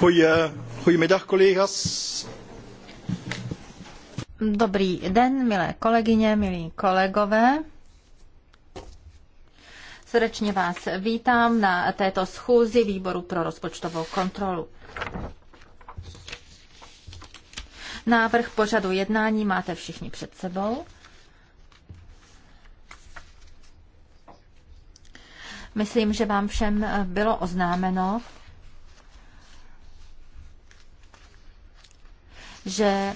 Goedemiddag, collega's. Dobrý den, milé kolegyně, milí kolegové. Srdečně vás vítám na této schůzi výboru pro rozpočtovou kontrolu. Návrh pořadu jednání máte všichni před sebou. Myslím, že vám všem bylo oznámeno, že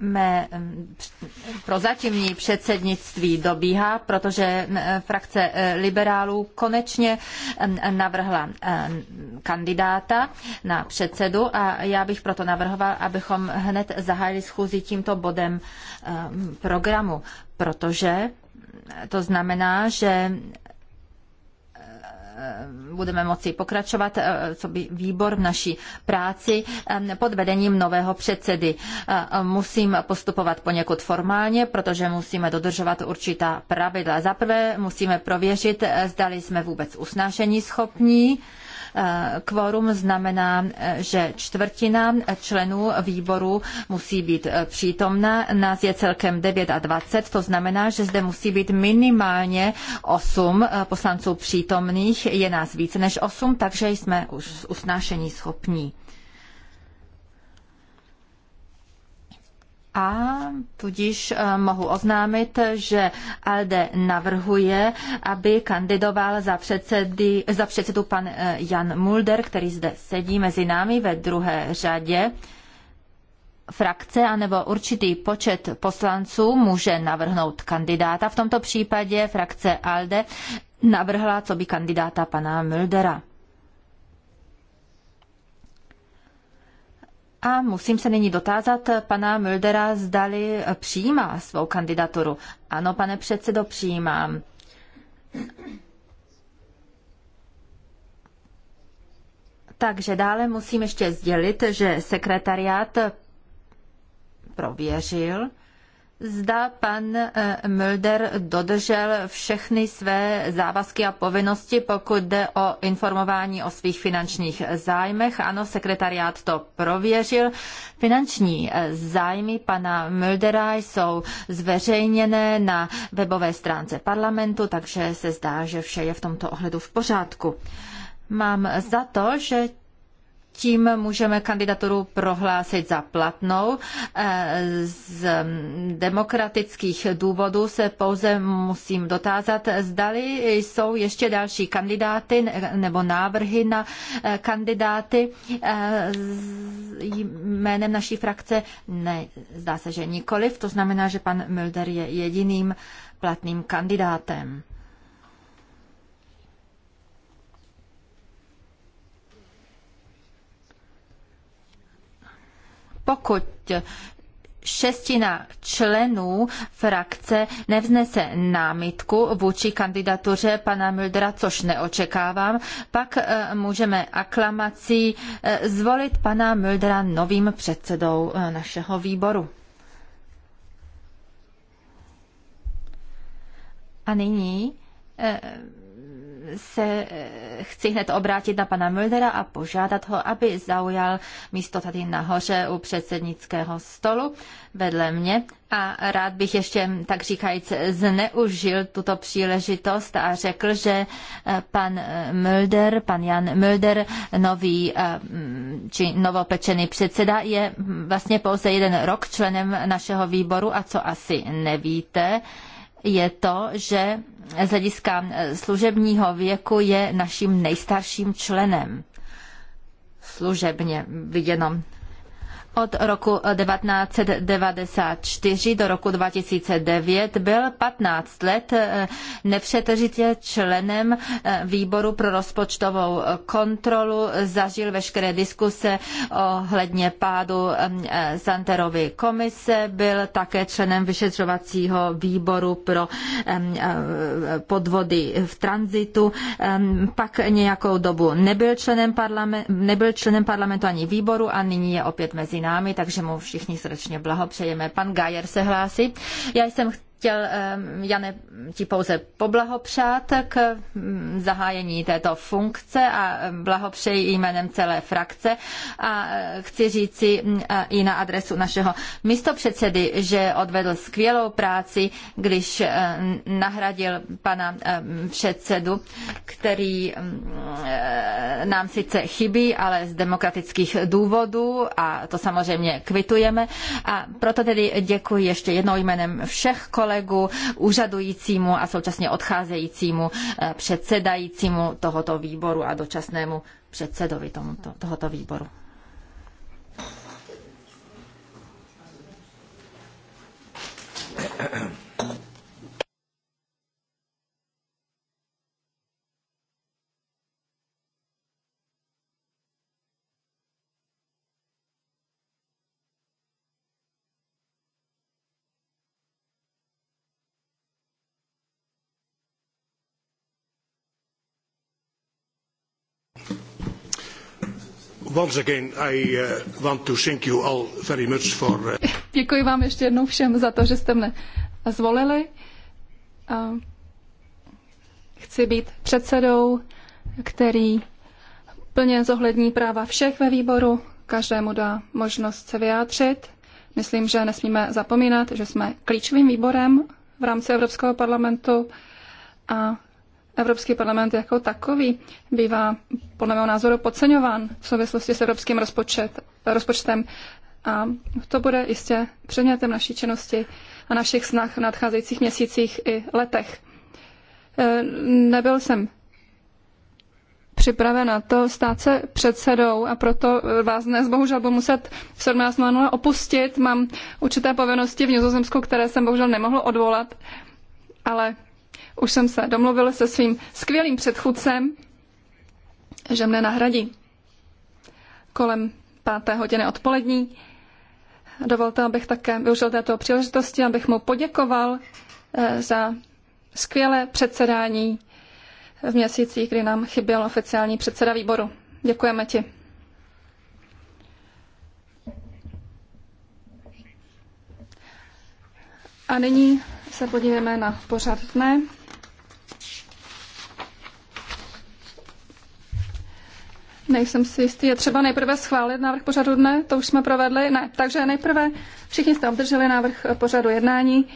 mé prozatímní předsednictví dobíhá, protože frakce e, liberálů konečně navrhla kandidáta na předsedu a já bych proto navrhoval, abychom hned zahájili schůzi tímto bodem programu, protože to znamená, že Eh, budeme moci pokračovat, eh, co by výbor v naší práci eh, pod vedením nového předsedy. Musím postupovat poněkud formálně, protože musíme dodržovat určitá pravidla. Za prvé musíme prověřit, zdali jsme vůbec usnášení schopní. Kvorum znamená, že čtvrtina členů výboru musí být přítomna. Nás je celkem 29, to znamená, že zde musí být minimálně 8 poslanců přítomných. Je nás více než 8, takže jsme už usnášení schopní. A tudíž eh, mohu oznámit, že ALDE navrhuje, aby kandidoval za, předsedy, za předsedu pan eh, Jan Mulder, který zde sedí mezi námi ve druhé řadě. Frakce anebo určitý počet poslanců může navrhnout kandidáta. V tomto případě frakce ALDE navrhla co by kandidáta pana Muldera. A musím se nyní dotázat pana Muldera, zdali přijímá svou kandidaturu. Ano, pane předsedo, přijímám. Takže dále musím ještě sdělit, že sekretariát prověřil zda pan eh, Mulder dodržel všechny své závazky a povinnosti, pokud jde o informování o svých finančních zájmech. Ano, sekretariát to prověřil. Finanční eh, zájmy pana Muldera jsou zveřejněné na webové stránce parlamentu, takže se zdá, že vše je v tomto ohledu v pořádku. Mám za to, že tím můžeme kandidaturu prohlásit za platnou. Eh, z demokratických důvodů se pouze musím dotázat, zdali jsou ještě další kandidáty nebo návrhy na eh, kandidáty eh, jménem naší frakce. Ne, zdá se, že nikoliv. To znamená, že pan Mulder je jediným platným kandidátem. pokud šestina členů frakce nevznese námitku vůči kandidatuře pana Muldera, což neočekávám, pak eh, můžeme aklamací eh, zvolit pana Muldera novým předsedou eh, našeho výboru. A nyní se eh, chci hned obrátit na pana Müllera a požádat ho, aby zaujal místo tady nahoře u předsednického stolu vedle mě. A rád bych ještě, tak říkajíc, zneužil tuto příležitost a řekl, že eh, pan eh, Mulder, pan Jan Mulder, nový mm, či novopečený předseda, je mm, vlastně pouze jeden rok členem našeho výboru a co asi nevíte, je to, že z hlediska eh, služebního věku je naším nejstarším členem služebně viděno od roku 1994 do roku 2009 byl 15 let eh, nepřetržitě členem eh, výboru pro rozpočtovou kontrolu, zažil veškeré diskuse ohledně pádu eh, Santerovy komise, byl také členem vyšetřovacího výboru pro podvody v tranzitu, pak nějakou dobu nebyl členem, nebyl členem parlamentu ani výboru a nyní je opět mezi námi námi, takže mu všichni srdečně blahopřejeme. Pan Gajer se hlásí. Já jsem chtěl ehm, Jane ti pouze poblahopřát k mm, zahájení této funkce a ehm, blahopřeji jménem celé frakce a eh, chci říci mm, eh, i na adresu našeho místopředsedy, že odvedl skvělou práci, když eh, nahradil pana ehm, předsedu, který mm, nám sice chybí, ale z demokratických důvodů a to samozřejmě kvitujeme a proto tedy děkuji ještě jednou jménem všech kolegů kolegu úřadujícímu a současně odcházejícímu eh, předsedajícímu tohoto výboru a dočasnému předsedovi tomuto, tohoto výboru. Ahem. Once again, I uh, want to thank you all very much for... Uh, Děkuji vám ještě jednou všem za to, že jste mne zvolili. Chci být předsedou, který plně zohlední práva všech ve výboru, každému dá možnost se vyjádřit. Myslím, že nesmíme zapomínat, že jsme klíčovým výborem v rámci Evropského parlamentu a Evropský parlament jako takový bývá podle mého názoru podceňován v souvislosti s evropským rozpočet, rozpočtem. A to bude jistě předmětem naší činnosti a našich snah v nadcházejících měsících i letech. E, nebyl jsem připraven na to stát se předsedou a proto vás dnes bohužel budu muset v 17.00 opustit. Mám určité povinnosti v Nizozemsku, které jsem bohužel nemohl odvolat, ale už jsem se domluvil se svým skvělým předchůdcem, že mne nahradí. Kolem páté hodiny odpolední. Dovolte, abych také využil této příležitosti, abych mu poděkoval eh, za skvělé předsedání v měsících, kdy nám chyběl oficiální předseda výboru. Děkujeme ti. A nyní se podívejme na pořad dne. Nejsem si jistý, je třeba nejprve schválit návrh pořadu dne, to už jsme provedli, ne. Takže nejprve všichni jste obdrželi návrh pořadu jednání.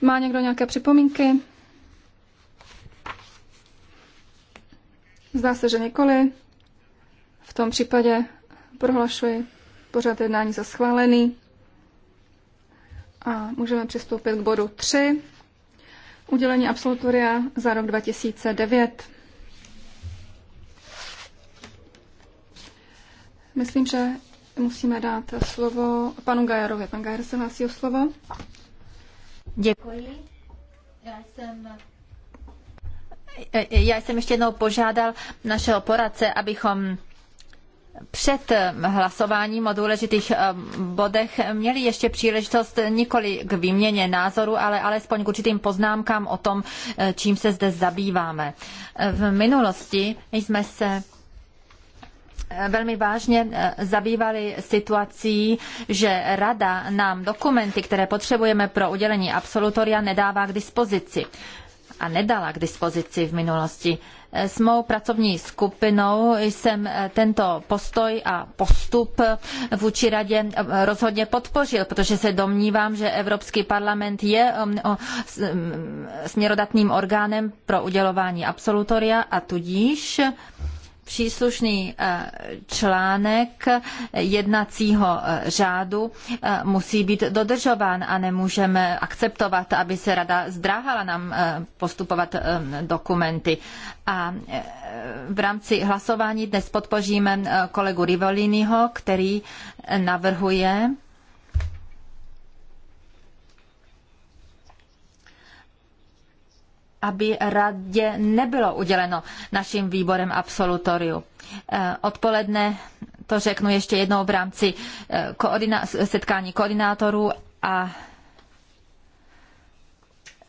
Má někdo nějaké připomínky? Zdá se, že nikoli. V tom případě prohlašuji pořad jednání za schválený. A můžeme přistoupit k bodu 3. Udělení absolutoria za rok 2009. Myslím, že musíme dát slovo panu Gajarovi. Pan Gajar se hlásí o slovo. Děkuji. Já jsem já jsem ještě jednou požádal našeho poradce, abychom před hlasováním o důležitých eh, bodech měli ještě příležitost nikoli k výměně názoru, ale alespoň k určitým poznámkám o tom, eh, čím se zde zabýváme. Eh, v minulosti jsme se velmi vážně zabývali situací, že rada nám dokumenty, které potřebujeme pro udělení absolutoria, nedává k dispozici a nedala k dispozici v minulosti. S mou pracovní skupinou jsem tento postoj a postup vůči radě rozhodně podpořil, protože se domnívám, že Evropský parlament je um, um, směrodatným orgánem pro udělování absolutoria a tudíž příslušný eh, článek jednacího eh, řádu eh, musí být dodržován a nemůžeme akceptovat, aby se rada zdráhala nám postupovat dokumenty. A v rámci hlasování dnes podpoříme kolegu Rivoliniho, který navrhuje aby radě nebylo uděleno naším výborem absolutoriu. Eh, odpoledne to řeknu ještě jednou v rámci eh, setkání koordinátorů a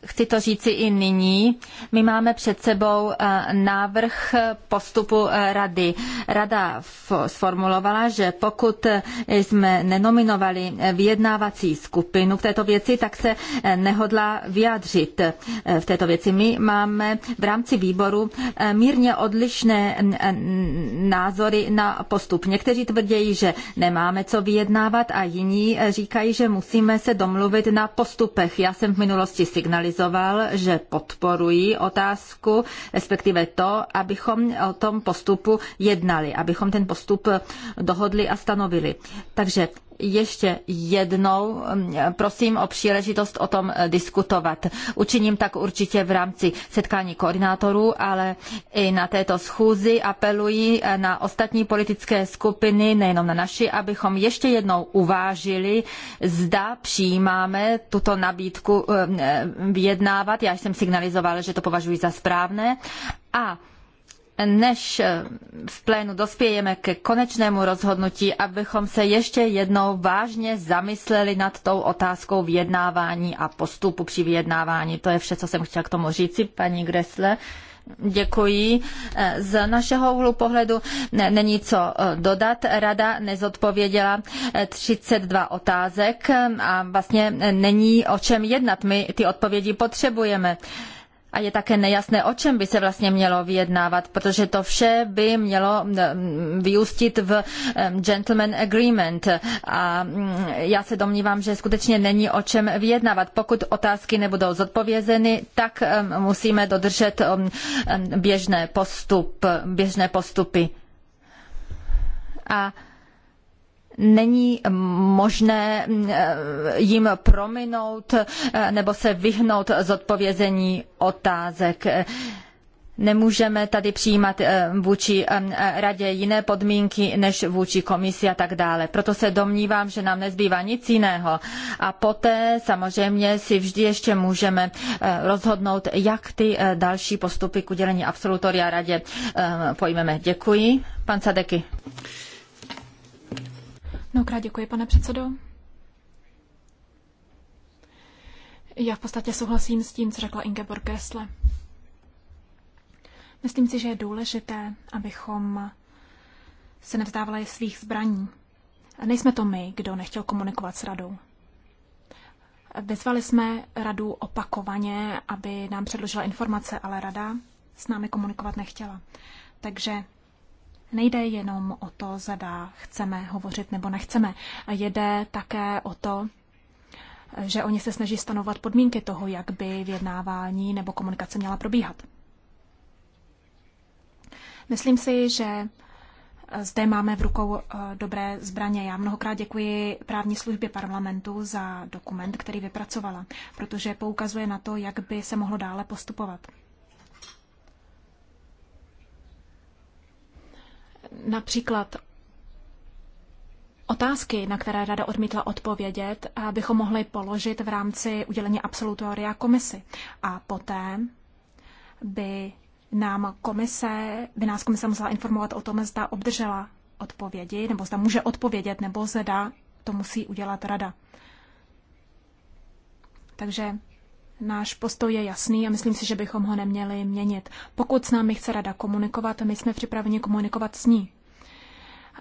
chci to říci i nyní. My máme před sebou eh, návrh postupu eh, rady. Rada sformulovala, že pokud eh, jsme nenominovali vyjednávací skupinu v této věci, tak se nehodla vyjádřit v této věci. My máme v rámci výboru mírně odlišné názory na postup. Někteří tvrdí, že nemáme co vyjednávat a jiní říkají, že musíme se domluvit na postupech. Já jsem v minulosti signalizovala, signalizoval, že podporují otázku, respektive to, abychom o tom postupu jednali, abychom ten postup dohodli a stanovili. Takže ještě jednou mm, prosím o příležitost o tom eh, diskutovat. Učiním tak určitě v rámci setkání koordinátorů, ale i na této schůzi apeluji eh, na ostatní politické skupiny, nejenom na naši, abychom ještě jednou uvážili, zda přijímáme tuto nabídku eh, vyjednávat. Já jsem signalizovala, že to považuji za správné. A než v plénu dospějeme ke konečnému rozhodnutí, abychom se ještě jednou vážně zamysleli nad tou otázkou vyjednávání a postupu při vyjednávání. To je vše, co jsem chtěla k tomu říci, paní Gressle. Děkuji. Z našeho úhlu pohledu není co eh, dodat. Rada nezodpověděla 32 eh, otázek eh, a vlastně není o čem jednat. My ty odpovědi potřebujeme. A je také nejasné, o čem by se vlastně mělo vyjednávat, protože to vše by mělo mm, vyústit v gentleman agreement. A mm, já se domnívám, že skutečně není o čem vyjednávat. Pokud otázky nebudou zodpovězeny, tak musíme dodržet běžné, postup, běžné postupy. A není možné eh, jim prominout eh, nebo se vyhnout zodpovězení otázek. Nemůžeme tady přijímat eh, vůči radě jiné podmínky než vůči komisi a tak dále. Proto se domnívám, že nám nezbývá nic jiného. A poté samozřejmě si vždy ještě můžeme rozhodnout, jak ty další postupy k udělení absolutoria radě pojmeme. Děkuji. Pan Sadeky. Mnohokrát děkuji, pane předsedo. Já v podstatě souhlasím s tím, co řekla Ingeborg Gressle. Myslím si, že je důležité, abychom se nevzdávali svých zbraní. Nejsme to my, kdo nechtěl komunikovat s radou. Vyzvali jsme radu opakovaně, aby nám předložila informace, ale rada s námi komunikovat nechtěla. Takže Nejde jenom o to, zda chceme hovořit nebo nechceme. Jde také o to, že oni se snaží stanovat podmínky toho, jak by vyjednávání nebo komunikace měla probíhat. Myslím si, že zde máme v rukou eh, dobré zbraně. Já mnohokrát děkuji právní službě parlamentu za dokument, který vypracovala, protože poukazuje na to, jak by se mohlo dále postupovat. například Otázky, na které rada odmítla odpovědět, bychom mohli položit v rámci udělení absolutoria komisi. A poté by nám komise, by nás komise musela informovat o tom, zda obdržela odpovědi, nebo zda může odpovědět, nebo zda to musí udělat rada. Takže Náš postoj je jasný a myslím si, že bychom ho neměli měnit. Pokud s námi chce rada komunikovat, my jsme připraveni komunikovat s ní.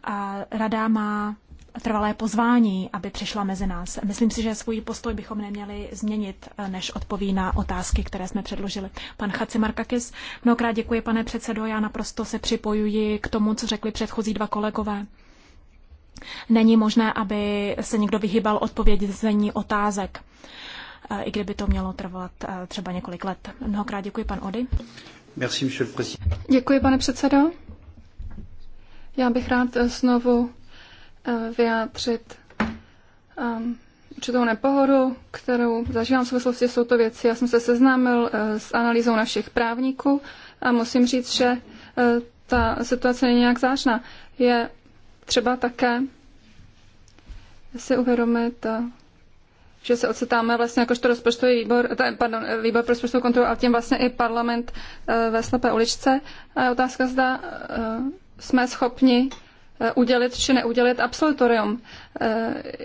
A rada má trvalé pozvání, aby přišla mezi nás. Myslím si, že svůj postoj bychom neměli změnit, než odpoví na otázky, které jsme předložili. Pan Chaci Markakis, mnohokrát děkuji, pane předsedo, já naprosto se připojuji k tomu, co řekli předchozí dva kolegové. Není možné, aby se někdo vyhýbal odpovězení otázek i kdyby to mělo trvat eh, třeba několik let. Mnohokrát děkuji, pan Ody. Merci, děkuji, pane předsedo. Já bych rád eh, znovu eh, vyjádřit ehm, určitou nepohodu, kterou zažívám v souvislosti s touto věcí. Já jsem se seznámil s analýzou našich právníků a musím říct, že ta situace není nějak zářná. Je třeba také si uvědomit že se ocitáme vlastně jakožto rozpočtový výbor, pardon, výbor pro rozpočtovou kontrolu a tím vlastně i parlament eh, ve slepé uličce. A je otázka, zda eh, jsme schopni eh, udělit či neudělit absolutorium.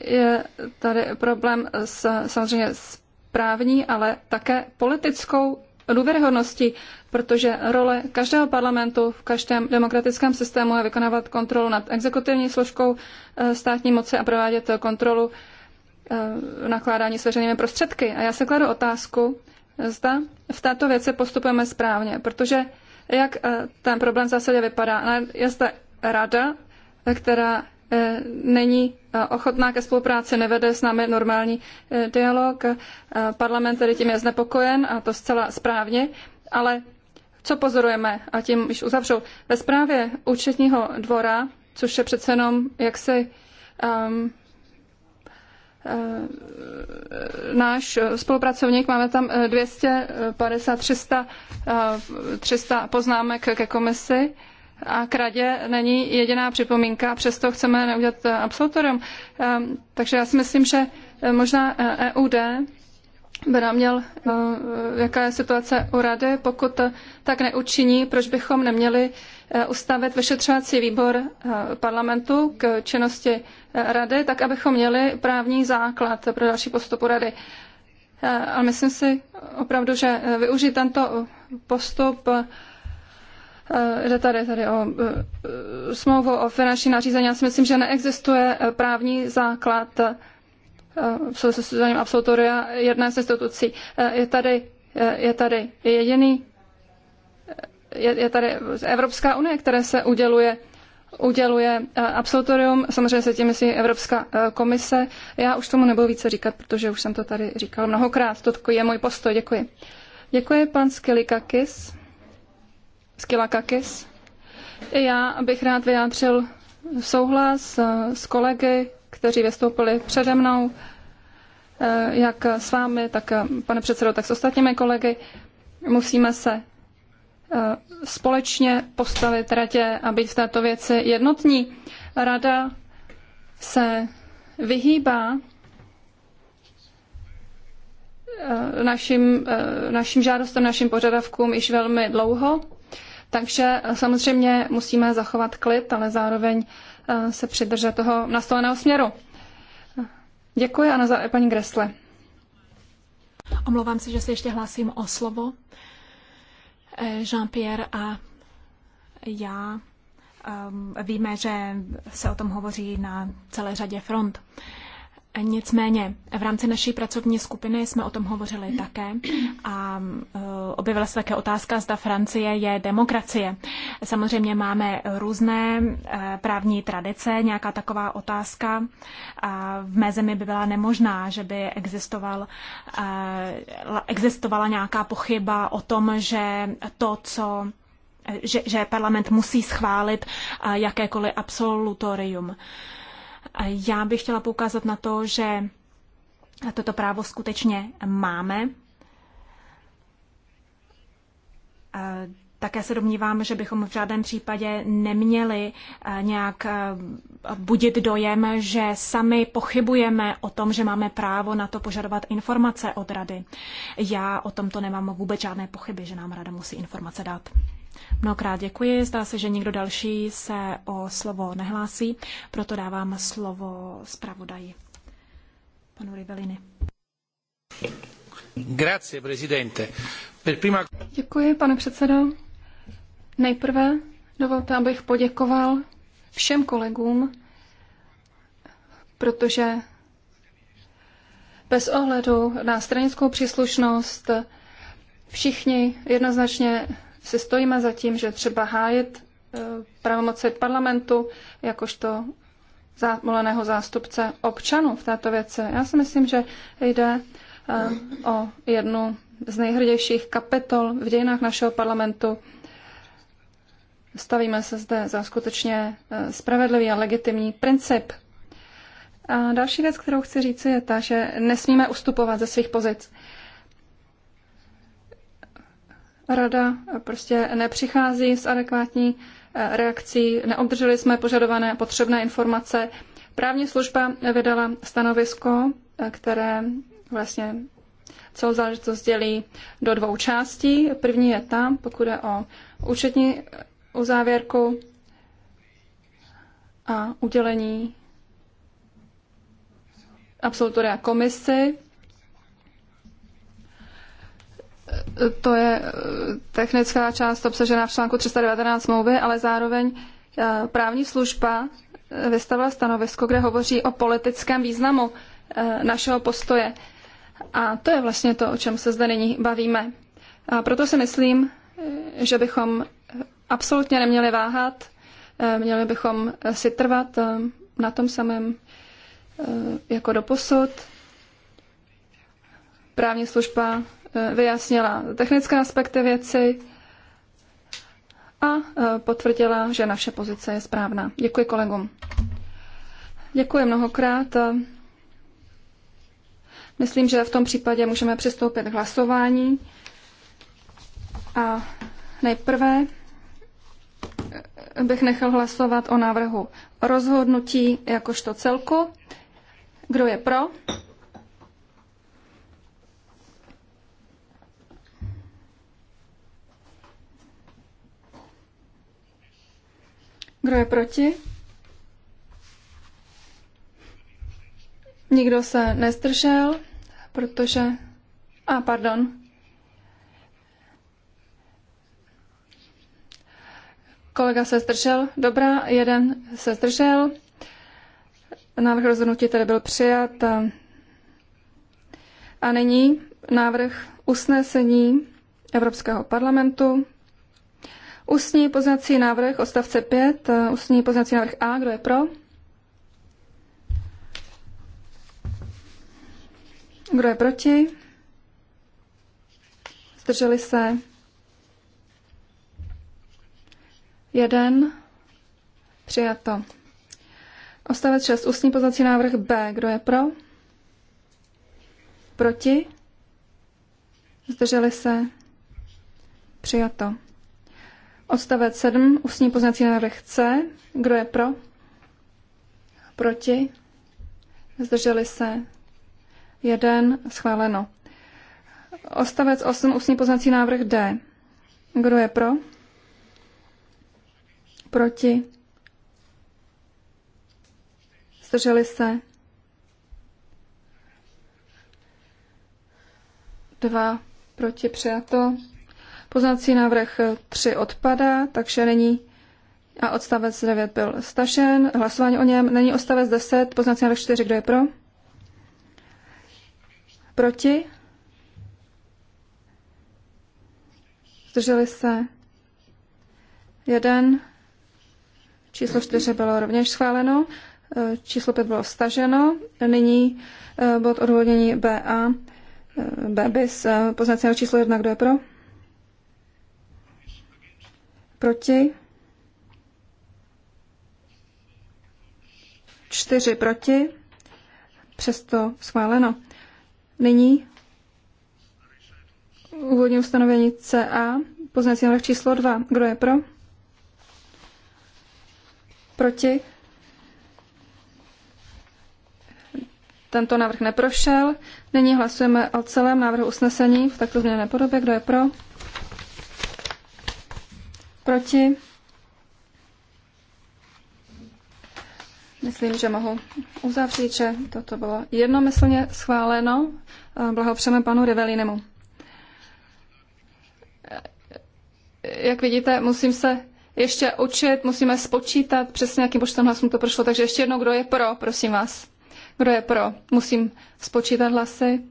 Je tady problém s, samozřejmě s právní, ale také politickou důvěryhodností, protože role každého parlamentu v každém demokratickém systému je vykonávat kontrolu nad exekutivní složkou státní moci a provádět kontrolu Eh, nakládání s veřejnými prostředky. A já se kladu otázku, zda v této věci postupujeme správně, protože jak eh, ten problém v zásadě vypadá. Je zde rada, která eh, není ochotná ke spolupráci, nevede s námi normální dialog. Parlament tedy tím je znepokojen a to zcela správně, ale co pozorujeme, a tím již uzavřou. ve zprávě účetního dvora, což je přece jenom jaksi um, Eh, náš spolupracovník, máme tam 250, eh, 300, eh, poznámek ke komisi a k radě není jediná připomínka, přesto chceme neudělat absolutorium. Takže já si myslím, že možná EUD e by nám měl, jaká je situace u rady, pokud tak neučiní, proč bychom neměli Eh, ustavit vyšetřovací výbor eh, parlamentu k činnosti eh, rady, tak abychom měli právní základ pro další postupu rady. Ale myslím si opravdu, že využít tento postup Jde tady, tady o smlouvu o finanční nařízení. Já si myslím, že neexistuje právní základ v souvislosti s absolutoria jedné z institucí. Je tady, je tady jediný je, je tady Evropská unie, které se uděluje uděluje eh, absolutorium, samozřejmě se tím myslí Evropská eh, komise. Já už tomu nebudu více říkat, protože už jsem to tady říkal mnohokrát. To je můj postoj, děkuji. Děkuji, pan Skilikakis. Skilakakis. Já bych rád vyjádřil souhlas eh, s kolegy, kteří vystoupili přede mnou, jak s vámi, tak pane předsedo, tak s ostatními kolegy. Musíme se Eh, společně postavit radě a být v této věci jednotní. Rada se vyhýbá eh, našim, eh, našim žádostem, našim požadavkům již velmi dlouho. Takže samozřejmě musíme zachovat klid, ale zároveň se přidržet toho nastoleného směru. Děkuji a na paní Gresle. Omlouvám se, že se ještě hlásím o slovo. Jean-Pierre a já um, víme, že se o tom hovoří na celé řadě front. Nicméně v rámci naší pracovní skupiny jsme o tom hovořili také a e, objevila se také otázka, zda Francie je demokracie. Samozřejmě máme různé e, právní tradice, nějaká taková otázka v mé zemi by byla nemožná, že by existoval, e, existovala nějaká pochyba o tom, že to, co že, že parlament musí schválit jakékoliv absolutorium. Já bych chtěla poukázat na to, že toto právo skutečně máme. Také se domnívám, že bychom v žádném případě neměli nějak budit dojem, že sami pochybujeme o tom, že máme právo na to požadovat informace od rady. Já o tomto nemám vůbec žádné pochyby, že nám rada musí informace dát. Mnohokrát děkuji. Zdá se, že nikdo další se o slovo nehlásí, proto dávám slovo zpravodaji, panu Rivelini. Grazie, presidente. Per prima... Děkuji, pane předsedo. Nejprve dovolte, abych poděkoval všem kolegům, protože bez ohledu na stranickou příslušnost všichni jednoznačně si stojíme za tím, že třeba hájit e, pravomoci parlamentu jakožto voleného zástupce občanů v této věci. Já si myslím, že jde e, o jednu z nejhrdějších kapitol v dějinách našeho parlamentu. Stavíme se zde za skutečně e, spravedlivý a legitimní princip. A další věc, kterou chci říci, je ta, že nesmíme ustupovat ze svých pozic. Rada prostě nepřichází s adekvátní eh, reakcí, neobdrželi jsme požadované potřebné informace. Právní služba vydala stanovisko, eh, které vlastně celou záležitost dělí do dvou částí. První je ta, pokud je o účetní eh, uzávěrku a udělení absolutoria komisi. to je eh, technická část obsažená v článku 319 smlouvy, ale zároveň eh, právní služba eh, vystavila stanovisko, kde hovoří o politickém významu našeho postoje. A to je vlastně to, o čem se zde nyní bavíme. A proto si myslím, že bychom absolutně neměli váhat, měli bychom si trvat na tom samém jako doposud. Právní služba Eh, vyjasnila technické aspekty věci a eh, potvrdila, že naše pozice je správná. Děkuji kolegům. Děkuji mnohokrát. Myslím, že v tom případě můžeme přistoupit k hlasování. A nejprve eh, bych nechal hlasovat o návrhu rozhodnutí jakožto celku. Kdo je pro? Kdo je proti? Nikdo se nestršel, protože... A, ah, pardon. Kolega se zdržel. Dobrá, jeden se zdržel. Návrh rozhodnutí tedy byl přijat. A nyní návrh usnesení Evropského parlamentu. Ústní poznací návrh, odstavce 5, eh, ústní poznací návrh A, kdo je pro? Kdo je proti? Zdrželi se? Jeden. Přijato. Ostavec 6. Ústní poznací návrh B. Kdo je pro? Proti? Zdrželi se? Přijato. Odstavec 7, ústní poznací návrh C. Kdo je pro? Proti? Zdrželi se? Jeden. Schváleno. Odstavec 8, ústní poznací návrh D. Kdo je pro? Proti? Zdrželi se? Dva. Proti přijato. Poznací návrh 3 odpadá, takže není a odstavec 9 byl stažen. Hlasování o něm není odstavec 10, poznací návrh 4, kdo je pro? Proti? Zdrželi se? Jeden. Číslo 4 bylo rovněž schváleno. Číslo 5 bylo staženo. Nyní eh, bod odvodnění BA. Eh, BBIS, eh, poznací číslo 1, kdo je pro? proti, čtyři proti, přesto schváleno. Nyní úvodní ustanovení CA, poznací návrh číslo 2. Kdo je pro? Proti? Tento návrh neprošel. Nyní hlasujeme o celém návrhu usnesení v takto změněné podobě. Kdo je pro? Proti? Myslím, že mohu uzavřít, že toto bylo jednomyslně schváleno. Blahopřeme panu Revelinemu. Jak vidíte, musím se ještě učit, musíme spočítat přesně, jakým počtem hlasů to prošlo. Takže ještě jednou, kdo je pro, prosím vás. Kdo je pro? Musím spočítat hlasy.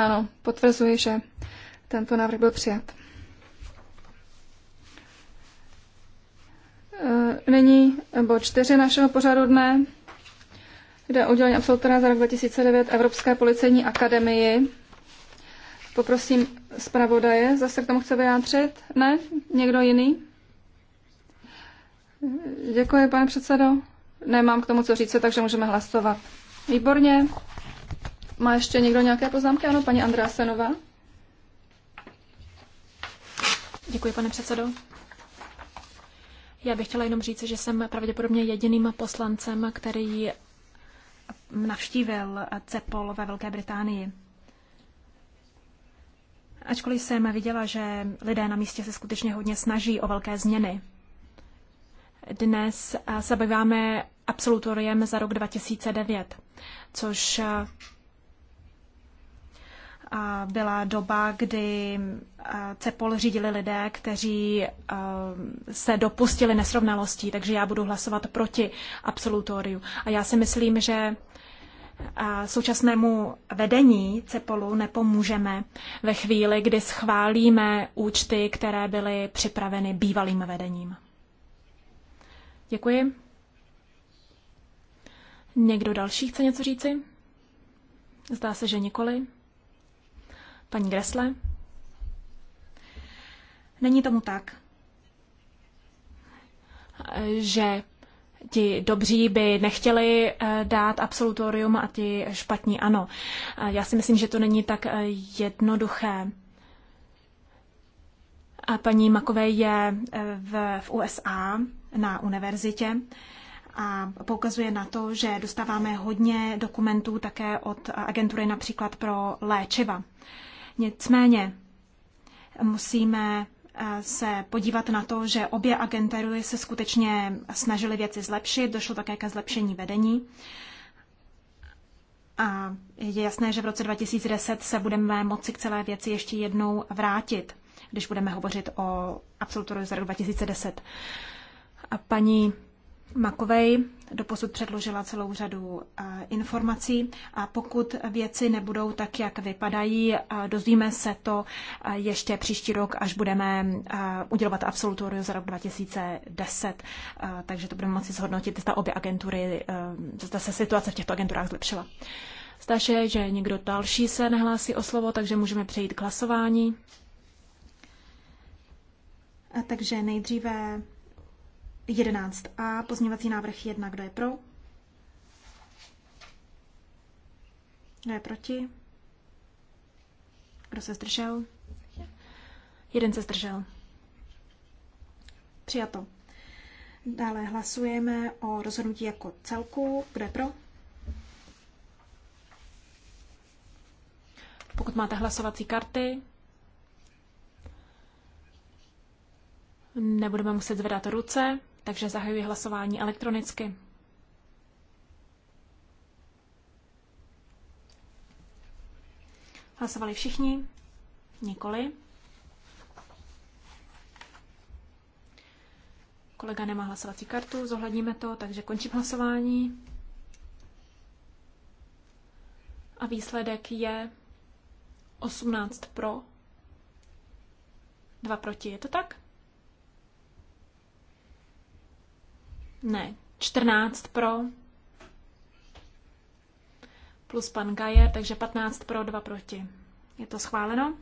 Ano, potvrzuji, že tento návrh byl přijat. E, nyní bod čtyři našeho pořadu dne, kde udělení absolutora za rok 2009 Evropské policejní akademii. Poprosím zpravodaje, zase k tomu chce vyjádřit. Ne? Někdo jiný? Děkuji, pane předsedo. Nemám k tomu co říct, takže můžeme hlasovat. Výborně. Má ještě někdo nějaké poznámky? Ano, paní Senová. Děkuji, pane předsedo. Já bych chtěla jenom říct, že jsem pravděpodobně jediným poslancem, který navštívil CEPOL ve Velké Británii. Ačkoliv jsem viděla, že lidé na místě se skutečně hodně snaží o velké změny. Dnes se bavíme absolutoriem za rok 2009, což byla doba, kdy eh, Cepol řídili lidé, kteří eh, se dopustili nesrovnalostí, takže já budu hlasovat proti absolutoriu. A já si myslím, že eh, současnému vedení Cepolu nepomůžeme ve chvíli, kdy schválíme účty, které byly připraveny bývalým vedením. Děkuji. Někdo další chce něco říci? Zdá se, že nikoli. Paní Gresle? Není tomu tak, že ti dobří by nechtěli eh, dát absolutorium a ti špatní ano. Eh, já si myslím, že to není tak eh, jednoduché. A paní Makové je v, v USA na univerzitě a poukazuje na to, že dostáváme hodně dokumentů také od agentury například pro léčiva. Nicméně musíme eh, se podívat na to, že obě agentury se skutečně snažily věci zlepšit, došlo také ke zlepšení vedení. A je jasné, že v roce 2010 se budeme moci k celé věci ještě jednou vrátit, když budeme hovořit o absolutoru z roku 2010. A paní Makovej doposud předložila celou řadu eh, informací a pokud věci nebudou tak, jak vypadají, dozvíme se to eh, ještě příští rok, až budeme eh, udělovat absolutorium za rok 2010, takže to budeme moci zhodnotit, zda obě agentury, zda se situace v těchto agenturách zlepšila. Zdá se, že někdo další se nehlásí o slovo, takže můžeme přejít k hlasování. A takže nejdříve 11a, pozměňovací návrh 1, kdo je pro? Kdo je proti? Kdo se zdržel? Jeden se zdržel. Přijato. Dále hlasujeme o rozhodnutí jako celku. Kdo je pro? Pokud máte hlasovací karty, nebudeme muset zvedat ruce takže zahajuji hlasování elektronicky. Hlasovali všichni? Nikoli. Kolega nemá hlasovací kartu, zohledníme to, takže končím hlasování. A výsledek je 18 pro, 2 proti. Je to tak? Ne, 14 pro. Plus pan Gaje, takže 15 pro, 2 proti. Je to schváleno?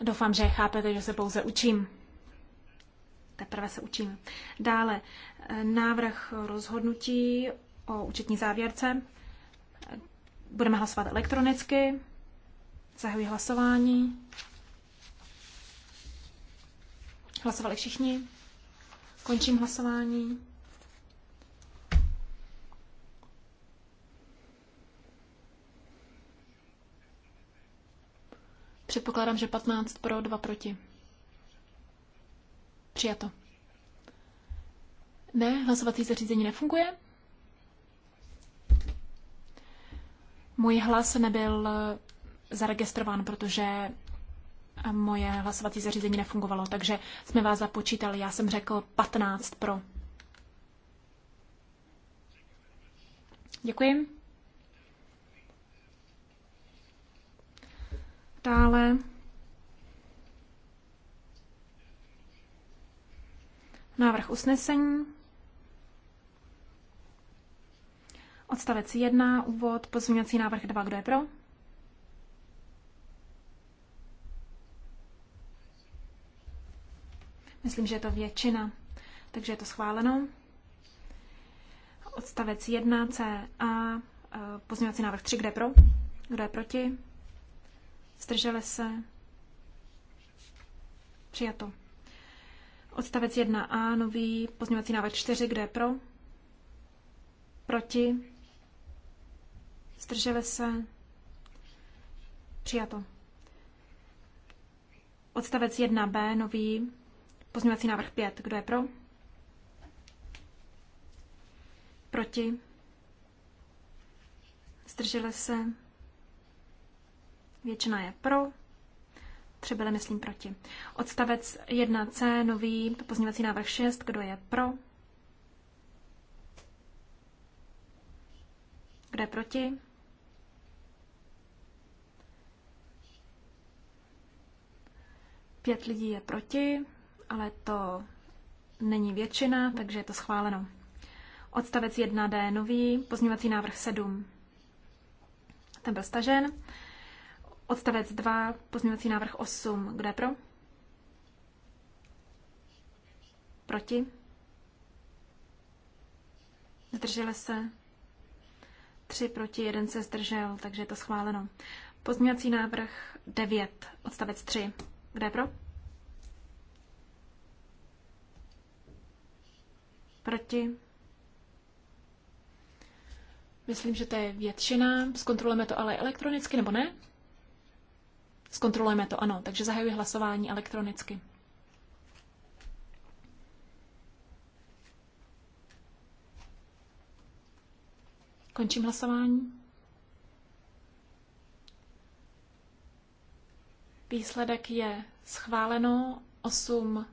Doufám, že chápete, že se pouze učím. Teprve se učím. Dále návrh rozhodnutí o účetní závěrce. Budeme hlasovat elektronicky. Zahajuji hlasování. Hlasovali všichni. Končím hlasování. Předpokládám, že 15 pro, 2 proti. Přijato. Ne, hlasovací zařízení nefunguje. Můj hlas nebyl zaregistrován, protože a moje hlasovací zařízení nefungovalo, takže jsme vás započítali. Já jsem řekl 15 pro. Děkuji. Dále. Návrh usnesení. Odstavec 1, úvod, pozměňovací návrh 2, kdo je pro? Myslím, že je to většina. Takže je to schváleno. Odstavec 1 C a e, pozměňovací návrh 3, kde je pro, kdo je proti, zdrželi se, přijato. Odstavec 1a, nový pozměňovací návrh 4, kde je pro, proti, zdrželi se, přijato. Odstavec 1b, nový Pozměňovací návrh 5. Kdo je pro? Proti? Zdrželi se? Většina je pro. Tři byly, myslím, proti. Odstavec 1c, nový pozměňovací návrh 6. Kdo je pro? Kdo je proti? Pět lidí je proti ale to není většina, takže je to schváleno. Odstavec 1D nový, pozměňovací návrh 7. Ten byl stažen. Odstavec 2, pozměňovací návrh 8. Kdo je pro? Proti? Zdrželi se? 3 proti, 1 se zdržel, takže je to schváleno. Pozměňovací návrh 9, odstavec 3. Kdo je pro? Proti? Myslím, že to je většina. Zkontrolujeme to ale elektronicky, nebo ne? Zkontrolujeme to, ano. Takže zahajuji hlasování elektronicky. Končím hlasování. Výsledek je schváleno 8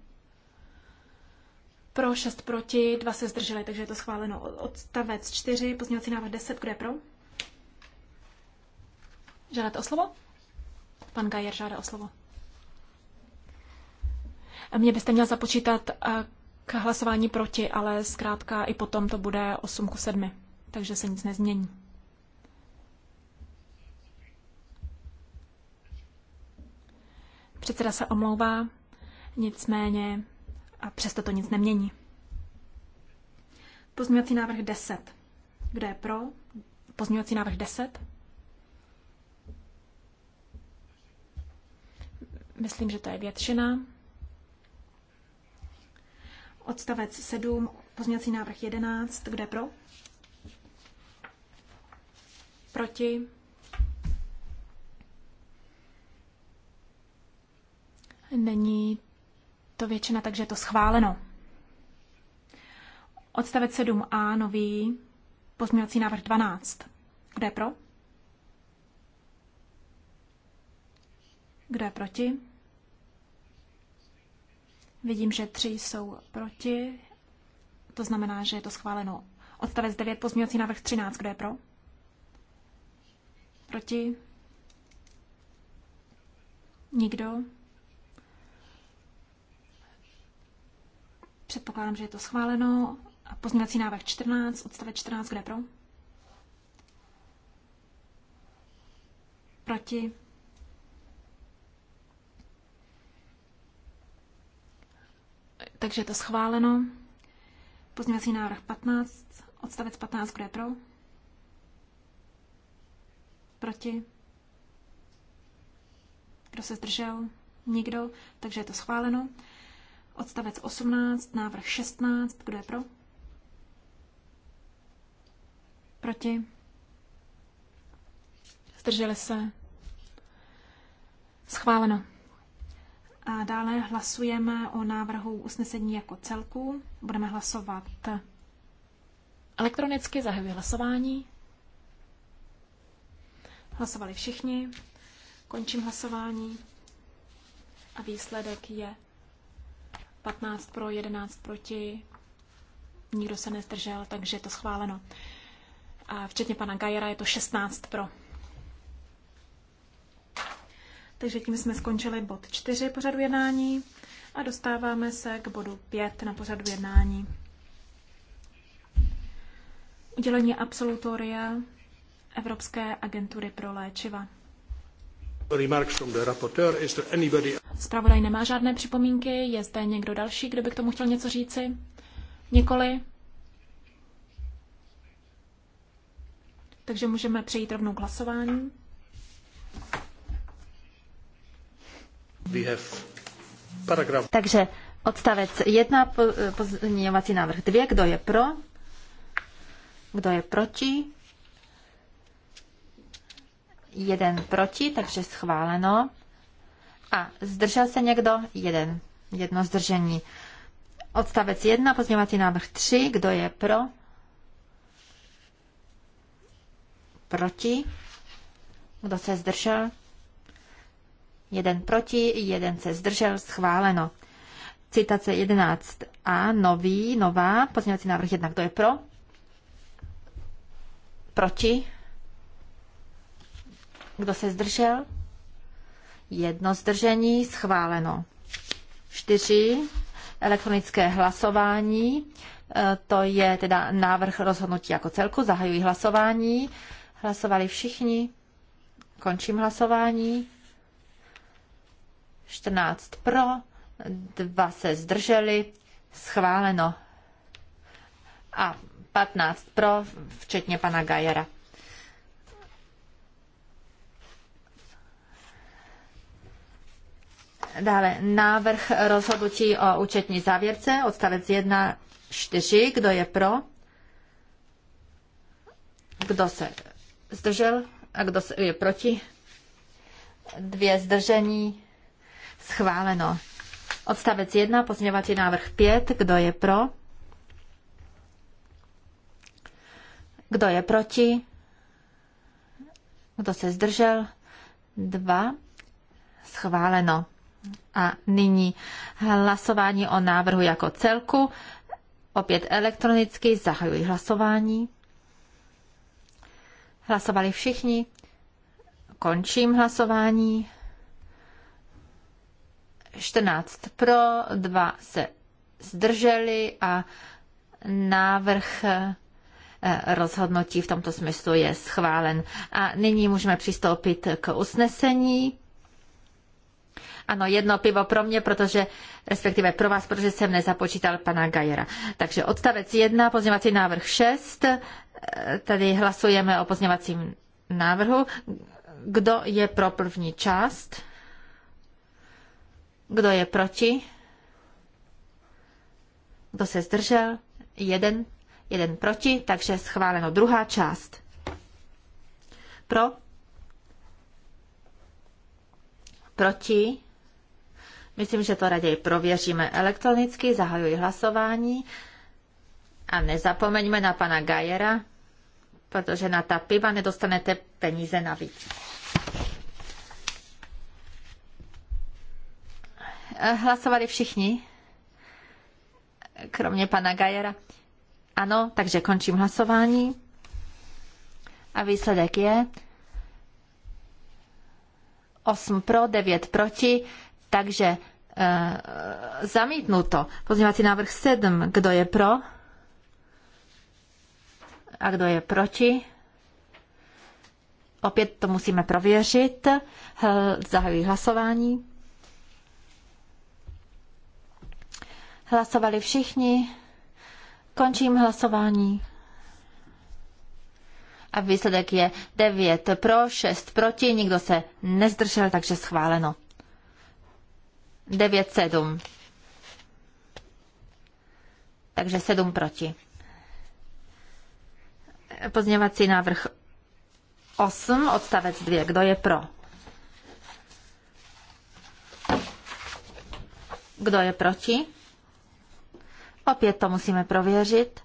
pro, 6 proti, 2 se zdrželi, takže je to schváleno. Odstavec 4, pozměňovací návrh 10, kdo je pro? Žádáte o slovo? Pan Gajer žádá o slovo. Mě byste měl započítat eh, k hlasování proti, ale zkrátka i potom to bude 8 ku 7, takže se nic nezmění. Předseda se omlouvá, nicméně a přesto to nic nemění. Pozměňovací návrh 10. Kdo je pro? Pozměňovací návrh 10. Myslím, že to je většina. Odstavec 7, pozměňovací návrh 11. kde je pro? Proti? Není to většina, takže je to schváleno. Odstavec 7a, nový pozměňovací návrh 12. Kdo je pro? Kdo je proti? Vidím, že tři jsou proti. To znamená, že je to schváleno. Odstavec 9, pozměňovací návrh 13. Kdo je pro? Proti? Nikdo? Předpokládám, že je to schváleno. A pozměňovací návrh 14, odstavec 14, kde pro? Proti? Takže je to schváleno. Pozměňovací návrh 15, odstavec 15, kde pro? Proti? Kdo se zdržel? Nikdo, takže je to schváleno. Odstavec 18, návrh 16, kdo je pro? Proti? Zdrželi se? Schváleno. A dále hlasujeme o návrhu usnesení jako celku. Budeme hlasovat elektronicky, zahajuji hlasování. Hlasovali všichni. Končím hlasování. A výsledek je 15 pro, 11 proti, nikdo se nezdržel, takže je to schváleno. A včetně pana Gajera je to 16 pro. Takže tím jsme skončili bod 4 pořadu jednání a dostáváme se k bodu 5 na pořadu jednání. Udělení absolutoria Evropské agentury pro léčiva. Zpravodaj nemá žádné připomínky. Je zde někdo další, kdo by k tomu chtěl něco říci? Nikoli? Takže můžeme přejít rovnou k hlasování. Takže odstavec 1, pozměňovací návrh 2, kdo je pro, kdo je proti, jeden proti, takže schváleno. A zdržel se někdo? Jeden. Jedno zdržení. Odstavec 1, pozměňovací návrh 3. Kdo je pro? Proti. Kdo se zdržel? Jeden proti, jeden se zdržel, schváleno. Citace 11a, nový, nová, pozměňovací návrh 1. Kdo je pro? Proti? Kdo se zdržel? Jedno zdržení schváleno. Čtyři elektronické hlasování. E, to je teda návrh rozhodnutí jako celku. Zahajuji hlasování. Hlasovali všichni. Končím hlasování. 14 pro, 2 se zdrželi, schváleno. A 15 pro, včetně pana Gajera. Dále návrh rozhodnutí o účetní závěrce, odstavec 1, 4. Kdo je pro? Kdo se zdržel? A kdo se je proti? Dvě zdržení. Schváleno. Odstavec 1, pozměňovací návrh 5. Kdo je pro? Kdo je proti? Kdo se zdržel? Dva. Schváleno. A nyní hlasování o návrhu jako celku. Opět elektronicky zahajuji hlasování. Hlasovali všichni. Končím hlasování. 14 pro, 2 se zdrželi a návrh eh, rozhodnutí v tomto smyslu je schválen. A nyní můžeme přistoupit k usnesení. Ano, jedno pivo pro mě, protože, respektive pro vás, protože jsem nezapočítal pana Gajera. Takže odstavec 1, pozněvací návrh 6. E, Tady hlasujeme o pozněvacím návrhu. Kdo je pro první část? Kdo je proti? Kdo se zdržel? Jeden, jeden proti, takže schváleno druhá část. Pro? Proti? Myslím, že to raději prověříme elektronicky. Zahajuji hlasování. A nezapomeňme na pana Gajera, protože na ta piva nedostanete peníze navíc. Eh, hlasovali všichni? Kromě pana Gajera. Ano, takže končím hlasování. A výsledek je 8 pro, 9 proti. Takže e, eh, zamítnuto. Pozměňovací návrh 7. Kdo je pro? A kdo je proti? Opět to musíme prověřit. Zahajuji hlasování. Hlasovali všichni. Končím hlasování. A výsledek je 9 pro, 6 proti, nikdo se nezdržel, takže schváleno. 9, 7. Takže 7 proti. Pozněvací návrh 8, odstavec 2. Kdo je pro? Kdo je proti? Opět to musíme prověřit.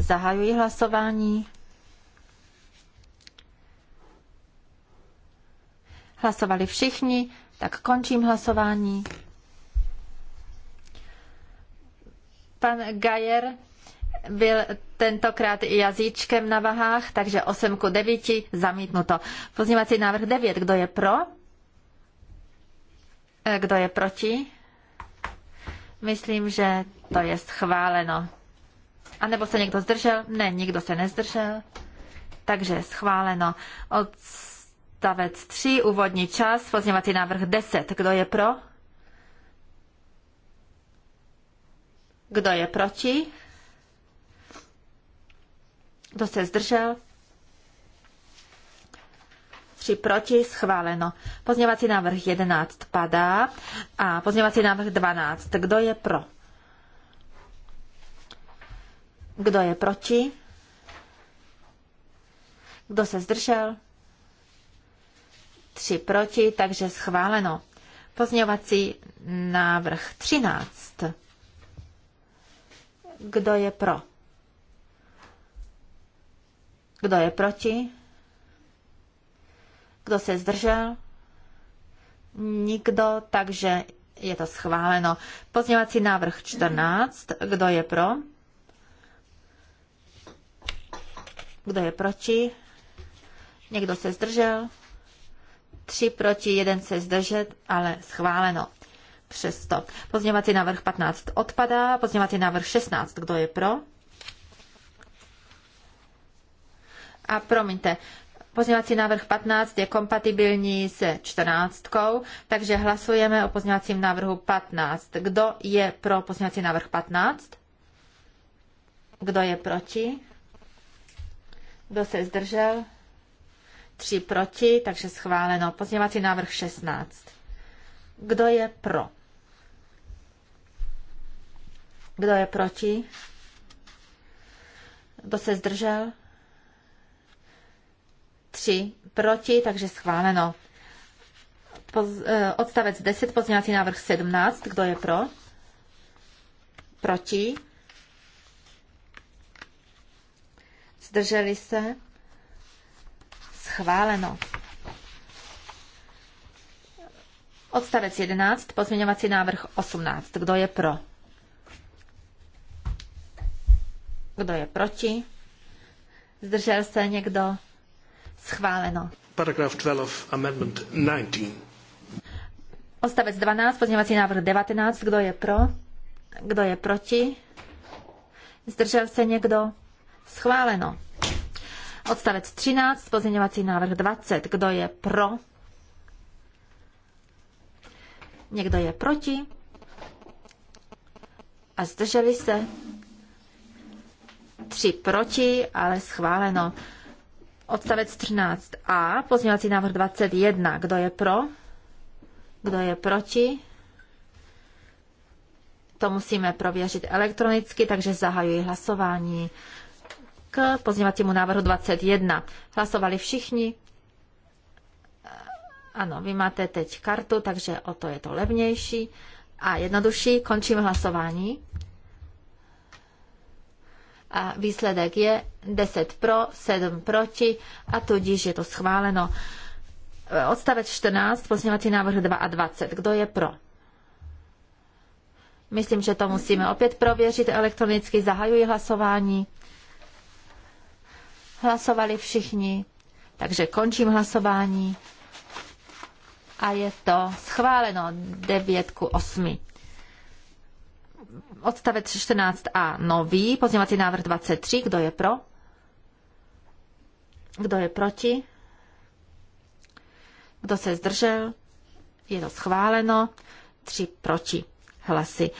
Zahajuji hlasování. Hlasovali všichni. Tak končím hlasování. Pan Gajer byl tentokrát jazyčkem na vahách, takže 8 ku 9 zamítnuto. Pozněvací návrh 9. Kdo je pro? Eh, kdo je proti? Myslím, že to je schváleno. A nebo se někdo zdržel? Ne, nikdo se nezdržel. Takže schváleno. Od odstavec 3, úvodní čas, pozněvací návrh 10. Kdo je pro? Kdo je proti? Kdo se zdržel? Tři proti, schváleno. Pozněvací návrh 11 padá a pozněvací návrh 12. Kdo je pro? Kdo je proti? Kdo se zdržel? 3 proti, takže schváleno. Pozměňovací návrh 13. Kdo je pro? Kdo je proti? Kdo se zdržel? Nikdo, takže je to schváleno. Pozměňovací návrh 14. Kdo je pro? Kdo je proti? Někdo se zdržel? 3 proti 1 se zdržet, ale schváleno. Přesto. Pozněvací návrh 15 odpadá. pozněvací návrh 16. Kdo je pro? A promiňte, pozněvací návrh 15 je kompatibilní se 14, takže hlasujeme o pozněvacím návrhu 15. Kdo je pro pozněvací návrh 15? Kdo je proti? Kdo se zdržel? 3 proti, takže schváleno. Pozměňovací návrh 16. Kdo je pro? Kdo je proti? Kdo se zdržel? 3 proti, takže schváleno. Poz, eh, odstavec 10, pozměňovací návrh 17. Kdo je pro? Proti? Zdrželi se? schváleno. Odstavec 11, pozměňovací návrh 18. Kdo je pro? Kdo je proti? Zdržel se někdo? Schváleno. Paragraf 12, amendment 19. Odstavec 12, pozměňovací návrh 19. Kdo je pro? Kdo je proti? Zdržel se někdo? Schváleno. Odstavec 13, pozměňovací návrh 20. Kdo je pro? Někdo je proti? A zdrželi se? Tři proti, ale schváleno. Odstavec 13a, pozměňovací návrh 21. Kdo je pro? Kdo je proti? To musíme prověřit elektronicky, takže zahajuji hlasování k pozměňovacímu návrhu 21. Hlasovali všichni? Ano, vy máte teď kartu, takže o to je to levnější a jednodušší. Končím hlasování. A výsledek je 10 pro, 7 proti a tudíž je to schváleno. Odstavec 14, pozměňovací návrh 2 a 20. Kdo je pro? Myslím, že to musíme opět prověřit elektronicky. Zahajuji hlasování. Hlasovali všichni, takže končím hlasování a je to schváleno 9 ku 8. Odstavec 14a nový, pozněvací návrh 23, kdo je pro? Kdo je proti? Kdo se zdržel? Je to schváleno. Tři proti hlasy.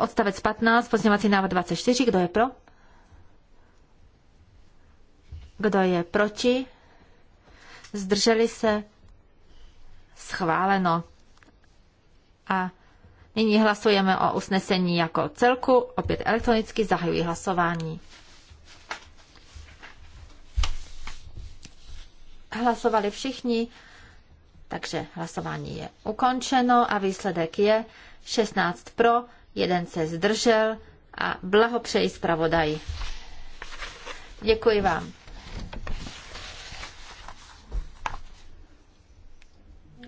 Odstavec 15, pozněvací návrh 24, kdo je pro? Kdo je proti? Zdrželi se? Schváleno. A nyní hlasujeme o usnesení jako celku. Opět elektronicky zahajuji hlasování. Hlasovali všichni, takže hlasování je ukončeno a výsledek je 16 pro, jeden se zdržel a blahopřeji zpravodaji. Děkuji vám.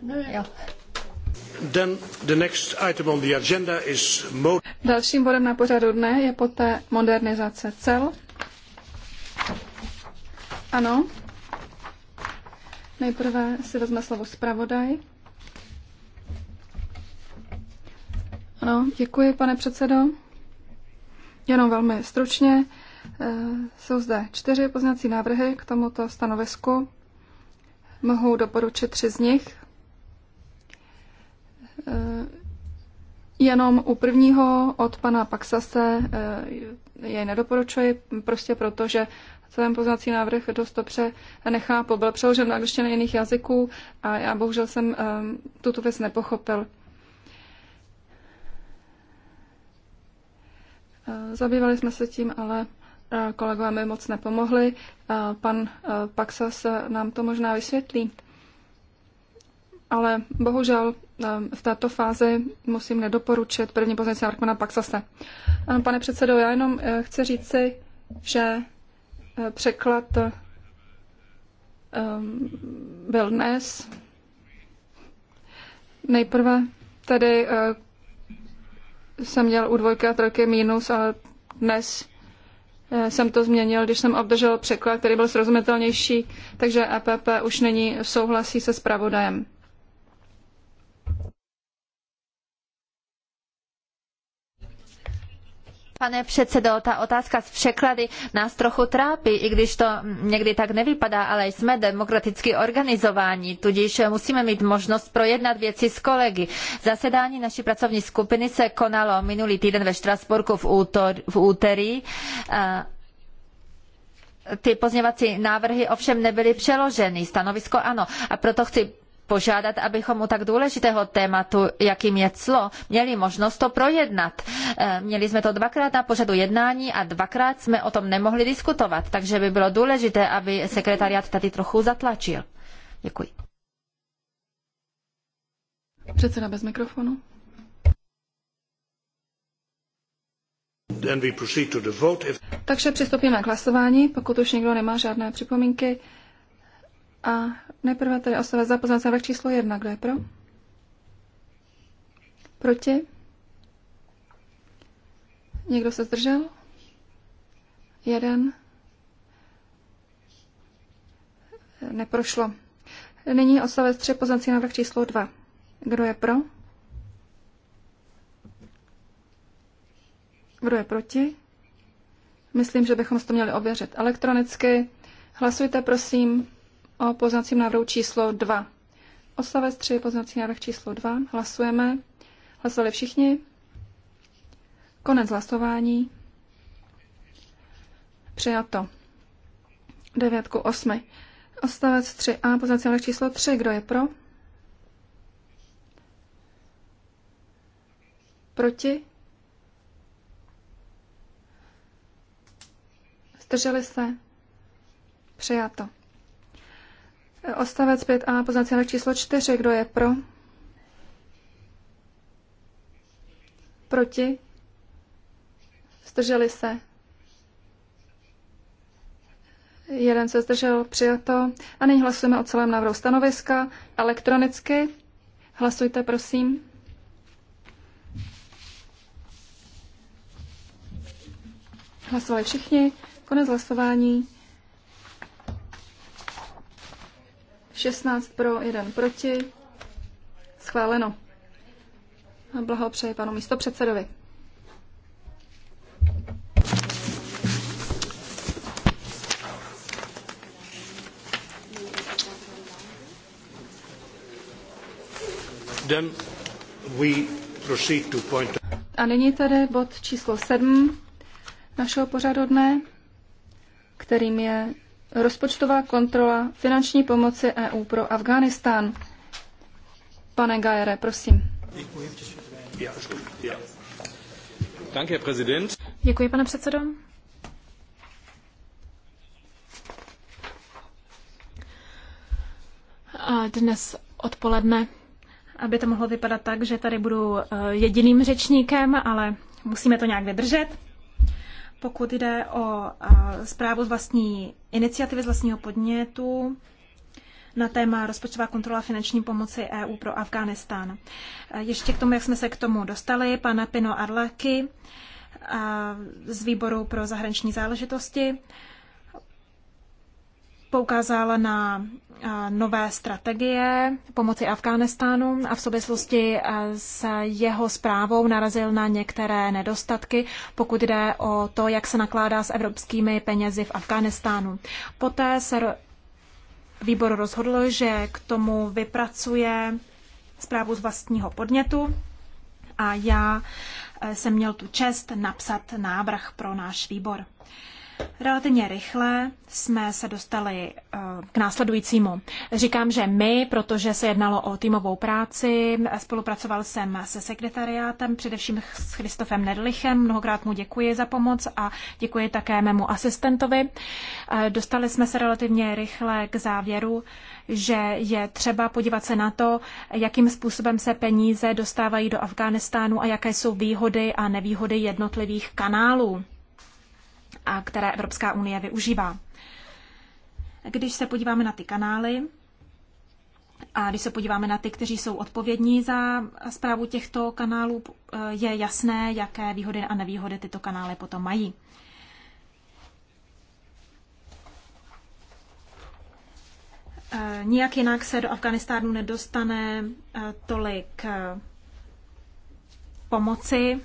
No, Then the next item on the agenda is Dalším bodem na pořadu dne je poté modernizace cel. Ano. Nejprve si vezme slovo zpravodaj. Ano, děkuji, pane předsedo. Jenom velmi stručně. Eh, jsou zde čtyři poznací návrhy k tomuto stanovisku. Mohu doporučit tři z nich. Eh, jenom u prvního od pana Paxase eh, jej nedoporučuji, prostě proto, že ten poznací návrh dost dobře nechápu. Byl přeložen do angličtiny jiných jazyků a já bohužel jsem tuto věc nepochopil. Zabývali jsme se tím, ale kolegové mi moc nepomohli. Pan Paxas nám to možná vysvětlí. Ale bohužel v této fázi musím nedoporučit první pozici Arkmana Paxase. Ano, pane předsedo, já jenom e, chci říci, že e, překlad e, byl dnes. Nejprve tedy jsem měl u dvojky a trojky mínus, ale dnes Eh, jsem to změnil, když jsem obdržel překlad, který byl srozumitelnější, takže EPP už není souhlasí se zpravodajem. Pane předsedo, ta otázka s překlady nás trochu trápí, i když to někdy tak nevypadá, ale jsme demokraticky organizováni, tudíž musíme mít možnost projednat věci s kolegy. Zasedání naší pracovní skupiny se konalo minulý týden ve Štrasburku v, útor, v úterý. A ty pozněvací návrhy ovšem nebyly přeloženy, stanovisko ano. A proto chci požádat, abychom u tak důležitého tématu, jakým je clo, měli možnost to projednat. Eh, měli jsme to dvakrát na pořadu jednání a dvakrát jsme o tom nemohli diskutovat, takže by bylo důležité, aby sekretariát tady trochu zatlačil. Děkuji. Předseda bez mikrofonu. Takže přistoupíme k hlasování. Pokud už někdo nemá žádné připomínky, a nejprve tedy odstavec za pozměňovací návrh číslo jedna, Kdo je pro? Proti? Někdo se zdržel? Jeden? Neprošlo. Nyní odstavec 3 poznací návrh číslo 2. Kdo je pro? Kdo je proti? Myslím, že bychom to měli ověřit elektronicky. Hlasujte, prosím o poznacím návrhu číslo 2. Oslavec 3, poznací návrh číslo 2. Hlasujeme. Hlasovali všichni. Konec hlasování. Přijato. 9 ku 8. Ostavec 3a, poznací návrh číslo 3. Kdo je pro? Proti? Zdrželi se? Přijato. Odstavec 5a, poznací číslo 4. Kdo je pro? Proti? Zdrželi se? Jeden se zdržel, přijato. A nyní hlasujeme o celém návrhu stanoviska elektronicky. Hlasujte, prosím. Hlasovali všichni. Konec hlasování. 16 pro, 1 proti. Schváleno. A blahopřeji panu místopředsedovi. Then we proceed to point... A nyní tedy bod číslo 7 našeho pořadu dne, kterým je Rozpočtová kontrola finanční pomoci EU pro Afghánistán. Pane Gajere, prosím. Děkuji, pane předsedo. A dnes odpoledne, aby to mohlo vypadat tak, že tady budu eh, jediným řečníkem, ale musíme to nějak vydržet. Pokud jde o zprávu z vlastní iniciativy, z vlastního podnětu, na téma rozpočtová kontrola finanční pomoci EU pro Afghánistán. Ještě k tomu, jak jsme se k tomu dostali, pana Pino Arlaky z výboru pro zahraniční záležitosti poukázala na nové strategie pomoci Afghánistánu a v souvislosti s jeho zprávou narazil na některé nedostatky, pokud jde o to, jak se nakládá s evropskými penězi v Afghánistánu. Poté se výbor rozhodl, že k tomu vypracuje zprávu z vlastního podnětu a já e, jsem měl tu čest napsat návrh pro náš výbor. Relativně rychle jsme se dostali eh, k následujícímu. Říkám, že my, protože se jednalo o týmovou práci, spolupracoval jsem se sekretariátem, především s Christofem Nedlichem. Mnohokrát mu děkuji za pomoc a děkuji také mému asistentovi. Eh, dostali jsme se relativně rychle k závěru, že je třeba podívat se na to, jakým způsobem se peníze dostávají do Afghánistánu a jaké jsou výhody a nevýhody jednotlivých kanálů a které Evropská unie využívá. Když se podíváme na ty kanály, a když se podíváme na ty, kteří jsou odpovědní za zprávu těchto kanálů, je jasné, jaké výhody a nevýhody tyto kanály potom mají. Nijak jinak se do Afganistánu nedostane eh, tolik eh, pomoci,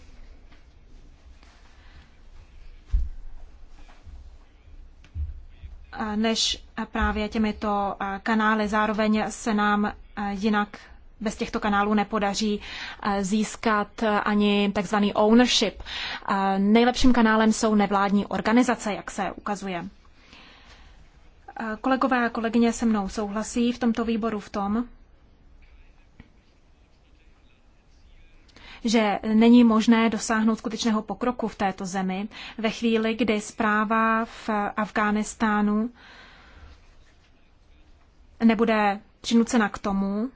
než právě těmito kanály. Zároveň se nám jinak bez těchto kanálů nepodaří získat ani takzvaný ownership. Nejlepším kanálem jsou nevládní organizace, jak se ukazuje. Kolegové a kolegyně se mnou souhlasí v tomto výboru v tom, že není možné dosáhnout skutečného pokroku v této zemi ve chvíli, kdy zpráva v Afghánistánu nebude přinucena k tomu,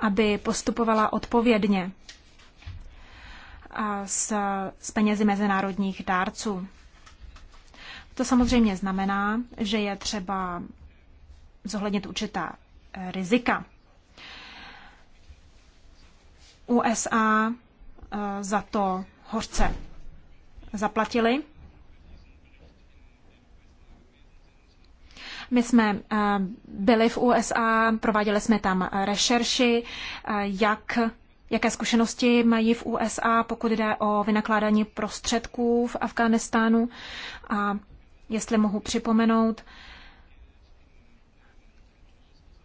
aby postupovala odpovědně s, s penězi mezinárodních dárců. To samozřejmě znamená, že je třeba zohlednit určitá rizika. USA eh, za to hořce zaplatili. My jsme eh, byli v USA, prováděli jsme tam rešerši, eh, jak, jaké zkušenosti mají v USA, pokud jde o vynakládání prostředků v Afghánistánu. A jestli mohu připomenout,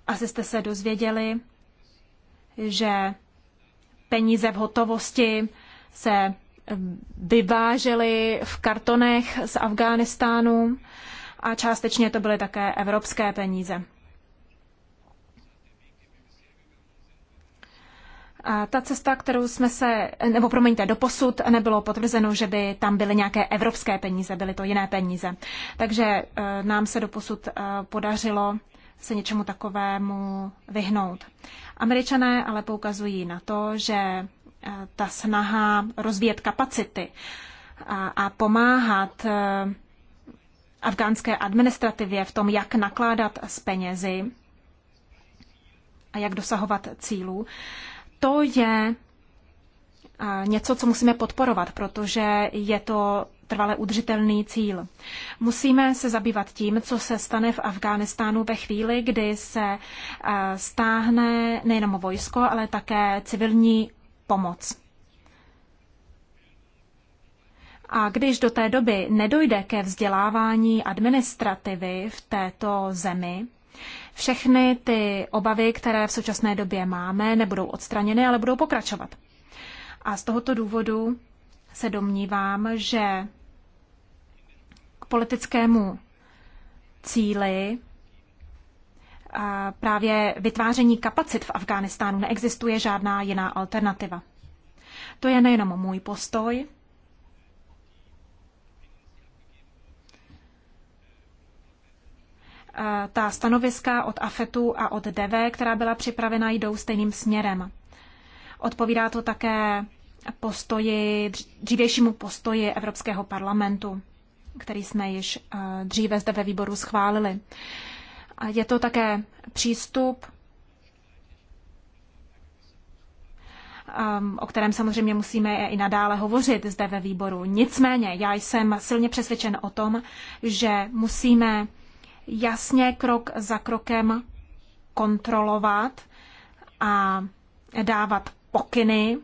asi jste se dozvěděli, že peníze v hotovosti se vyvážely v kartonech z Afghánistánu a částečně to byly také evropské peníze. A ta cesta, kterou jsme se, nebo promiňte, doposud nebylo potvrzeno, že by tam byly nějaké evropské peníze, byly to jiné peníze. Takže e, nám se doposud e, podařilo se něčemu takovému vyhnout. Američané ale poukazují na to, že eh, ta snaha rozvíjet kapacity a, a pomáhat eh, afgánské administrativě v tom, jak nakládat s penězi a jak dosahovat cílů, to je eh, něco, co musíme podporovat, protože je to trvale udržitelný cíl. Musíme se zabývat tím, co se stane v Afghánistánu ve chvíli, kdy se eh, stáhne nejenom vojsko, ale také civilní pomoc. A když do té doby nedojde ke vzdělávání administrativy v této zemi, všechny ty obavy, které v současné době máme, nebudou odstraněny, ale budou pokračovat. A z tohoto důvodu se domnívám, že politickému cíli právě vytváření kapacit v Afghánistánu. Neexistuje žádná jiná alternativa. To je nejenom můj postoj, ta stanoviska od AFETu a od DV, která byla připravena, jdou stejným směrem. Odpovídá to také postoji, dřívějšímu postoji Evropského parlamentu který jsme již eh, dříve zde ve výboru schválili. Je to také přístup, ehm, o kterém samozřejmě musíme i nadále hovořit zde ve výboru. Nicméně já jsem silně přesvědčen o tom, že musíme jasně krok za krokem kontrolovat a dávat pokyny,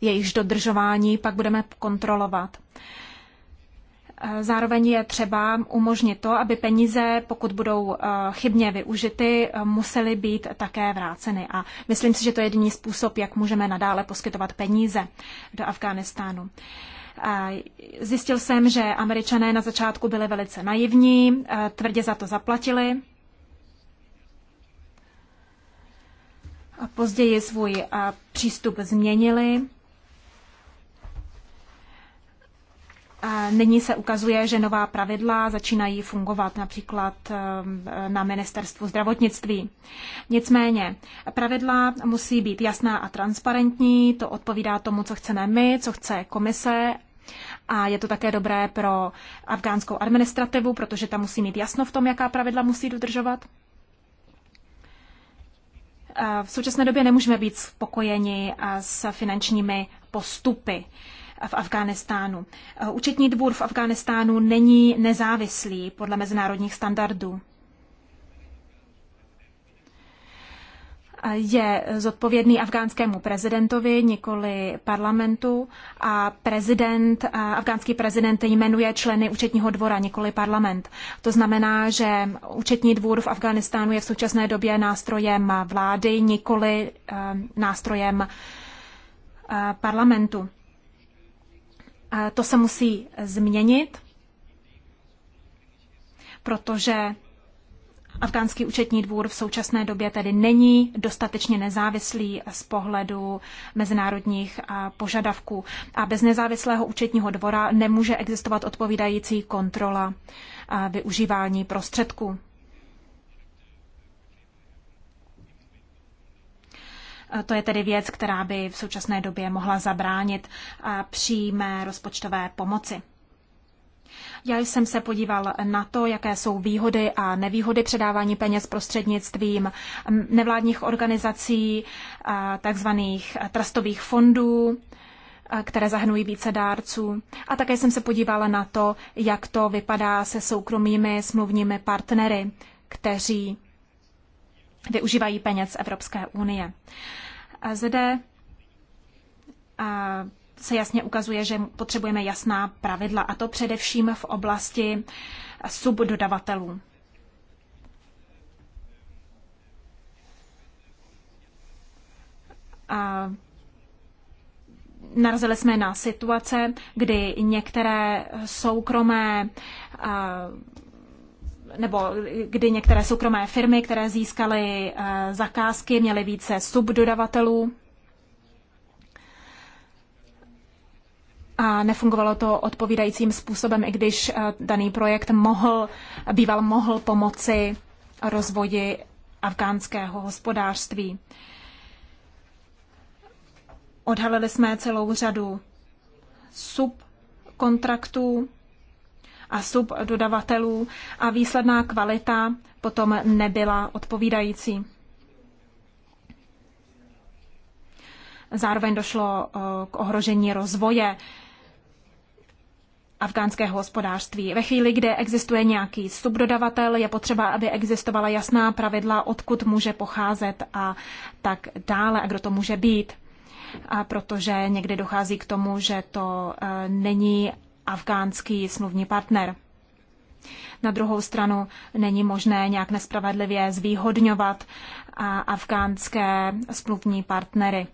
jejichž dodržování pak budeme kontrolovat. Eh, zároveň je třeba umožnit to, aby peníze, pokud budou eh, chybně využity, eh, musely být také vráceny. A myslím si, že to je jediný způsob, jak můžeme nadále poskytovat peníze do Afghánistánu. Zjistil jsem, že američané na začátku byli velice naivní, tvrdě za to zaplatili. Později svůj přístup změnili Nyní se ukazuje, že nová pravidla začínají fungovat například ehm, na ministerstvu zdravotnictví. Nicméně, pravidla musí být jasná a transparentní, to odpovídá tomu, co chceme my, co chce komise a je to také dobré pro afgánskou administrativu, protože ta musí mít jasno v tom, jaká pravidla musí dodržovat. V současné době nemůžeme být spokojeni s finančními postupy v Afghánistánu. Účetní dvůr v Afghánistánu není nezávislý podle mezinárodních standardů. je zodpovědný afgánskému prezidentovi, nikoli parlamentu a prezident, afgánský prezident jmenuje členy účetního dvora, nikoli parlament. To znamená, že účetní dvůr v Afghánistánu je v současné době nástrojem vlády, nikoli eh, nástrojem eh, parlamentu. To se musí změnit, protože Afgánský účetní dvůr v současné době tedy není dostatečně nezávislý z pohledu mezinárodních požadavků a bez nezávislého účetního dvora nemůže existovat odpovídající kontrola využívání prostředků. To je tedy věc, která by v současné době mohla zabránit přímé rozpočtové pomoci. Já jsem se podíval na to, jaké jsou výhody a nevýhody předávání peněz prostřednictvím nevládních organizací, takzvaných trustových fondů, které zahrnují více dárců. A také jsem se podívala na to, jak to vypadá se soukromými smluvními partnery, kteří využívají peněz Evropské unie. Zde se jasně ukazuje, že potřebujeme jasná pravidla, a to především v oblasti subdodavatelů. A narazili jsme na situace, kdy některé soukromé nebo kdy některé soukromé firmy, které získaly eh, zakázky, měly více subdodavatelů. A nefungovalo to odpovídajícím způsobem, i když eh, daný projekt mohl, býval mohl pomoci rozvoji afgánského hospodářství. Odhalili jsme celou řadu subkontraktů, a subdodavatelů a výsledná kvalita potom nebyla odpovídající. Zároveň došlo eh, k ohrožení rozvoje afgánského hospodářství. Ve chvíli, kdy existuje nějaký subdodavatel, je potřeba, aby existovala jasná pravidla, odkud může pocházet a tak dále a kdo to může být. A protože někdy dochází k tomu, že to eh, není afgánský smluvní partner. Na druhou stranu není možné nějak nespravedlivě zvýhodňovat afgánské smluvní partnery.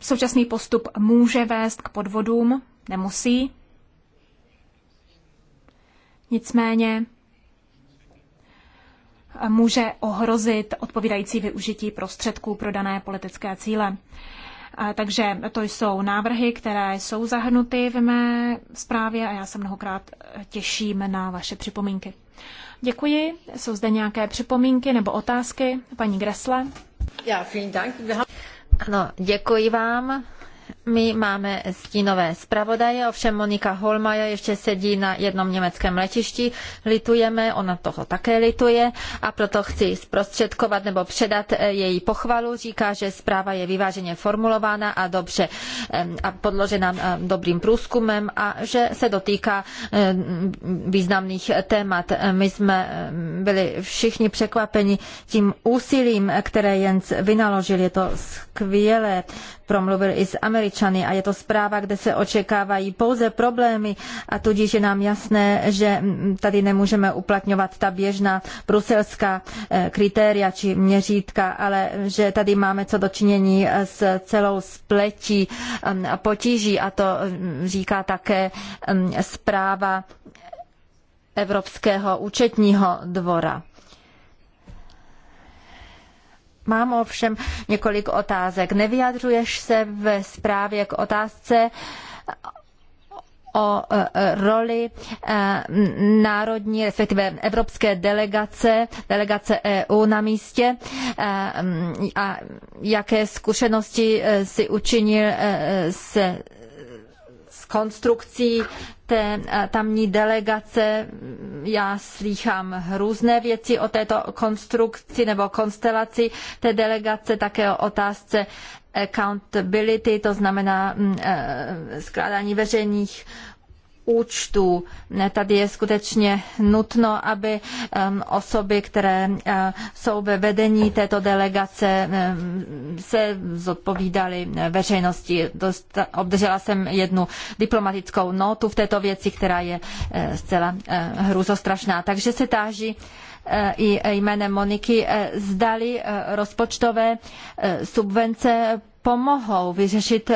Současný postup může vést k podvodům, nemusí. Nicméně může ohrozit odpovídající využití prostředků pro dané politické cíle. Takže to jsou návrhy, které jsou zahrnuty v mé zprávě a já se mnohokrát těším na vaše připomínky. Děkuji. Jsou zde nějaké připomínky nebo otázky? Paní Gresle? Ano, děkuji vám. My máme stínové zpravodaje, ovšem Monika Holmaja ještě sedí na jednom německém letišti. Litujeme, ona toho také lituje a proto chci zprostředkovat nebo předat eh, její pochvalu. Říká, že zpráva je vyváženě formulována a dobře eh, a podložena eh, dobrým průzkumem a že se dotýká významných témat. My jsme byli všichni překvapeni tím úsilím, které Jens vynaložil. Je to skvělé promluvil i s Američany a je to zpráva, kde se očekávají pouze problémy a tudíž je nám jasné, že tady nemůžeme uplatňovat ta běžná bruselská eh, kritéria či měřítka, ale že tady máme co dočinění s celou spletí ehm, potíží a to ehm, říká také ehm, zpráva Evropského účetního dvora. Mám ovšem několik otázek. Nevyjadřuješ se ve zprávě k otázce o e, e, roli e, národní, respektive evropské delegace, delegace EU na místě a jaké zkušenosti si učinil se s konstrukcí té eh, tamní delegace. Já slýchám různé věci o této konstrukci nebo konstelaci té delegace, také o otázce accountability, to znamená mm, eh, skládání veřejných uh, účtů. Tady je skutečně nutno, aby um, osoby, které uh, jsou ve vedení této delegace, um, se zodpovídaly veřejnosti. Obdržela jsem jednu diplomatickou notu v této věci, která je uh, zcela uh, hrůzostrašná. Takže se táží, i jménem Moniky, zdali rozpočtové subvence pomohou vyřešit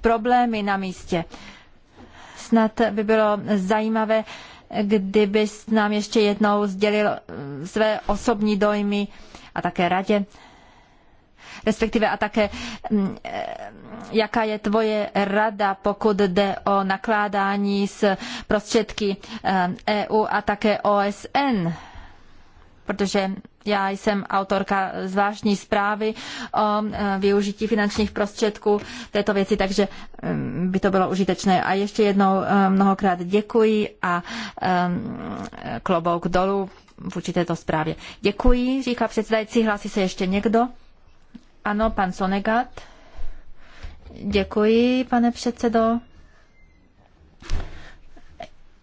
problémy na místě. Snad by bylo zajímavé, kdyby nám ještě jednou sdělil eh, své osobní dojmy a také radě, respektive a také mm, eh, jaká je tvoje rada, pokud jde o nakládání s prostředky EU eh, e a také OSN protože já jsem autorka zvláštní zprávy o e, využití finančních prostředků této věci, takže e, by to bylo užitečné. A ještě jednou e, mnohokrát děkuji a klobouk dolů v této zprávě. Děkuji, říká předsedající. Hlásí se ještě někdo? Ano, pan Sonegat. Děkuji, pane předsedo.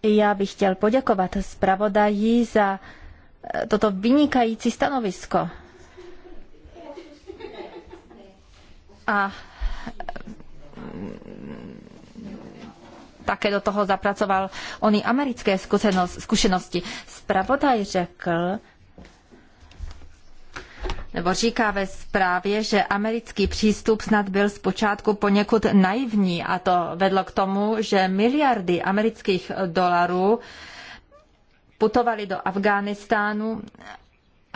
Já bych chtěl poděkovat zpravodaji za Eh, toto vynikající stanovisko. A eh, také do toho zapracoval oni americké zkušenosti. Spravodaj řekl, nebo říká ve zprávě, že americký přístup snad byl zpočátku poněkud naivní a to vedlo k tomu, že miliardy amerických dolarů putovali do Afghánistánu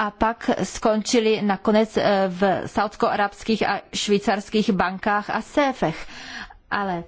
a pak skončili nakonec eh, v saudsko-arabských a švýcarských bankách a séfech. Ale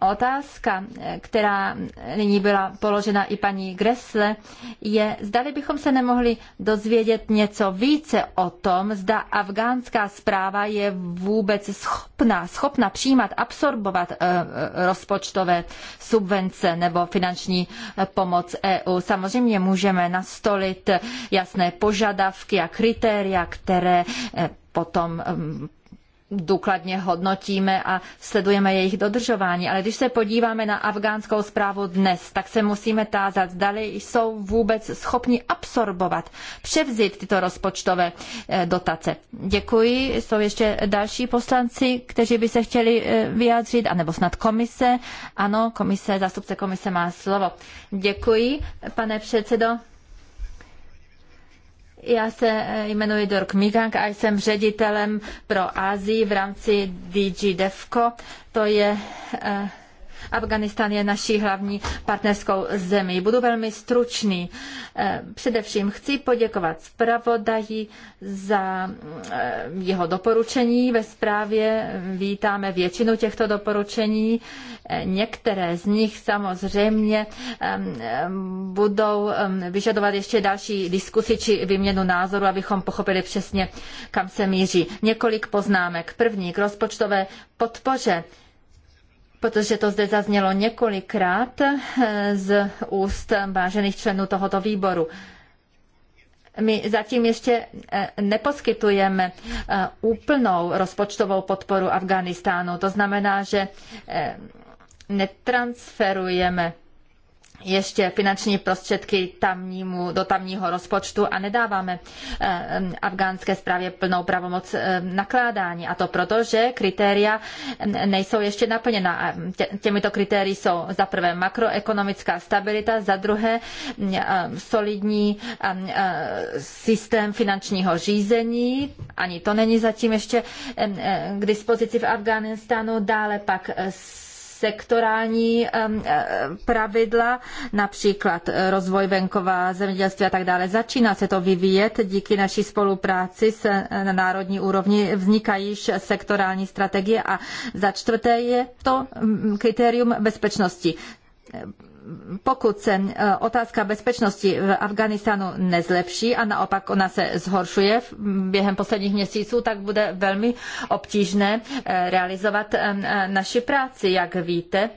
Otázka, která nyní byla položena i paní Gressle, je, zdali bychom se nemohli dozvědět něco více o tom, zda afgánská zpráva je vůbec schopna, schopna přijímat, absorbovat eh, eh, rozpočtové subvence nebo finanční eh, pomoc EU. Samozřejmě můžeme nastolit jasné požadavky a kritéria, které potom mm, důkladně hodnotíme a sledujeme jejich dodržování. Ale když se podíváme na afgánskou zprávu dnes, tak se musíme tázat, zdali jsou vůbec schopni absorbovat, převzít tyto rozpočtové eh, dotace. Děkuji. Jsou ještě další poslanci, kteří by se chtěli eh, vyjádřit, anebo snad komise. Ano, komise, zástupce komise má slovo. Děkuji, pane předsedo. Já se eh, jmenuji Dork Migang a jsem ředitelem pro Asii v rámci DG DEFCO. To je eh, Afganistán je naší hlavní partnerskou zemí. Budu velmi stručný. Eh, především chci poděkovat zpravodaji za eh, jeho doporučení ve zprávě. Vítáme většinu těchto doporučení. Eh, některé z nich samozřejmě budou vyžadovat ještě další diskusi či výměnu názoru, abychom pochopili přesně, kam se míří. Několik poznámek. První k rozpočtové podpoře protože to zde zaznělo několikrát eh, z úst vážených členů tohoto výboru. My zatím ještě eh, neposkytujeme eh, úplnou rozpočtovou podporu Afghánistánu. To znamená, že netransferujeme ještě finanční prostředky tamnímu, do tamního rozpočtu a nedáváme eh, afgánské správě plnou pravomoc eh, nakládání. A to proto, že kritéria eh, nejsou ještě naplněna. těmito kritérii jsou za prvé makroekonomická stabilita, za druhé mm, solidní systém finančního řízení, ani to není zatím ještě k dispozici v Afghánistánu, dále pak sektorální eh, pravidla, například rozvoj venkova, zemědělství a tak dále. Začíná se to vyvíjet díky naší spolupráci eh, na národní úrovni. Vznikají již sektorální strategie a za čtvrté je to mm, kritérium bezpečnosti pokud se eh, otázka bezpečnosti v Afghánistánu nezlepší a naopak ona se zhoršuje během posledních měsíců, tak bude velmi obtížné eh, realizovat eh, naši práci, jak víte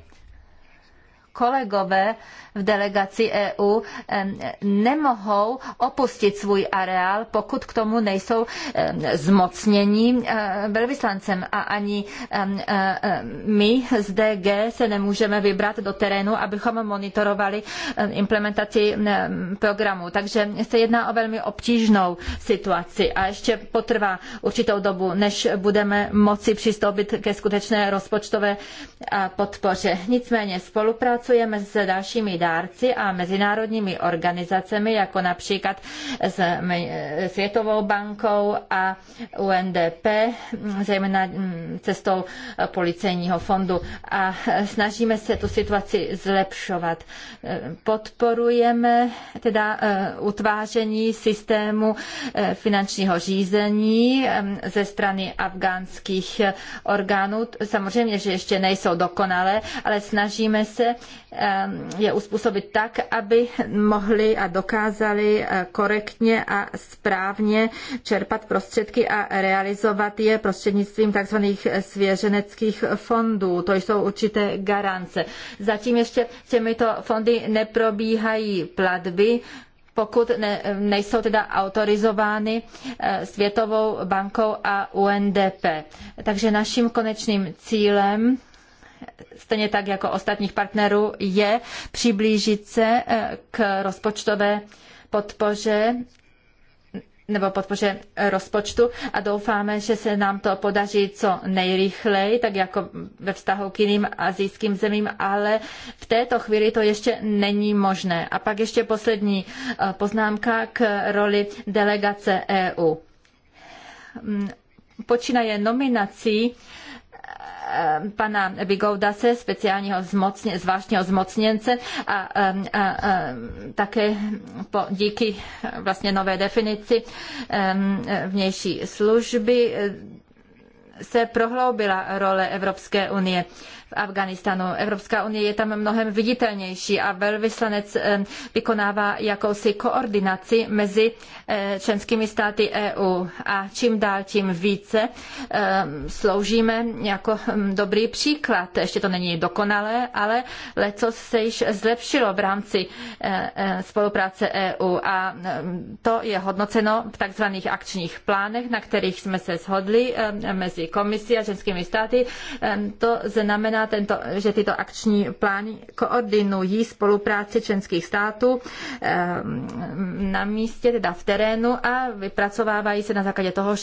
kolegové v delegaci EU nemohou opustit svůj areál, pokud k tomu nejsou zmocnění velvyslancem. A ani my z DG se nemůžeme vybrat do terénu, abychom monitorovali implementaci programu. Takže se jedná o velmi obtížnou situaci a ještě potrvá určitou dobu, než budeme moci přistoupit ke skutečné rozpočtové podpoře. Nicméně spolupráce spolupracujeme s dalšími dárci a mezinárodními organizacemi, jako například s Světovou bankou a UNDP, zejména mm, cestou policejního fondu. A snažíme se tu situaci zlepšovat. Podporujeme teda eh, utváření systému eh, finančního řízení eh, ze strany afgánských orgánů. Samozřejmě, že ještě nejsou dokonalé, ale snažíme se Ehm, je uspůsobit tak, aby mohli a dokázali eh, korektně a správně čerpat prostředky a realizovat je prostřednictvím tzv. svěřeneckých fondů. To jsou určité garance. Zatím ještě těmito fondy neprobíhají platby, pokud ne, nejsou teda autorizovány eh, Světovou bankou a UNDP. Takže naším konečným cílem stejně tak jako ostatních partnerů, je přiblížit se eh, k rozpočtové podpoře nebo podpoře rozpočtu a doufáme, že se nám to podaří co nejrychleji, tak jako ve vztahu k jiným azijským zemím, ale v této chvíli to ještě není možné. A pak ještě poslední eh, poznámka k roli delegace EU. Mm, počínaje nominací Eh, pana Bigoudase, speciálního zmocně, zvláštního zmocněnce a, eh, a, a také po, díky eh, vlastně nové definici vnější služby se prohloubila role Evropské unie v Afganistánu. Evropská unie je tam mnohem viditelnější a velvyslanec eh, vykonává jakousi koordinaci mezi eh, členskými státy EU a čím dál tím více eh, sloužíme jako hm, dobrý příklad. Ještě to není dokonalé, ale leco se již zlepšilo v rámci spolupráce EU a hm, to je hodnoceno v takzvaných akčních plánech, na kterých jsme se shodli mezi komisí a členskými státy. Hm, to znamená, znamená, tento, že tyto akční plány koordinují spolupráci členských států ehm, na místě, teda v terénu a vypracovávají se na základě toho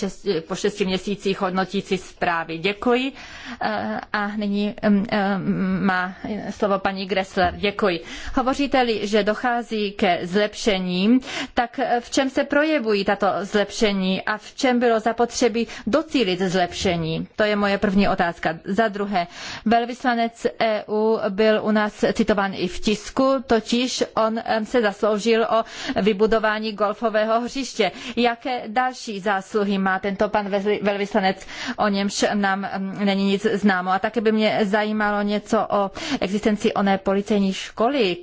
po šesti měsících hodnotící zprávy. Děkuji eh, a nyní ehm, ehm, má slovo paní Gressler. Děkuji. Hovoříte-li, že dochází ke zlepšením, tak v čem se projevují tato zlepšení a v čem bylo zapotřebí docílit zlepšení? To je moje první otázka. Za druhé, velmi Velvyslanec EU byl u nás citován i v tisku, totiž on se zasloužil o vybudování golfového hřiště. Jaké další zásluhy má tento pan velvyslanec, o němž nám není nic známo. A také by mě zajímalo něco o existenci oné policejní školy,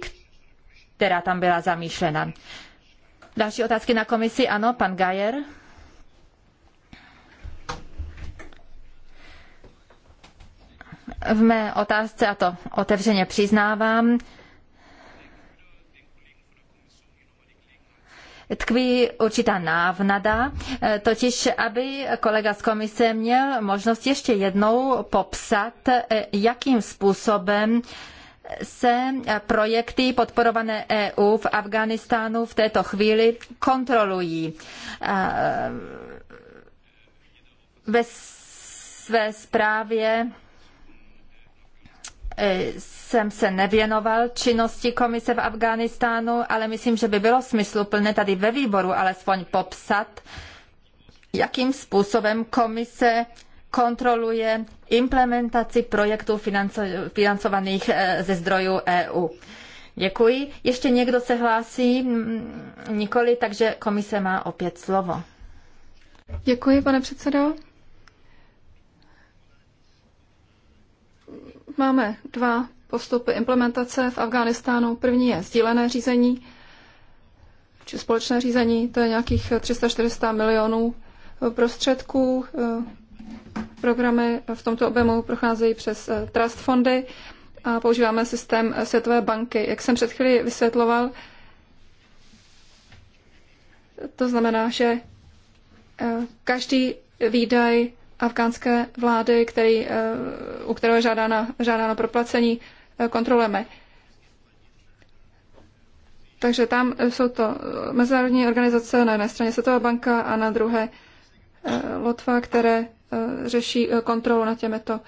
která tam byla zamýšlena. Další otázky na komisi? Ano, pan Gajer. v mé otázce, a to otevřeně přiznávám, tkví určitá návnada, totiž aby kolega z komise měl možnost ještě jednou popsat, jakým způsobem se projekty podporované EU v Afghánistánu v této chvíli kontrolují. Ve své zprávě E, jsem se nevěnoval činnosti komise v Afghánistánu, ale myslím, že by bylo smysluplné tady ve výboru alespoň popsat, jakým způsobem komise kontroluje implementaci projektů financovaných e, ze zdrojů EU. Děkuji. Ještě někdo se hlásí? Nikoli, takže komise má opět slovo. Děkuji, pane předsedo. máme dva postupy implementace v Afghánistánu. První je sdílené řízení, či společné řízení, to je nějakých 300-400 milionů prostředků. Programy v tomto objemu procházejí přes eh, trust fondy a používáme systém Světové banky. Jak jsem před chvíli vysvětloval, to znamená, že eh, každý výdaj afgánské vlády, který, eh, u kterého je žádáno, žádáno proplacení, eh, kontrolujeme. Takže tam eh, jsou to mezinárodní organizace, na jedné straně Světová banka a na druhé Lotva, které řeší kontrolu nad těmito,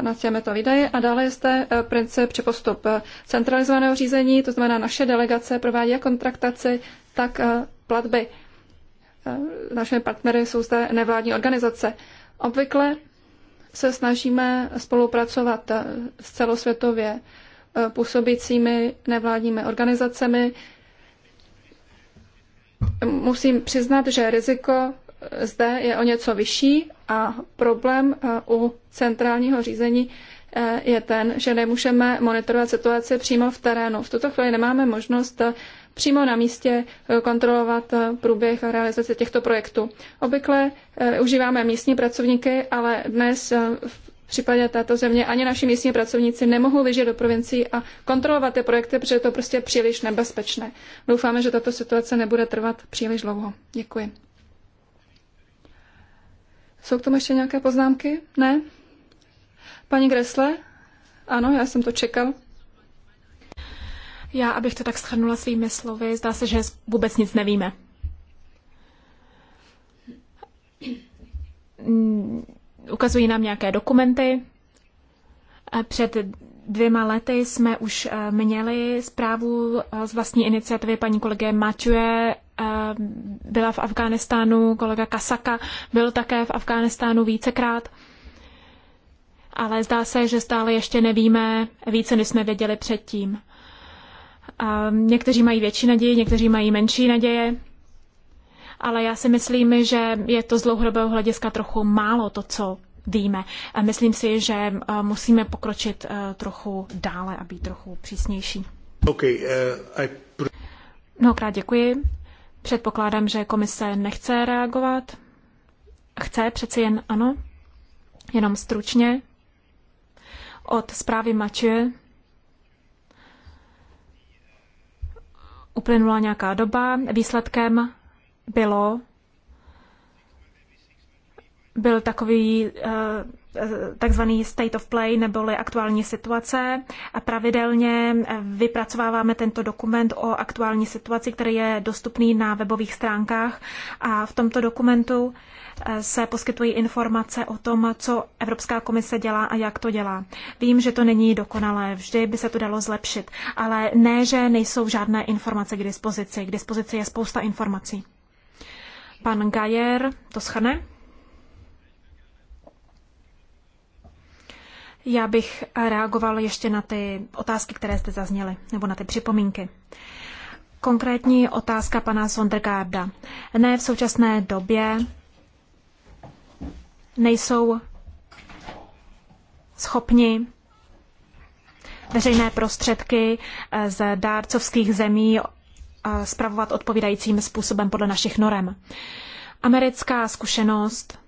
nad těmito výdaje. A dále je zde princip či postup centralizovaného řízení, to znamená naše delegace provádí jak kontraktaci, tak platby. Našimi partnery jsou zde nevládní organizace. Obvykle se snažíme spolupracovat eh, s celosvětově eh, působícími nevládními organizacemi. Musím přiznat, že riziko eh, zde je o něco vyšší a problém u centrálního řízení je ten, že nemůžeme monitorovat situaci přímo v terénu. V tuto chvíli nemáme možnost přímo na místě eh, kontrolovat eh, průběh a realizaci těchto projektů. Obvykle eh, užíváme místní pracovníky, ale dnes v případě této země ani naši místní pracovníci nemohou vyžít do provincií a kontrolovat ty projekty, protože je to prostě příliš nebezpečné. Doufáme, že tato situace nebude trvat příliš dlouho. Děkuji. Jsou k tomu ještě nějaké poznámky? Ne? Paní Gresle? Ano, já jsem to čekal. Já, abych to tak shrnula svými slovy, zdá se, že vůbec nic nevíme. Ukazují nám nějaké dokumenty. Před dvěma lety jsme už eh, měli zprávu eh, z vlastní iniciativy paní kolegy Mačuje, eh, byla v Afghánistánu, kolega Kasaka byl také v Afghánistánu vícekrát ale zdá se, že stále ještě nevíme více, než jsme věděli předtím. Někteří mají větší naději, někteří mají menší naděje, ale já si myslím, že je to z dlouhodobého hlediska trochu málo to, co víme. Myslím si, že e, musíme pokročit e, trochu dále a být trochu přísnější. Okay, uh, I... Mnohokrát děkuji. Předpokládám, že komise nechce reagovat. Chce přeci jen ano. Jenom stručně. Od zprávy Mače Uplynula nějaká doba, výsledkem bylo, byl takový eh, takzvaný state of play neboli aktuální situace. A pravidelně eh, vypracováváme tento dokument o aktuální situaci, který je dostupný na webových stránkách. A v tomto dokumentu eh, se poskytují informace o tom, co Evropská komise dělá a jak to dělá. Vím, že to není dokonalé, vždy by se to dalo zlepšit, ale ne, že nejsou žádné informace k dispozici. K dispozici je spousta informací. Pan Gajer to schrne. Já bych reagoval ještě na ty otázky, které jste zazněly, nebo na ty připomínky. Konkrétní otázka pana Sondergaarda. Ne, v současné době nejsou schopni veřejné prostředky eh, z dárcovských zemí eh, spravovat odpovídajícím způsobem podle našich norem. Americká zkušenost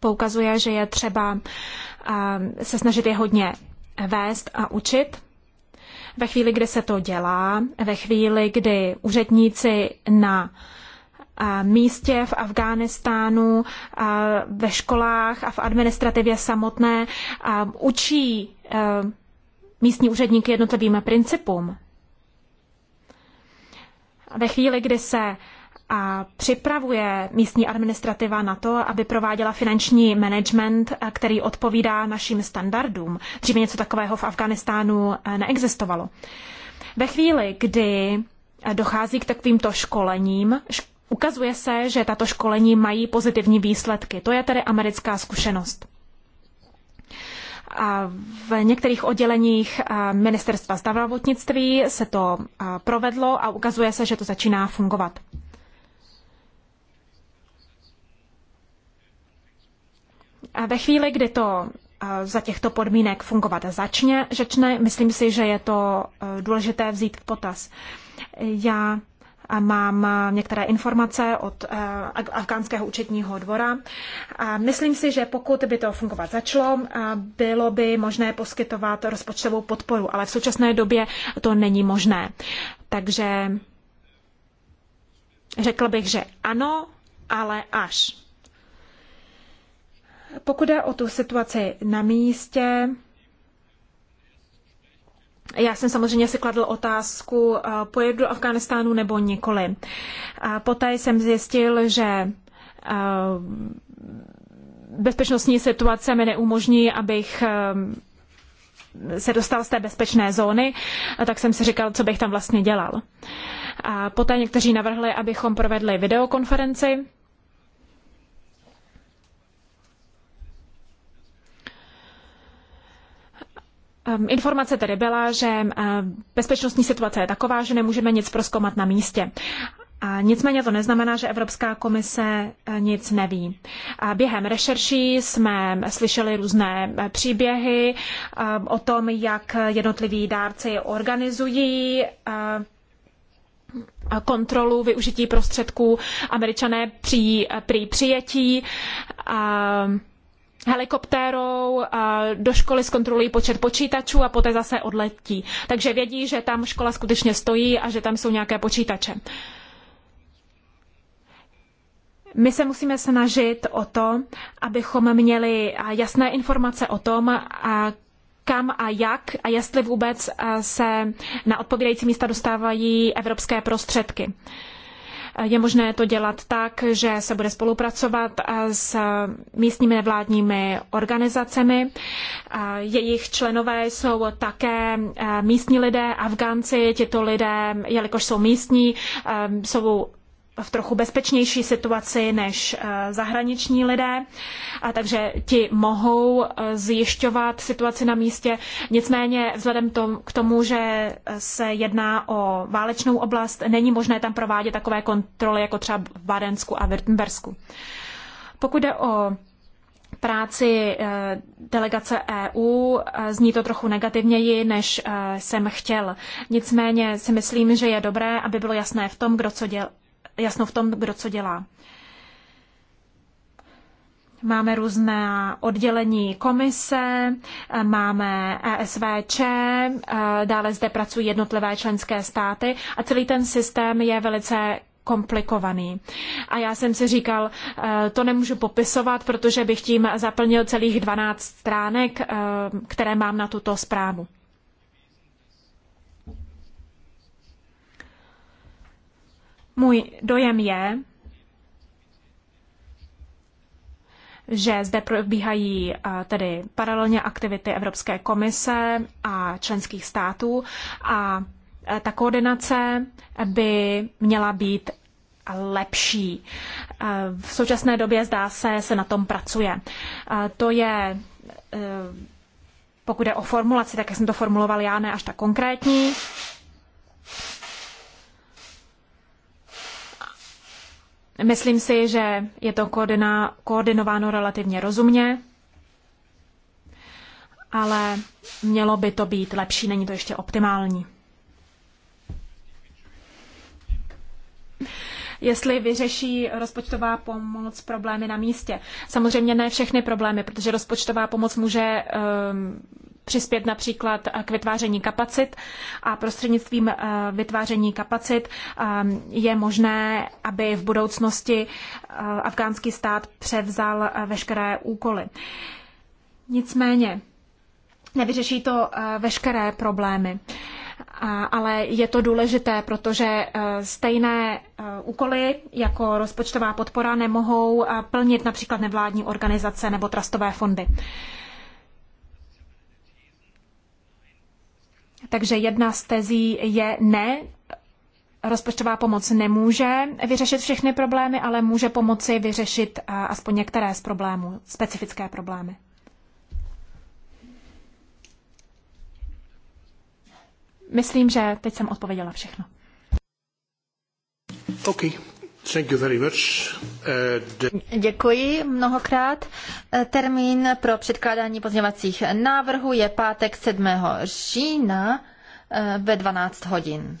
poukazuje, že je třeba se snažit je hodně vést a učit. Ve chvíli, kdy se to dělá, ve chvíli, kdy úředníci na místě v Afghánistánu, ve školách a v administrativě samotné učí místní úředníky jednotlivým principům. Ve chvíli, kdy se a připravuje místní administrativa na to, aby prováděla finanční management, eh, který odpovídá našim standardům. Dříve něco takového v Afganistánu eh, neexistovalo. Ve chvíli, kdy eh, dochází k takovýmto školením, ukazuje se, že tato školení mají pozitivní výsledky. To je tedy americká zkušenost. A v některých odděleních ministerstva zdravotnictví se to provedlo a ukazuje se, že to začíná fungovat. Ve chvíli, kdy to eh, za těchto podmínek fungovat začne, začne, myslím si, že je to eh, důležité vzít v potaz. Já eh, mám některé informace od afgánského účetního dvora. Myslím si, že pokud by to fungovat začalo, bylo by možné poskytovat rozpočtovou podporu, ale v současné době to není možné. Takže řekl bych, že ano, ale až. Pokud jde o tu situaci na místě, já jsem samozřejmě si kladl otázku, eh, pojedu do Afganistánu nebo nikoli. A eh, poté jsem zjistil, že eh, bezpečnostní situace mi neumožní, abych se dostal z té bezpečné zóny, tak jsem si říkal, co bych tam vlastně dělal. A poté někteří navrhli, abychom provedli videokonferenci Ehm, informace tedy byla, že ehm, bezpečnostní situace je taková, že nemůžeme nic proskomat na místě. A nicméně to neznamená, že Evropská komise eh, nic neví. A během rešerší jsme ehm, slyšeli různé eh, příběhy o tom, jak jednotliví dárci organizují kontrolu využití prostředků američané při, eh, při přijetí helikoptérou, do školy zkontrolují počet počítačů a poté zase odletí. Takže vědí, že tam škola skutečně stojí a že tam jsou nějaké počítače. My se musíme snažit o to, abychom měli jasné informace o tom, kam a jak a jestli vůbec se na odpovídající místa dostávají evropské prostředky. Uh, je možné to dělat tak, že se bude spolupracovat s místními nevládními organizacemi. Jejich členové jsou také eh, místní lidé, Afgánci. Tito lidé, jelikož jsou místní, eh, jsou v trochu bezpečnější situaci než eh, zahraniční lidé, a takže ti mohou eh, zjišťovat situaci na místě. Nicméně vzhledem k tomu, že se jedná o válečnou oblast, není možné tam provádět takové kontroly jako třeba v Badensku a Württembersku. Pokud jde o práci eh, delegace EU. Zní to trochu negativněji, než jsem chtěl. Nicméně si myslím, že je dobré, aby bylo jasné v tom, kdo co děl, jasno v tom, kdo co dělá. Máme různé oddělení komise, máme ESVČ, dále zde pracují jednotlivé členské státy a celý ten systém je velice komplikovaný. A já jsem si říkal, eh, to nemůžu popisovat, protože bych tím zaplnil celých 12 stránek, eh, které mám na tuto zprávu. Můj dojem je, že zde probíhají tedy paralelně aktivity Evropské komise a členských států a ta koordinace by měla být lepší. V současné době zdá se, se na tom pracuje. To je, e, pokud je o formulaci, tak jak jsem to formuloval já, ne až tak konkrétní. Myslím si, že je to koordina, koordinováno relativně rozumně, ale mělo by to být lepší, není to ještě optimální. jestli vyřeší rozpočtová pomoc problémy na místě. Samozřejmě ne všechny problémy, protože rozpočtová pomoc může um, přispět například eh, k vytváření kapacit a prostřednictvím eh, vytváření kapacit eh, je možné, aby v budoucnosti afgánský stát převzal veškeré úkoly. Nicméně nevyřeší to veškeré problémy. Ale je to důležité, protože stejné úkoly jako rozpočtová podpora nemohou plnit například nevládní organizace nebo trastové fondy. Takže jedna z tezí je ne, rozpočtová pomoc nemůže vyřešit všechny problémy, ale může pomoci vyřešit eh, aspoň některé z problémů, specifické problémy. Myslím, že teď jsem odpověděla všechno. Okay. Thank you very much. Uh, Děkuji mnohokrát. Termín pro předkládání pozměňovacích návrhů je pátek 7. října eh, ve 12 hodin.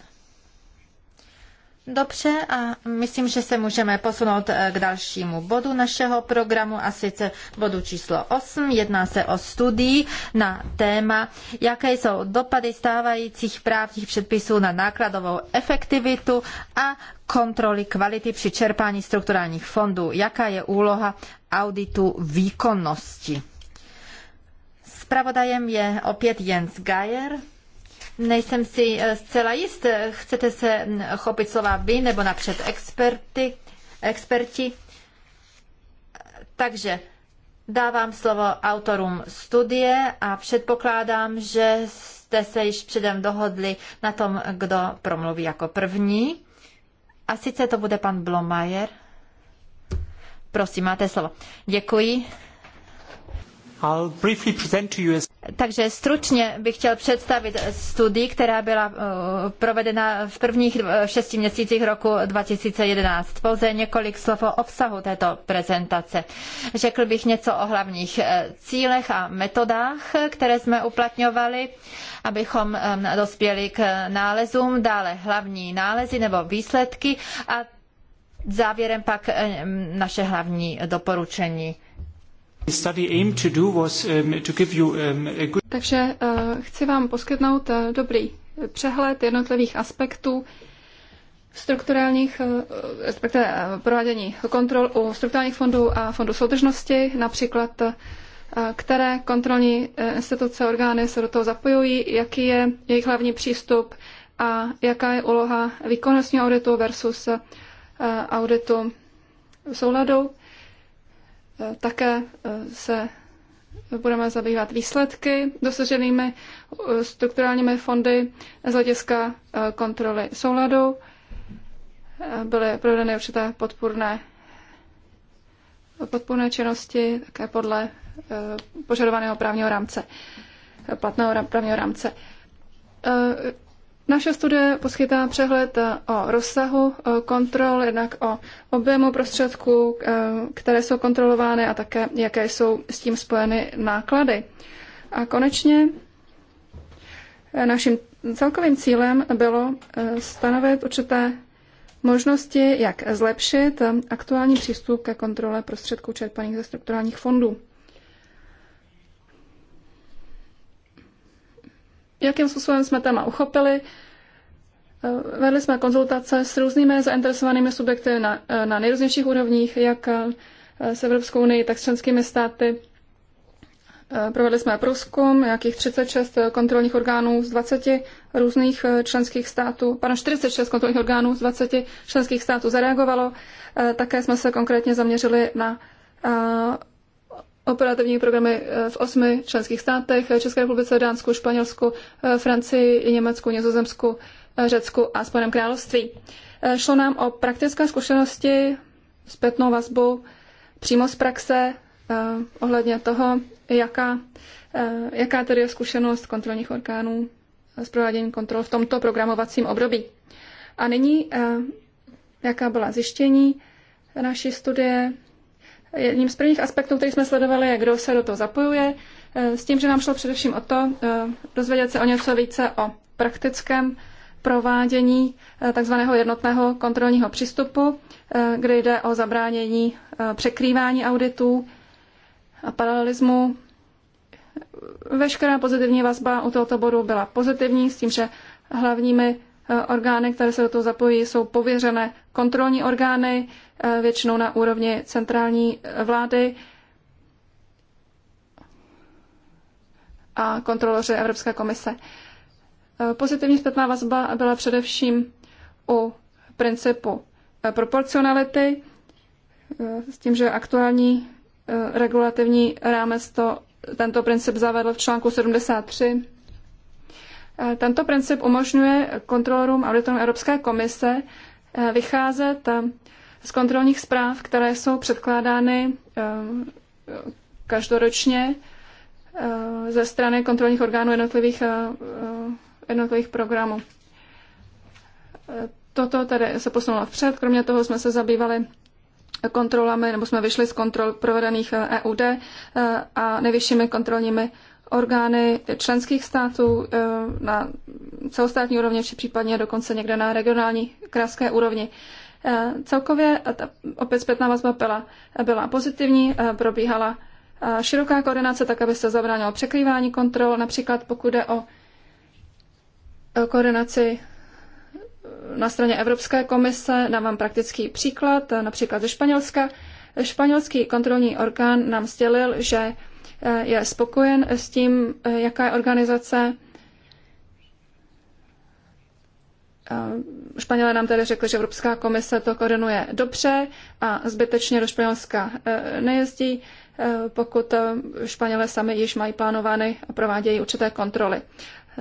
Dobře a myslím, že se můžeme posunout eh, k dalšímu bodu našeho programu a sice bodu číslo 8. Jedná se o studii na téma, jaké jsou dopady stávajících právních předpisů na nákladovou efektivitu a kontroly kvality při čerpání strukturálních fondů. Jaká je úloha auditu výkonnosti? Spravodajem je opět Jens Geier. Nejsem si eh, zcela jist, chcete se hm, chopit slova vy nebo napřed experty, experti. Takže dávám slovo autorům studie a předpokládám, že jste se již předem dohodli na tom, kdo promluví jako první. A sice to bude pan Blomajer. Prosím, máte slovo. Děkuji. Takže stručně bych chtěl představit studii, která byla eh, provedena v prvních eh, šesti měsících roku 2011. Pouze několik slov o obsahu této prezentace. Řekl bych něco o hlavních eh, cílech a metodách, které jsme uplatňovali, abychom dospěli k nálezům, dále hlavní nálezy nebo výsledky a závěrem pak naše hlavní doporučení. Takže chci vám poskytnout uh, dobrý přehled jednotlivých aspektů strukturálních, uh, respektive uh, provádění kontrol u strukturálních fondů a fondů soudržnosti, například které kontrolní instituce, orgány se do toho zapojují, jaký je jejich hlavní přístup a jaká je úloha výkonnostního auditu versus auditu souladu. Také eh, se budeme zabývat výsledky dosaženými eh, strukturálními fondy z hlediska eh, kontroly souladu. Byly provedeny určité podpůrné, podpůrné činnosti také podle požadovaného právního rámce, platného právního rámce. Naše studie poskytá přehled eh, o rozsahu eh, kontrol, jednak o objemu prostředků, eh, které jsou kontrolovány a také jaké jsou s tím spojeny náklady. A konečně naším celkovým cílem bylo stanovit určité možnosti, jak zlepšit aktuální přístup ke kontrole prostředků čerpaných ze strukturálních fondů. jakým způsobem jsme téma uchopili. Vedli jsme konzultace s různými zainteresovanými subjekty na, na nejrůznějších úrovních, jak s Evropskou unii, tak s členskými státy. Provedli jsme průzkum nějakých 36 kontrolních orgánů z 20 různých členských států, pardon, 46 kontrolních orgánů z 20 členských států zareagovalo. Také jsme se konkrétně zaměřili na operativní programy eh, v osmi členských státech, eh, České republice, Dánsku, Španělsku, eh, Francii, Německu, Nizozemsku, Řecku a Spojeném království. Šlo nám o praktické zkušenosti, zpětnou vazbu přímo z praxe ohledně toho, jaká, jaká tedy je zkušenost kontrolních orgánů s prováděním kontrol v tomto programovacím období. A nyní, jaká byla zjištění naší studie, Jedním z prvních aspektů, který jsme sledovali, je, kdo se do toho zapojuje, eh, s tím, že nám šlo především o to, eh, dozvědět se o něco více o praktickém provádění eh, takzvaného jednotného kontrolního přístupu, kde jde o zabránění překrývání auditů a paralelismu. Veškerá pozitivní vazba u tohoto bodu byla pozitivní, s tím, že hlavními Eh, orgány, které se do toho zapojí, jsou pověřené kontrolní orgány, eh, většinou na úrovni centrální eh, vlády a kontroloři Evropské komise. Pozitivní zpětná vazba byla především u principu proporcionality, s tím, že aktuální regulativní rámec to, tento princip zavedl v článku 73 tento princip umožňuje kontrolorům auditorům Evropské komise eh, vycházet eh, z kontrolních zpráv, které jsou předkládány eh, každoročně ze strany kontrolních orgánů jednotlivých, jednotlivých programů. Toto tedy se posunulo vpřed. Kromě toho jsme se zabývali kontrolami, nebo jsme vyšli z kontrol provedených EUD e a nejvyššími kontrolními orgány členských států eh, na celostátní úrovni, či případně dokonce někde na regionální krajské úrovni. Eh, celkově ta opět zpětná vazba byla, byla pozitivní, eh, probíhala široká koordinace, tak aby se zabránilo překrývání kontrol, například pokud jde o koordinaci na straně Evropské komise. Dávám praktický příklad, například ze Španělska. Španělský kontrolní orgán nám sdělil, že Eh, je spokojen s tím, eh, jaká je organizace. Eh, Španělé nám tedy řekli, že Evropská komise to koordinuje dobře a zbytečně do Španělska nejezdí, pokud Španělé sami již mají plánovány a provádějí určité kontroly.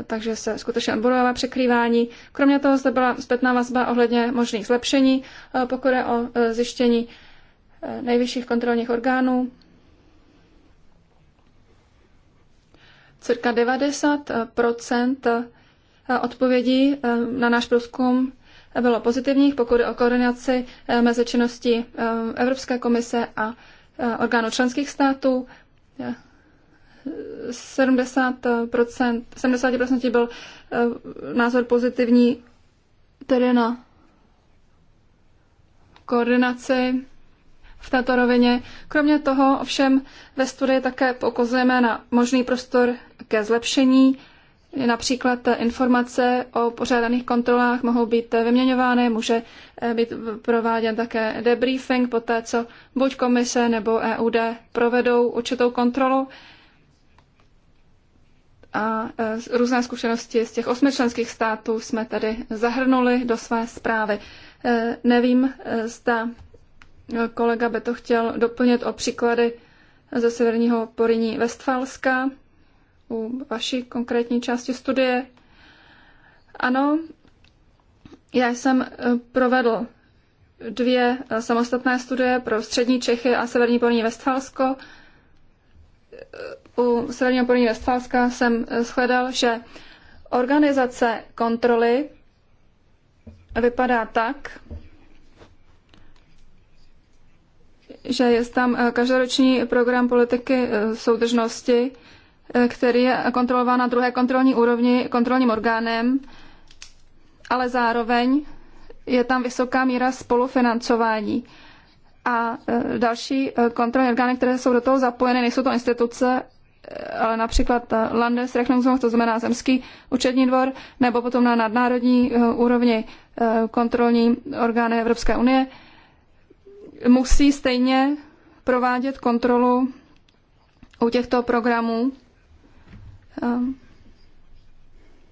Takže se skutečně odborovává překrývání. Kromě toho zde byla zpětná vazba ohledně možných zlepšení, pokud je o zjištění nejvyšších kontrolních orgánů Cirka 90 eh, odpovědí eh, na náš průzkum bylo pozitivních, pokud o koordinaci eh, mezi činností Evropské komise a orgánů členských států. 70%, 70% byl názor pozitivní tedy na koordinaci v této rovině. Kromě toho ovšem ve studii také poukazujeme na možný prostor ke zlepšení. Například informace o pořádaných kontrolách mohou být vyměňovány, může eh, být prováděn také debriefing po té, co buď komise nebo EUD provedou určitou kontrolu a eh, různé zkušenosti z těch osmi členských států jsme tady zahrnuli do své zprávy. Eh, nevím, zda Kolega by to chtěl doplnit o příklady ze severního Poriní Westfalska u vaší konkrétní části studie. Ano, já jsem eh, provedl dvě eh, samostatné studie pro střední Čechy a severní Porní Vestfalsko. Eh, u severního Porní Vestfalska jsem shledal, že organizace kontroly vypadá tak, že je tam eh, každoroční program politiky eh, soudržnosti, eh, který je kontrolován na druhé kontrolní úrovni kontrolním orgánem, ale zároveň je tam vysoká míra spolufinancování. A další kontrolní orgány, které jsou do toho zapojeny, nejsou to instituce, ale například Landesrechnungshof, to znamená zemský účetní dvor, nebo potom na nadnárodní úrovni kontrolní orgány Evropské unie, musí stejně provádět kontrolu u těchto programů. Ehm,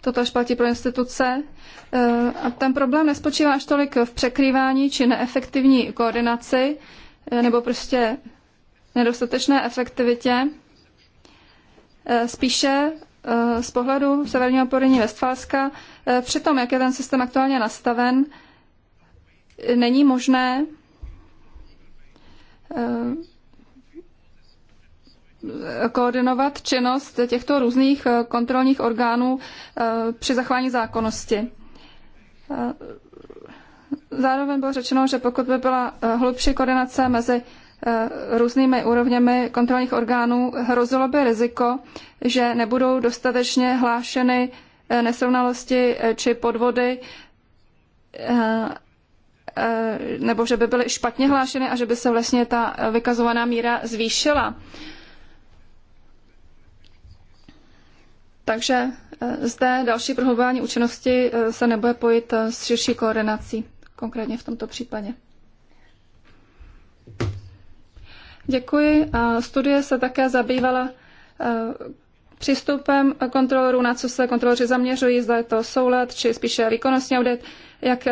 toto až platí pro instituce. Ehm, a ten problém nespočívá až tolik v překrývání či neefektivní koordinaci eh, nebo prostě nedostatečné efektivitě. Eh, spíše eh, z pohledu severního porodní Vestfalska, přitom, jak je ten systém aktuálně nastaven, není možné Eh, koordinovat činnost těchto různých eh, kontrolních orgánů eh, při zachování zákonnosti. Zároveň bylo řečeno, že pokud by byla hlubší koordinace mezi různými úrovněmi kontrolních orgánů, hrozilo by riziko, že nebudou dostatečně hlášeny nesrovnalosti či podvody Eh, nebo že by byly špatně hlášeny a že by se vlastně ta eh, vykazovaná míra zvýšila. Takže eh, zde další prohlubování účinnosti se nebude pojít s širší koordinací, konkrétně v tomto případě. Děkuji. Studie se také zabývala přístupem kontrolorů, na co se kontroloři zaměřují, zda je to soulad či spíše výkonnostní audit, jak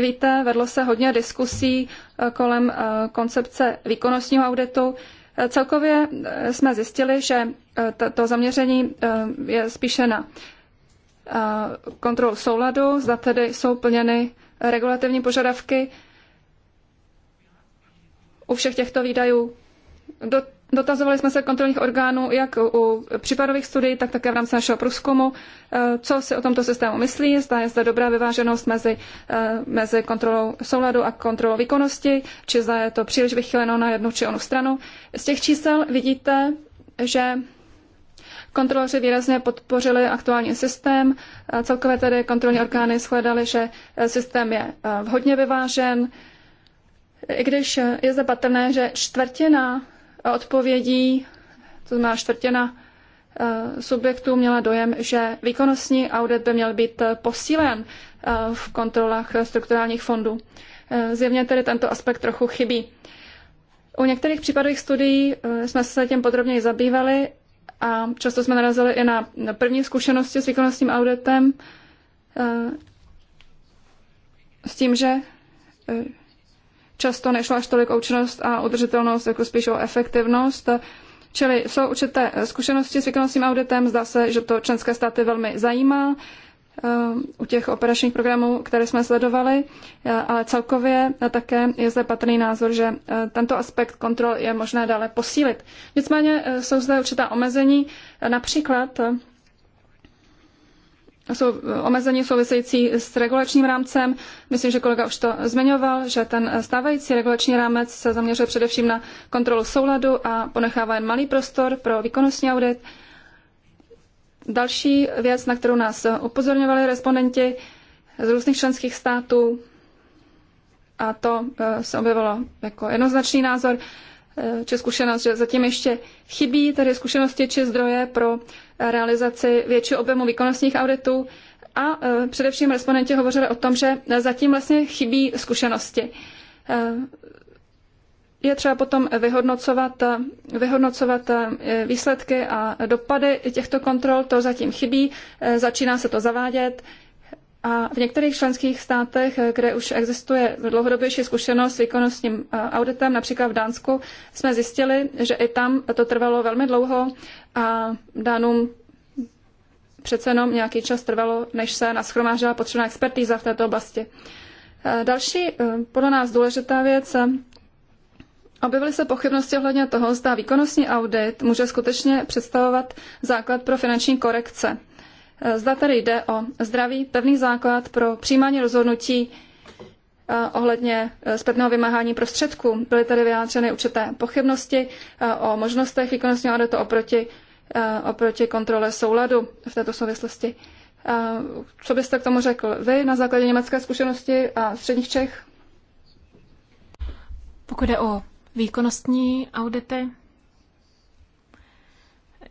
víte, vedlo se hodně diskusí eh, kolem eh, koncepce výkonnostního auditu. Eh, celkově jsme zjistili, že to zaměření je spíše na kontrolu souladu, zda tedy jsou plněny regulativní požadavky u všech těchto výdajů. Do Dotazovali jsme se kontrolních orgánů jak u případových studií, tak také v rámci našeho průzkumu, e, co si o tomto systému myslí, zda je zde dobrá vyváženost mezi, e, mezi kontrolou souladu a kontrolou výkonnosti, či zda je to příliš vychyleno na jednu či onu stranu. Z těch čísel vidíte, že Kontroloři výrazně podpořili aktuální systém. E, celkově tedy kontrolní orgány shledaly, že systém je vhodně vyvážen, i když je zde patrné, že čtvrtina odpovědí, to znamená čtvrtina eh, subjektů měla dojem, že výkonnostní audit by měl být eh, posílen eh, v kontrolách strukturálních fondů. Zjevně tedy tento aspekt trochu chybí. U některých případových studií jsme se tím podrobněji zabývali a často jsme narazili i na první zkušenosti s výkonnostním auditem s tím, že často nešlo až tolik o účinnost a udržitelnost, jako spíš o efektivnost. Čili jsou určité zkušenosti s výkonnostním auditem, zdá se, že to členské státy velmi zajímá ehm, u těch operačních programů, které jsme sledovali, eh, ale celkově eh, také je zde patrný názor, že eh, tento aspekt kontrol je možné dále posílit. Nicméně jsou zde určitá omezení, například jsou eh, omezení související s regulačním rámcem. Myslím, že kolega už to zmiňoval, že ten stávající regulační rámec se zaměřuje především na kontrolu souladu a ponechává jen malý prostor pro výkonnostní audit. Další věc, na kterou nás upozorňovali respondenti z různých členských států, a to eh, se objevilo jako jednoznačný názor, eh, či zkušenost, že zatím ještě chybí tady zkušenosti či zdroje pro realizaci většího objemu výkonnostních auditů a e, především respondenti hovořili o tom, že zatím vlastně chybí zkušenosti. E, je třeba potom vyhodnocovat, e, vyhodnocovat výsledky a dopady těchto kontrol, to zatím chybí, začíná se to zavádět. A v některých členských státech, kde už existuje dlouhodobější zkušenost s výkonnostním auditem, například v Dánsku, jsme zjistili, že i tam to trvalo velmi dlouho, a Danům přece jenom nějaký čas trvalo, než se nashromáždila potřebná expertíza v této oblasti. E, další e, podle nás důležitá věc, e, objevily se pochybnosti ohledně toho, zda výkonnostní audit může skutečně představovat základ pro finanční korekce. Zda tady jde o zdravý, pevný základ pro přijímání rozhodnutí ohledně zpětného vymáhání prostředků. Byly tady vyjádřeny určité pochybnosti o možnostech výkonnostního auditu oproti Eh, oproti kontrole souladu v této souvislosti. Eh, co byste k tomu řekl vy na základě německé zkušenosti a středních Čech? Pokud je o výkonnostní audity,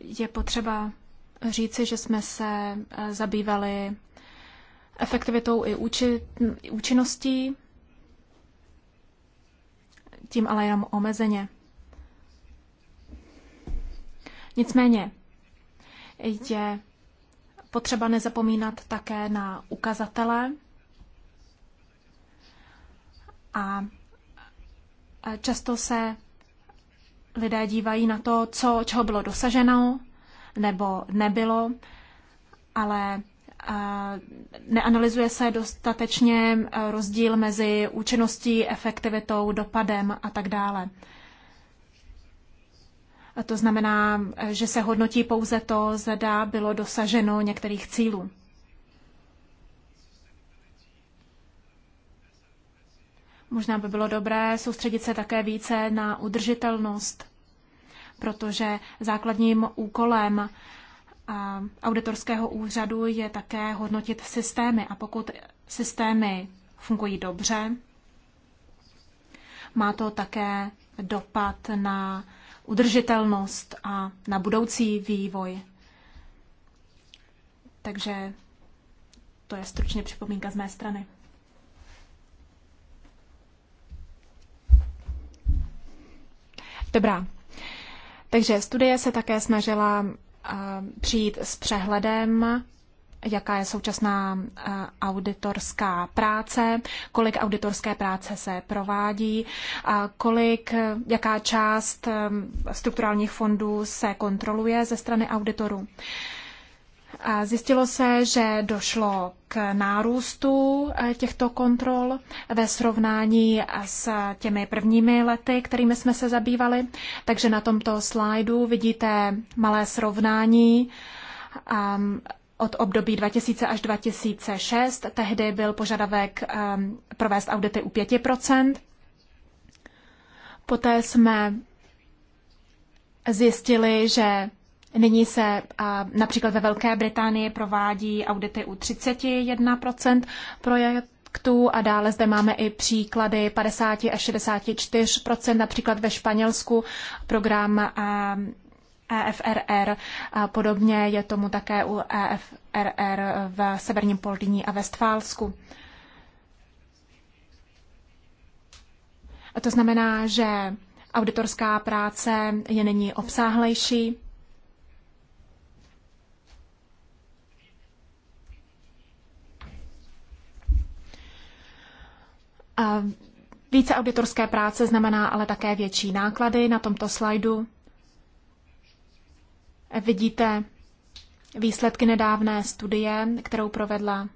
je potřeba říci, že jsme se eh, zabývali efektivitou i účinností, tím ale jenom omezeně. Nicméně je potřeba nezapomínat také na ukazatele a často se lidé dívají na to, co, čeho bylo dosaženo nebo nebylo, ale neanalyzuje se dostatečně rozdíl mezi účinností, efektivitou, dopadem a tak dále to znamená, že se hodnotí pouze to, zda bylo dosaženo některých cílů. Možná by bylo dobré soustředit se také více na udržitelnost, protože základním úkolem auditorského úřadu je také hodnotit systémy. A pokud systémy fungují dobře, má to také dopad na udržitelnost a na budoucí vývoj. Takže to je stručně připomínka z mé strany. Dobrá. Takže studie se také snažila eh, přijít s přehledem jaká je současná eh, auditorská práce, kolik auditorské práce se provádí, kolik, eh, jaká část eh, strukturálních fondů se kontroluje ze strany auditorů. Zjistilo se, že došlo k nárůstu těchto kontrol ve srovnání s těmi prvními lety, kterými jsme se zabývali. Takže na tomto slajdu vidíte malé srovnání ehm, od období 2000 až 2006. Tehdy byl požadavek eh, provést audity u 5 Poté jsme zjistili, že nyní se například ve Velké Británii provádí audity u 31 projektů a dále zde máme i příklady 50 až 64 například ve Španělsku program eh, EFRR. Podobně je tomu také u EFRR v severním Poldyní a Vestfálsku. A to znamená, že auditorská práce je není obsáhlejší. A více auditorské práce znamená ale také větší náklady na tomto slajdu. Vidíte výsledky nedávné studie, kterou provedla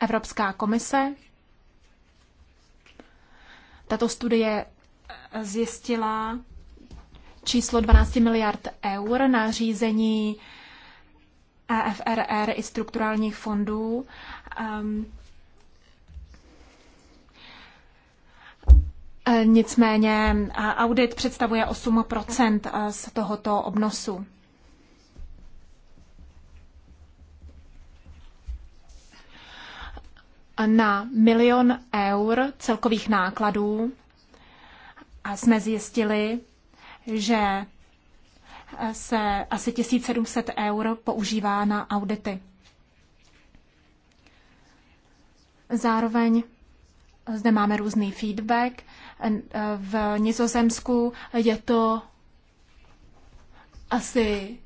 Evropská komise. Tato studie zjistila číslo 12 miliard eur na řízení EFRR i strukturálních fondů. Um, E, nicméně e, audit představuje 8 e, z tohoto obnosu. Na milion eur celkových nákladů A jsme zjistili, že se asi 1700 eur používá na audity. Zároveň zde máme různý feedback Eh, v Nizozemsku je to asi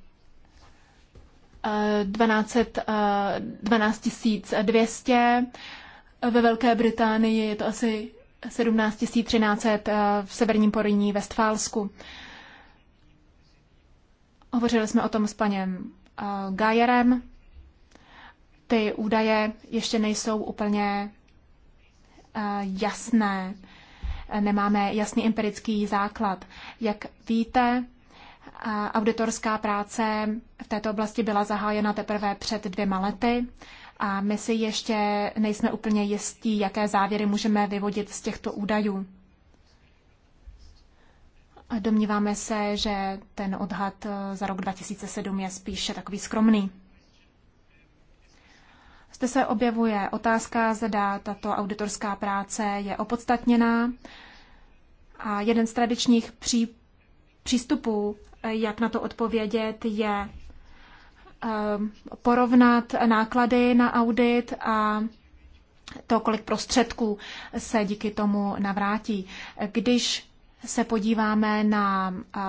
12, 12 200, ve Velké Británii je to asi 17 13 eh, v severním Poriní Vestfálsku. Hovořili jsme o tom s panem eh, Gajerem. Ty údaje ještě nejsou úplně jasné nemáme jasný empirický základ. Jak víte, auditorská práce v této oblasti byla zahájena teprve před dvěma lety a my si ještě nejsme úplně jistí, jaké závěry můžeme vyvodit z těchto údajů. Domníváme se, že ten odhad za rok 2007 je spíše takový skromný. Zde se objevuje otázka, zda tato auditorská práce je opodstatněná. A jeden z tradičních pří, přístupů, eh, jak na to odpovědět, je eh, porovnat náklady na audit a to, kolik prostředků se díky tomu navrátí. Když se podíváme na eh,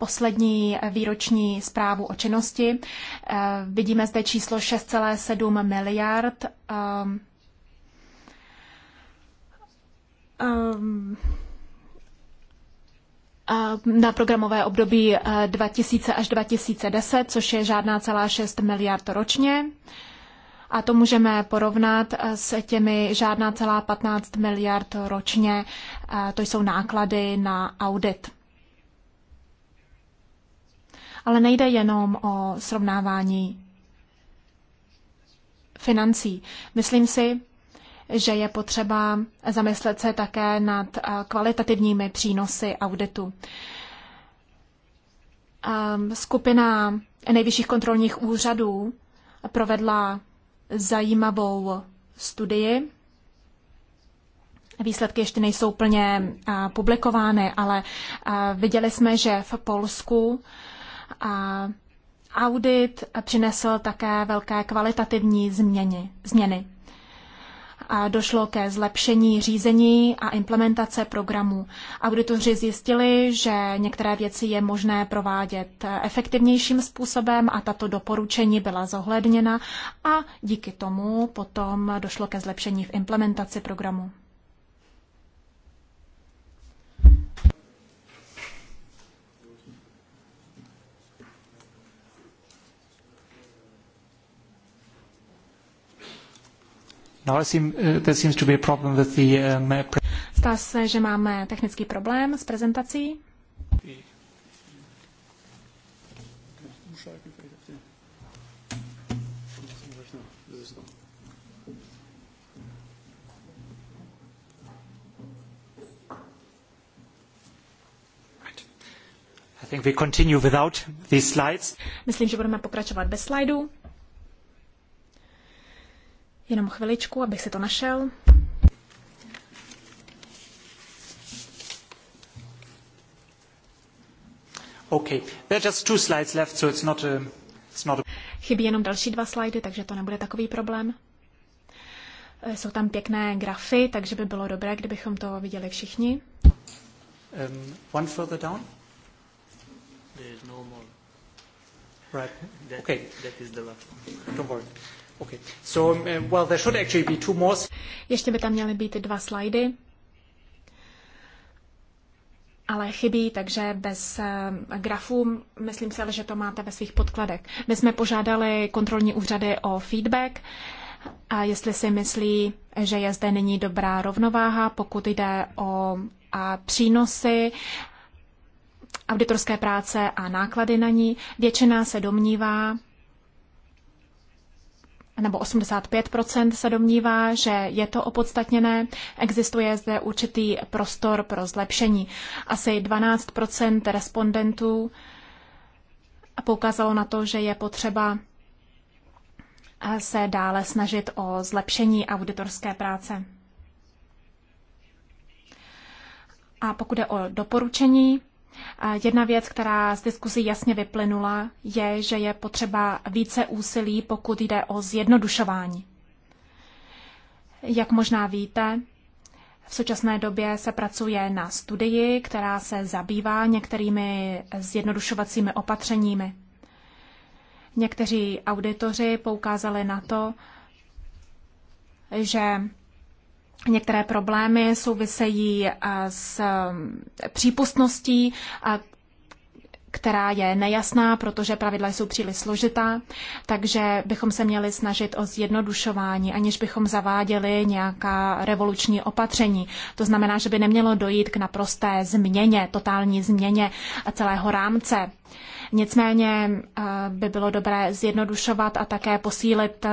poslední výroční zprávu o činnosti. Eh, vidíme zde číslo 6,7 miliard. Ehm, ehm, ehm, na programové období 2000 eh, až 2010, což je žádná celá 6 miliard ročně. A to můžeme porovnat eh, s těmi žádná celá 15 miliard ročně. To jsou náklady na audit. Ale nejde jenom o srovnávání financí. Myslím si, že je potřeba zamyslet se také nad eh, kvalitativními přínosy auditu. Ehm, skupina nejvyšších kontrolních úřadů provedla zajímavou studii. Výsledky ještě nejsou plně eh, publikovány, ale eh, viděli jsme, že v Polsku a Audit přinesl také velké kvalitativní změny. změny. A došlo ke zlepšení řízení a implementace programu. Auditoři zjistili, že některé věci je možné provádět efektivnějším způsobem a tato doporučení byla zohledněna a díky tomu potom došlo ke zlepšení v implementaci programu. Zdá se, že máme technický problém s prezentací. Myslím, že budeme pokračovat bez slajdů. Jenom chviličku, abych si to našel. Okay. There are just two slides left, so it's not a, it's not a... Chybí jenom další dva slajdy, takže to nebude takový problém. Eh, jsou tam pěkné grafy, takže by bylo dobré, kdybychom to viděli všichni. Um, one further down. There is no more. Right. That, okay. That is the last. one. Don't worry. Okay. So, um, well, there should actually be two more. Ještě by tam měly být dva slajdy, ale chybí, takže bez um, grafů, myslím si, že to máte ve svých podkladech. My jsme požádali kontrolní úřady o feedback, a jestli si myslí, že je zde není dobrá rovnováha, pokud jde o a přínosy auditorské práce a náklady na ní. Většina se domnívá, nebo 85% se domnívá, že je to opodstatněné. Existuje zde určitý prostor pro zlepšení. Asi 12% respondentů poukázalo na to, že je potřeba se dále snažit o zlepšení auditorské práce. A pokud je o doporučení, Jedna věc, která z diskuzí jasně vyplynula, je, že je potřeba více úsilí, pokud jde o zjednodušování. Jak možná víte, v současné době se pracuje na studii, která se zabývá některými zjednodušovacími opatřeními. Někteří auditoři poukázali na to, že Některé problémy souvisejí eh, s eh, přípustností, eh, která je nejasná, protože pravidla jsou příliš složitá, takže bychom se měli snažit o zjednodušování, aniž bychom zaváděli nějaká revoluční opatření. To znamená, že by nemělo dojít k naprosté změně, totální změně celého rámce. Nicméně by bylo dobré zjednodušovat a také posílit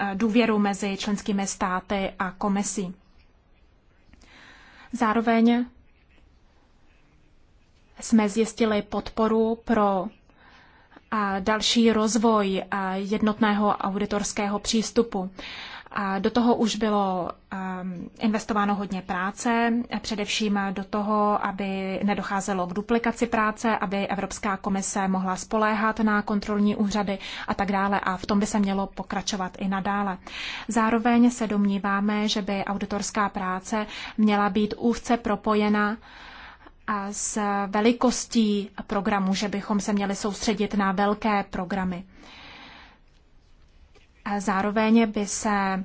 Eh, důvěru mezi členskými státy a komisí. Zároveň jsme zjistili podporu pro eh, další rozvoj eh, jednotného auditorského přístupu. Do toho už bylo ehm, investováno hodně práce, především do toho, aby nedocházelo k duplikaci práce, aby Evropská komise mohla spoléhat na kontrolní úřady a tak dále. A v tom by se mělo pokračovat i nadále. Zároveň se domníváme, že by auditorská práce měla být úzce propojena a s velikostí programu, že bychom se měli soustředit na velké programy. Zároveň by se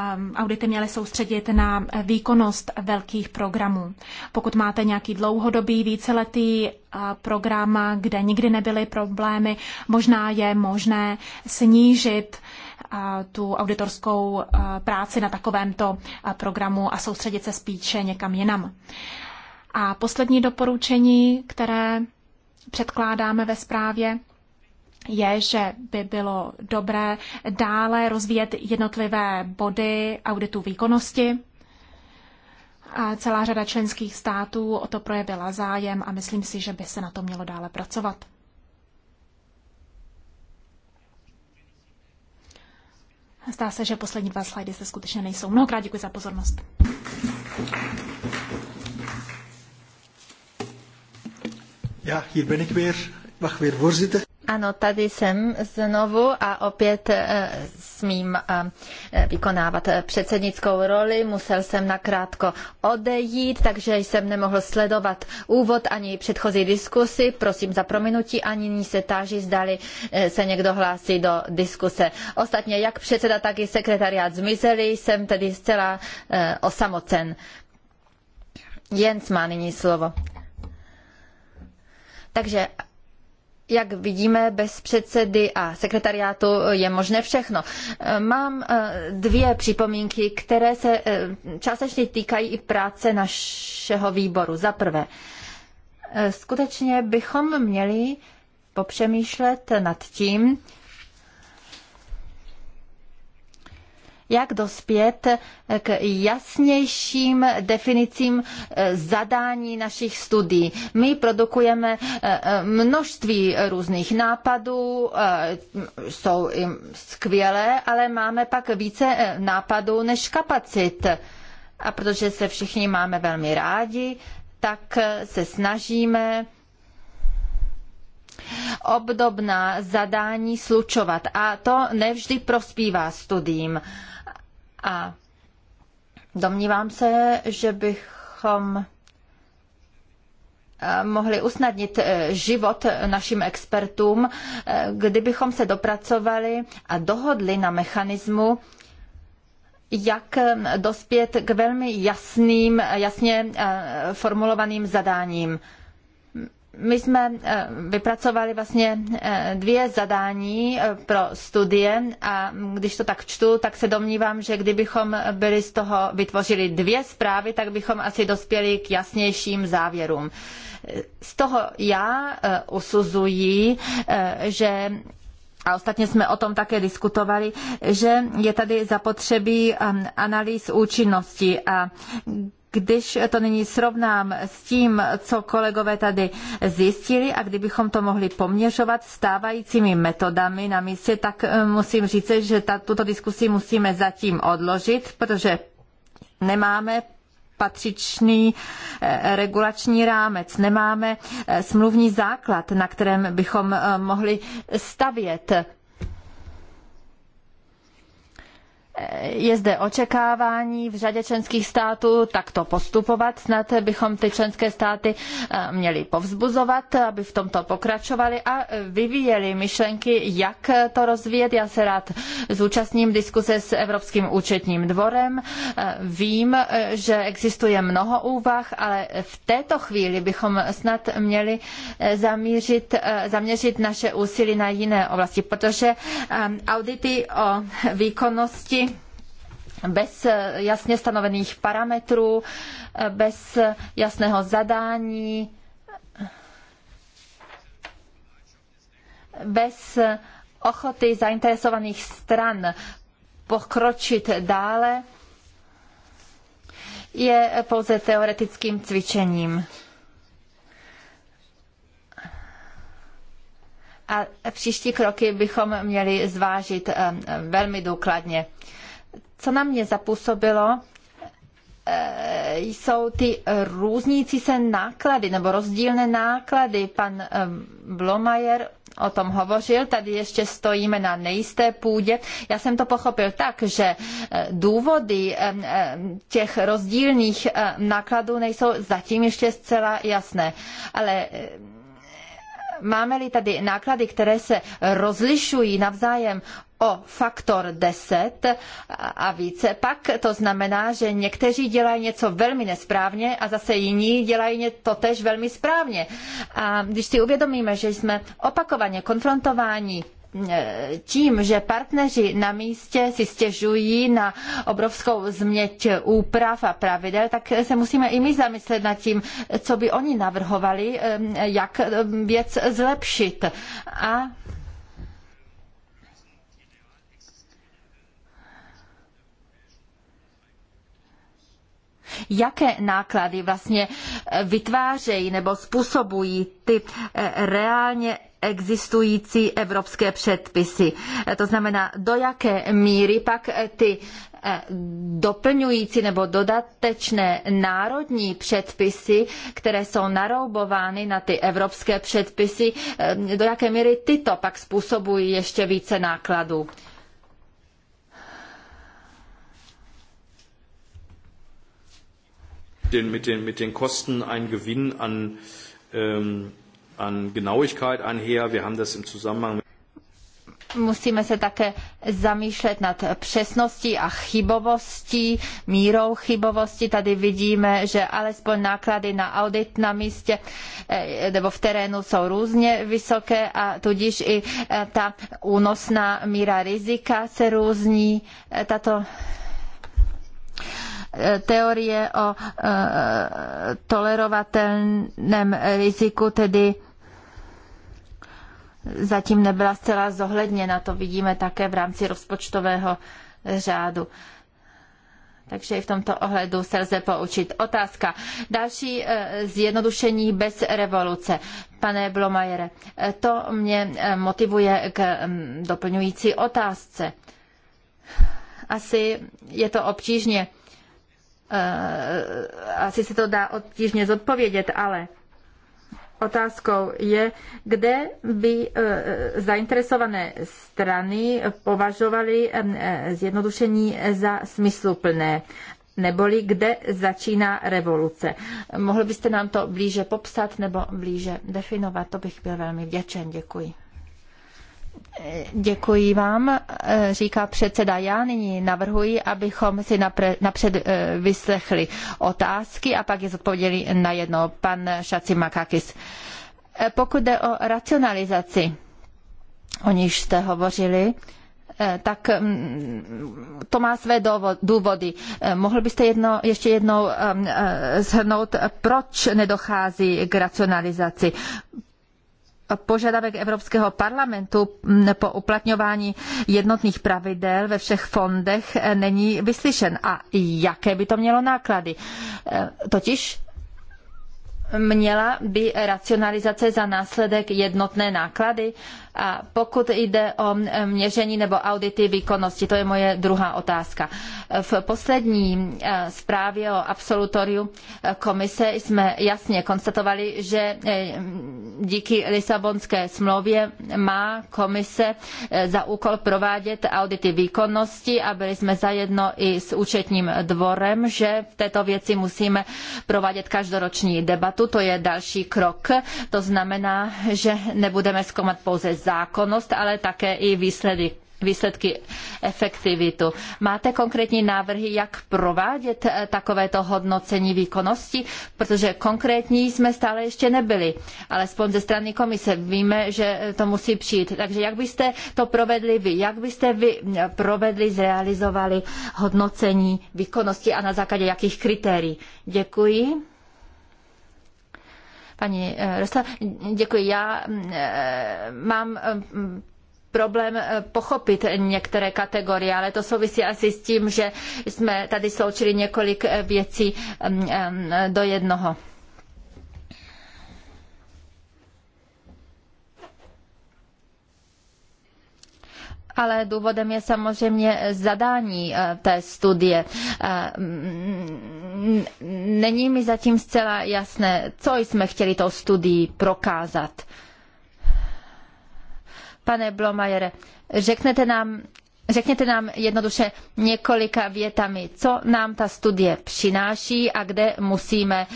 um, audity měly soustředit na výkonnost velkých programů. Pokud máte nějaký dlouhodobý, víceletý uh, program, kde nikdy nebyly problémy, možná je možné snížit uh, tu auditorskou uh, práci na takovémto programu a soustředit se spíše někam jinam. A poslední doporučení, které předkládáme ve zprávě, je, že by bylo dobré dále rozvíjet jednotlivé body auditu výkonnosti. A celá řada členských států o to projevila zájem a myslím si, že by se na to mělo dále pracovat. Zdá se, že poslední dva slajdy se skutečně nejsou. Mnohokrát děkuji za pozornost. Ja, hier ben ik weer. Wacht weer, voorzitter. Ano, tady jsem znovu a opět eh, smím eh, vykonávat eh, předsednickou roli. Musel jsem nakrátko odejít, takže jsem nemohl sledovat úvod ani předchozí diskusy. Prosím za prominutí, ani ní se táží, zdali se někdo hlásí do diskuse. Ostatně jak předseda, tak i sekretariát zmizeli, jsem tedy zcela osamocen. Jens má nyní slovo. Takže jak vidíme, bez předsedy a sekretariátu je možné všechno. Mám eh, dvě připomínky, které se eh, částečně týkají i práce našeho výboru. Za prvé, eh, skutečně bychom měli popřemýšlet nad tím, jak dospět k jasnějším definicím eh, zadání našich studií. My produkujeme eh, eh, množství různých nápadů, jsou jim skvělé, ale máme pak více nápadů než kapacit. A protože se všichni máme velmi rádi, tak se snažíme obdobná zadání slučovat a to nevždy prospívá studiím. A domnívám se, že bychom eh, mohli usnadnit eh, život našim expertům, eh, kdybychom se dopracovali a dohodli na mechanismu, jak dospět k velmi jasným, jasně formulovaným zadáním my jsme eh, vypracovali vlastně eh, dvě zadání eh, pro studie a když to tak čtu, tak se domnívám, že kdybychom byli z toho vytvořili dvě zprávy, tak bychom asi dospěli k jasnějším závěrům. Z toho já usuzuji, že a ostatně jsme o tom také diskutovali, že je tady zapotřebí analýz účinnosti a když to nyní srovnám s tím, co kolegové tady zjistili a kdybychom to mohli poměřovat stávajícími metodami na místě, tak eh, musím říct, že ta, tuto diskusi musíme zatím odložit, protože nemáme patřičný eh, regulační rámec, nemáme eh, smluvní základ, na kterém bychom mohli stavět je zde očekávání v řadě členských států takto postupovat. Snad bychom ty členské státy eh, měli povzbuzovat, aby v tomto pokračovali a eh, vyvíjeli myšlenky, jak to rozvíjet. Já se rád zúčastním diskuse s Evropským účetním dvorem. Eh, vím, že existuje mnoho úvah, ale v této chvíli bychom snad měli zamířit, zaměřit naše úsilí na jiné oblasti, protože audity o výkonnosti bez jasně stanovených parametrů, bez jasného zadání, bez ochoty zainteresovaných stran pokročit dále, je pouze teoretickým cvičením. A příští kroky bychom měli zvážit eh, velmi důkladně co na mě zapůsobilo, eh, jsou ty různící se náklady nebo rozdílné náklady. Pan eh, Blomajer o tom hovořil, tady ještě stojíme na nejisté půdě. Já jsem to pochopil tak, že eh, důvody těch rozdílných nákladů nejsou zatím ještě zcela jasné, ale máme-li tady náklady, které se rozlišují navzájem o faktor 10 a více, pak to znamená, že někteří dělají něco velmi nesprávně a zase jiní dělají to tež velmi správně. A když si uvědomíme, že jsme opakovaně konfrontováni e, tím, že partneři na místě si stěžují na obrovskou změť úprav a pravidel, tak se musíme i my zamyslet nad tím, co by oni navrhovali, e, jak věc zlepšit. A jaké náklady vlastně eh, vytvářejí nebo způsobují ty eh, reálně existující evropské předpisy. Eh, to znamená, do jaké míry pak ty doplňující nebo dodatečné národní předpisy, které jsou naroubovány na ty evropské předpisy, do jaké míry tyto pak způsobují ještě více nákladů. Den, mit, den, mit den Kosten ein Gewinn an, ähm, an Genauigkeit einher. Wir haben das im Zusammenhang mit musíme se také zamýšlet nad přesností a chybovostí, mírou chybovosti. Tady vidíme, že alespoň náklady na audit na místě eh, nebo v terénu jsou různě vysoké a tudíž i eh, ta únosná míra rizika se různí. Eh, tato teorie o eh, tolerovatelném riziku, tedy zatím nebyla zcela zohledněna. To vidíme také v rámci rozpočtového řádu. Takže i v tomto ohledu se lze poučit. Otázka. Další eh, zjednodušení bez revoluce. Pane Blomajere, eh, to mě motivuje k mm, doplňující otázce. Asi je to obtížně Eh, asi se to dá obtížně zodpovědět, ale otázkou je, kde by eh, zainteresované strany považovaly eh, zjednodušení za smysluplné neboli kde začíná revoluce. Mohl byste nám to blíže popsat nebo blíže definovat, to bych byl velmi vděčen. Děkuji. Děkuji vám, eh, říká předseda. Já nyní navrhuji, abychom si napřed eh, vyslechli otázky a pak je zodpověděli najednou pan Šaci Makakis. Eh, pokud jde o racionalizaci, o níž jste hovořili, tak mm, to má své důvody. Mohl byste jedno, ještě jednou shrnout, proč nedochází k racionalizaci? požadavek Evropského parlamentu po uplatňování jednotných pravidel ve všech fondech není vyslyšen. A jaké by to mělo náklady? Totiž měla by racionalizace za následek jednotné náklady, a pokud jde o měření nebo audity výkonnosti, to je moje druhá otázka. V poslední e, zprávě o absolutoriu e, komise jsme jasně konstatovali, že e, díky Lisabonské smlouvě má komise za úkol provádět audity výkonnosti a byli jsme zajedno i s účetním dvorem, že v této věci musíme provádět každoroční debatu. To je další krok. To znamená, že nebudeme zkoumat pouze zákonnost, ale také i výsledky výsledky efektivitu. Máte konkrétní návrhy, jak provádět eh, takovéto hodnocení výkonnosti? Protože konkrétní jsme stále ještě nebyli, alespoň ze strany komise. Víme, že eh, to musí přijít. Takže jak byste to provedli vy? Jak byste vy eh, provedli, zrealizovali hodnocení výkonnosti a na základě jakých kritérií? Děkuji. Paní eh, Rostla, děkuji. Já mm, eh, mám eh, problém pochopit některé kategorie, ale to souvisí asi s tím, že jsme tady sloučili několik věcí mm, do jednoho. ale důvodem je samozřejmě zadání té studie. Mm, není mi zatím zcela jasné, co jsme chtěli tou studií prokázat. Pane Blomajere, řeknete nám, Řekněte nám jednoduše několika větami, co nám ta studie přináší a kde musíme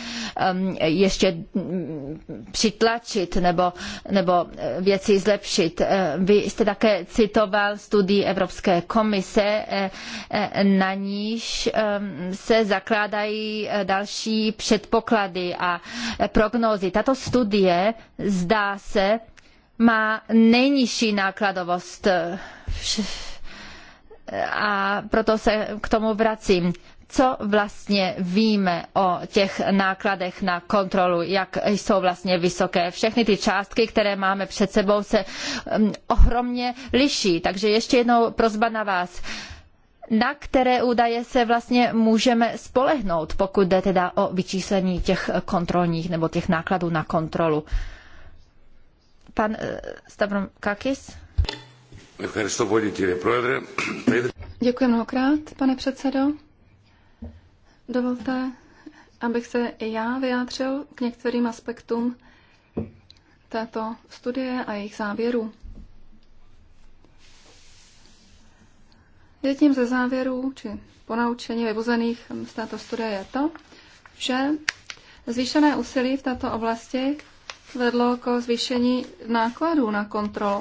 um, ještě mm, přitlačit nebo, nebo eh, věci zlepšit. Eh, vy jste také citoval studii Evropské komise, eh, na níž ehm, se zakládají další předpoklady a prognózy. Tato studie zdá se má nejnižší nákladovost a proto se k tomu vracím co vlastně víme o těch nákladech na kontrolu, jak jsou vlastně vysoké. Všechny ty částky, které máme před sebou, se mm, ohromně liší. Takže ještě jednou prozba na vás. Na které údaje se vlastně můžeme spolehnout, pokud jde teda o vyčíslení těch kontrolních nebo těch nákladů na kontrolu? Pan eh, Stavrom Kakis? Děkuji mnohokrát, pane předsedo. Dovolte, abych se i já vyjádřil k některým aspektům této studie a jejich závěrů. Jedním ze závěrů či ponaučení vyvozených z této studie je to, že zvýšené úsilí v této oblasti vedlo k zvýšení nákladů na kontrolu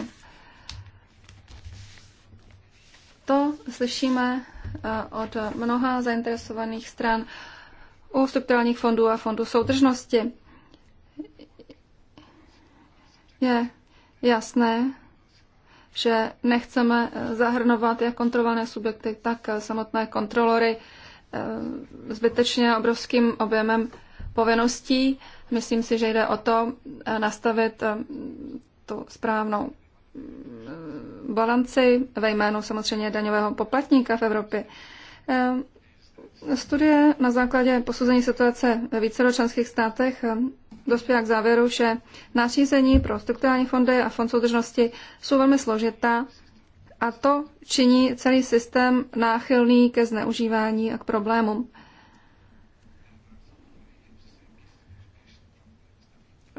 to slyšíme eh, od mnoha zainteresovaných stran u strukturálních fondů a fondů soudržnosti. Je jasné, že nechceme eh, zahrnovat jak kontrolované subjekty, tak eh, samotné kontrolory zbytečně obrovským objemem povinností. Myslím si, že jde o to nastavit tu správnou balanci ve jménu samozřejmě daňového poplatníka v Evropě. Ehm, studie na základě posouzení situace ve více členských státech ehm, dospěla k závěru, že nařízení pro strukturální fondy a fond soudržnosti jsou velmi složitá a to činí celý systém náchylný ke zneužívání a k problémům.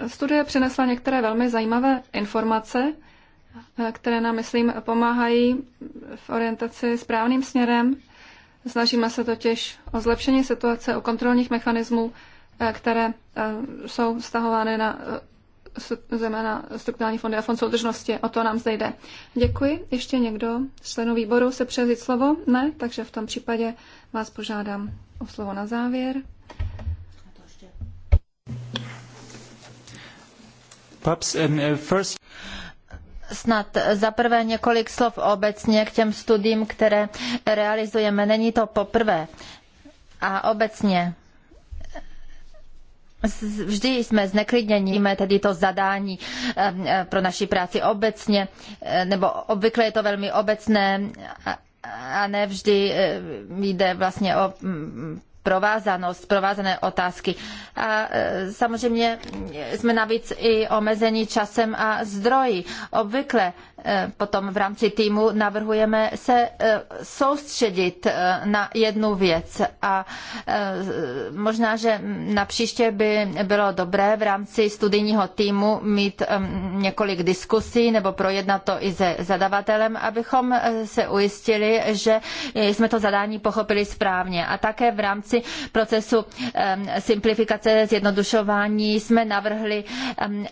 Studie přinesla některé velmi zajímavé informace, Eh, které nám, myslím, pomáhají v orientaci správným směrem. Snažíme se totiž o zlepšení situace, o kontrolních mechanismů, eh, které eh, jsou stahovány na zejména strukturální fondy a fond soudržnosti. O to nám zde jde. Děkuji. Ještě někdo z členů výboru se přejezit slovo? Ne, takže v tom případě vás požádám o slovo na závěr. Pops um, uh, first snad zaprvé několik slov obecně k těm studiím, které realizujeme. Není to poprvé. A obecně vždy jsme zneklidněni, tedy to zadání pro naši práci obecně, nebo obvykle je to velmi obecné a ne vždy jde vlastně o provázanost, provázané otázky. A e, samozřejmě jsme navíc i omezeni časem a zdroji. Obvykle e, potom v rámci týmu navrhujeme se e, soustředit na jednu věc a možná, že na příště by bylo dobré v rámci studijního týmu mít několik diskusí nebo projednat to i se zadavatelem, abychom se ujistili, že jsme to zadání pochopili správně. A také v rámci rámci procesu simplifikace, zjednodušování jsme navrhli,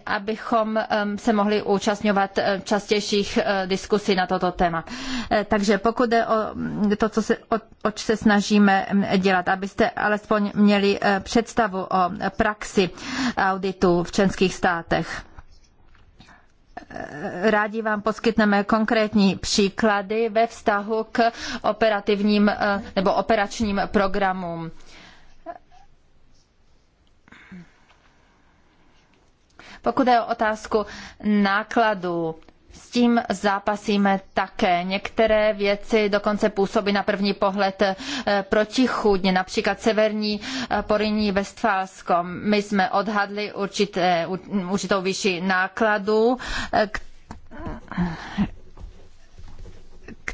abychom se mohli účastňovat častějších eh, diskusí na toto téma. Eh, takže pokud jde o mm, to, co se, o, oč se snažíme dělat, abyste alespoň měli eh, představu o praxi auditu v členských státech rádi vám poskytneme konkrétní příklady ve vztahu k operativním eh, nebo operačním programům. Pokud je o otázku nákladů s tím zápasíme také. Některé věci dokonce působí na první pohled eh, protichůdně, například severní eh, porinní Vestfálsko. My jsme odhadli určité, eh, určitou výši nákladu. k, k,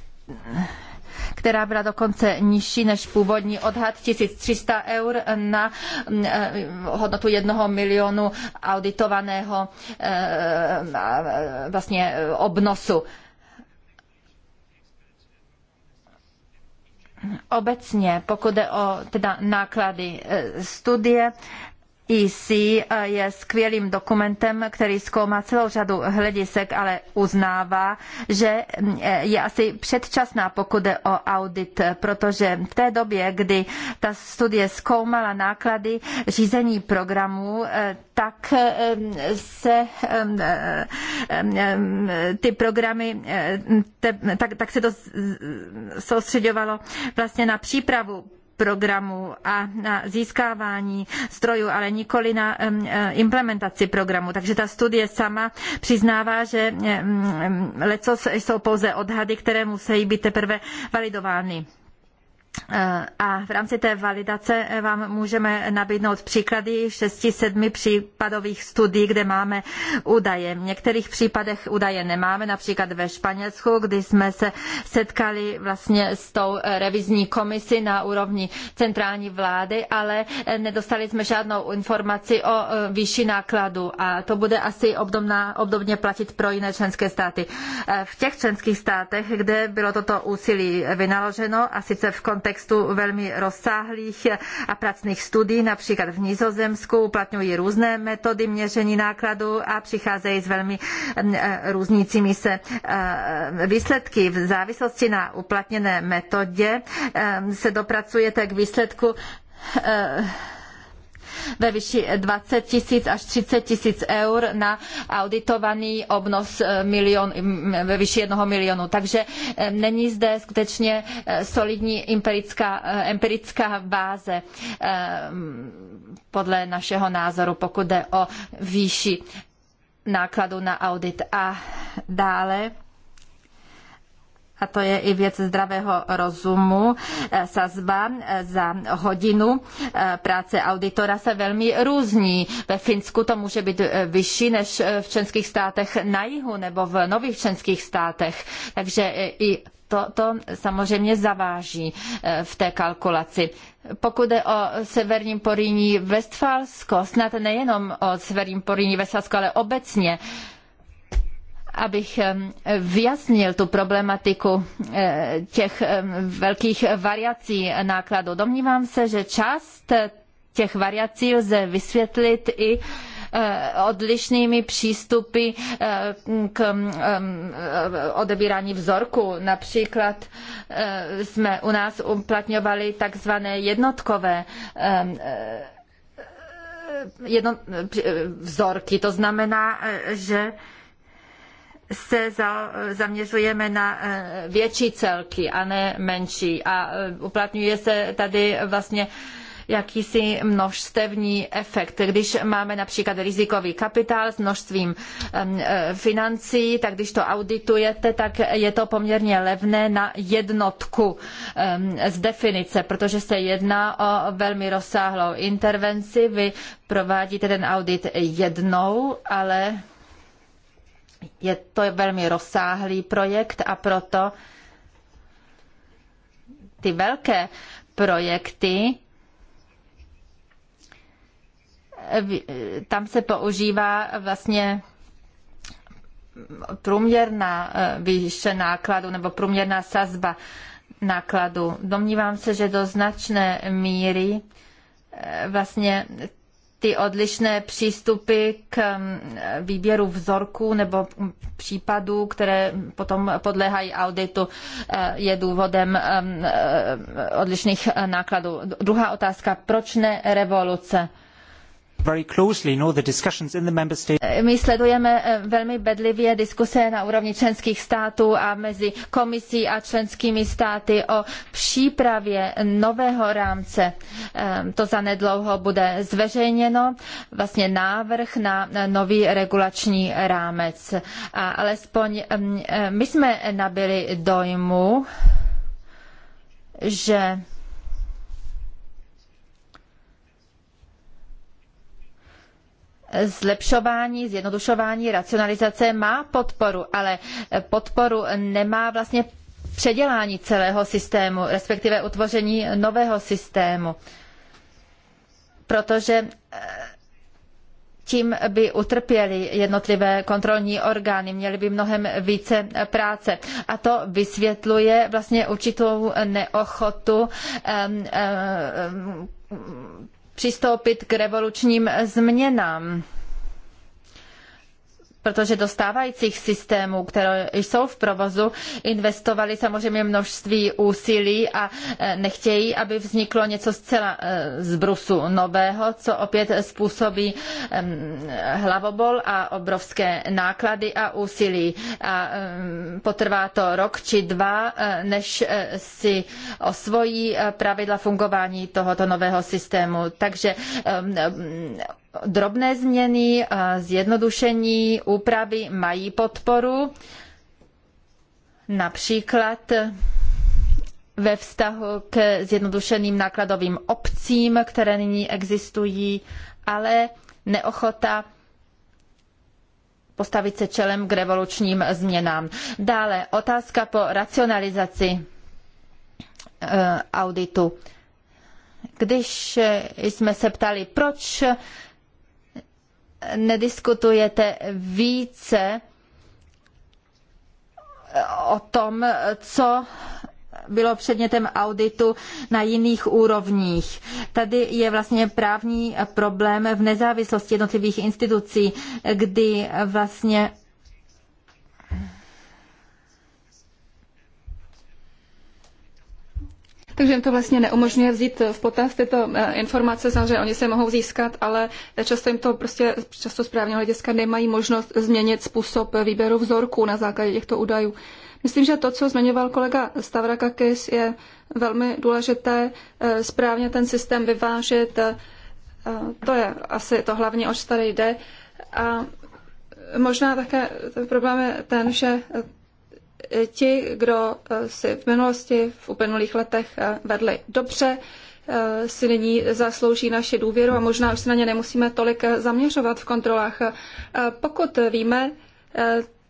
která byla dokonce nižší než původní odhad 1300 eur na mm, eh, hodnotu jednoho milionu auditovaného eh, eh, vlastně obnosu. Obecně, pokud jde o teda náklady studie, EC eh, je skvělým dokumentem, který zkoumá celou řadu hledisek, ale uznává, že mm, eh, je asi předčasná, pokud jde o audit, protože v té době, kdy ta studie zkoumala náklady řízení programů, eh, tak se ty programy, tak, tak se to soustředovalo vlastně na přípravu programu a na získávání strojů, ale nikoli na e, implementaci programu. Takže ta studie sama přiznává, že leccos jsou pouze odhady, které musí být teprve validovány. Eh, a v rámci té validace eh, vám můžeme nabídnout příklady 6-7 případových studií, kde máme údaje. V některých případech údaje nemáme, například ve Španělsku, kdy jsme se setkali vlastně s tou eh, revizní komisí na úrovni centrální vlády, ale nedostali jsme žádnou informaci o výši nákladu a to bude asi obdobná, obdobně platit pro jiné členské státy. V těch členských státech, kde bylo toto úsilí vynaloženo a sice v kontextu kontextu velmi rozsáhlých a pracných studií, například v Nizozemsku uplatňují různé metody měření nákladů a přicházejí s velmi mm, eh, různícími se eh, výsledky. V závislosti na uplatněné metodě eh, se dopracujete k výsledku ve výši 20 tisíc až 30 tisíc eur na auditovaný obnos eh, milion, mm, ve výši jednoho milionu. Takže eh, není zde skutečně eh, solidní empirická, empirická báze podle našeho názoru, pokud jde o výši nákladu na audit. A dále a to je i věc zdravého rozumu, e, sazba e, za hodinu e, práce auditora se velmi různí. Ve Finsku to může být vyšší než v členských státech na jihu nebo v nových členských státech. Takže i to, to samozřejmě zaváží v té kalkulaci. Pokud jde o severním Poríní Westfalsko, snad nejenom o severním Poríní Westfalsko, ale obecně, abych vyjasnil tu problematiku eh, těch velkých variací nákladů. Domnívám se, že část těch variací lze vysvětlit i eh, odlišnými přístupy eh, k odebírání vzorku. Například jsme u nás uplatňovali takzvané jednotkové vzorky. To znamená, že se za, zaměřujeme na eh, větší celky a ne menší. A eh, uplatňuje se tady vlastně jakýsi množstevní efekt. Když máme například rizikový kapitál s množstvím ehm, eh, financí, tak když to auditujete, tak je to poměrně levné na jednotku ehm, z definice, protože se jedná o velmi rozsáhlou intervenci. Vy provádíte ten audit jednou, ale je to velmi rozsáhlý projekt a proto ty velké projekty tam se používá vlastně průměrná eh, výše nákladu nebo průměrná sazba nákladu. Domnívám se, že do značné míry eh, vlastně ty odlišné přístupy k mm, výběru vzorků nebo případů, které potom podléhají auditu, eh, je důvodem eh, eh, odlišných nákladů. Druhá otázka, proč ne revoluce? Eh, my sledujeme eh, velmi bedlivě diskuse na úrovni členských států a mezi komisí a členskými státy o přípravě nového rámce. Ehm, to zanedlouho bude zveřejněno, vlastně návrh na nový regulační rámec. A alespoň ehm, eh, my jsme nabili dojmu, že zlepšování, zjednodušování, racionalizace má podporu, ale podporu nemá vlastně předělání celého systému, respektive utvoření nového systému. Protože eh, tím by utrpěly jednotlivé kontrolní orgány, měly by mnohem více práce. A to vysvětluje vlastně určitou neochotu um, um, přistoupit k revolučním změnám protože do stávajících systémů, které jsou v provozu, investovali samozřejmě množství úsilí a e, nechtějí, aby vzniklo něco zcela e, z brusu nového, co opět způsobí hlavobol a obrovské náklady a úsilí. A potrvá to rok či dva, e, než si osvojí pravidla fungování tohoto nového systému. Takže drobné změny, eh, zjednodušení, úpravy mají podporu. Například ve vztahu k zjednodušeným nákladovým obcím, které nyní existují, ale neochota postavit se čelem k revolučním změnám. Dále otázka po racionalizaci eh, auditu. Když jsme se ptali, proč nediskutujete více o tom, co bylo předmětem auditu na jiných úrovních. Tady je vlastně právní problém v nezávislosti jednotlivých institucí, kdy vlastně takže jim to vlastně neumožňuje vzít v potaz tyto eh, informace. Samozřejmě oni se mohou získat, ale často jim to prostě často správně hlediska nemají možnost změnit způsob výběru vzorků na základě těchto údajů. Myslím, že to, co zmiňoval kolega Stavrakakis, je velmi důležité eh, správně ten systém vyvážit. Eh, to je asi to hlavní, oč tady jde. A možná také problém je ten, že ti, kdo eh, si v minulosti, v uplynulých letech eh, vedli dobře, eh, si nyní zaslouží naši důvěru a možná už se na ně nemusíme tolik zaměřovat v kontrolách. Pokud víme,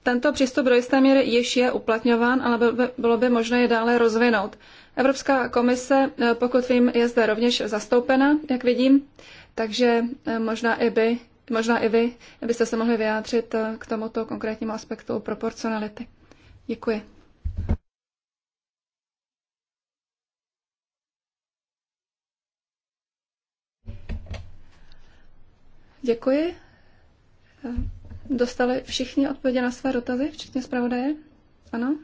tento přístup do jisté míry již je uplatňován, ale bylo by možné je dále rozvinout. Evropská komise, pokud vím, je zde rovněž zastoupena, jak vidím, takže možná i, by, možná i vy byste se mohli vyjádřit k tomuto konkrétnímu aspektu proporcionality. Děkuji. Děkuji. Dostali všichni odpovědi na své dotazy, včetně zpravodaje? Ano?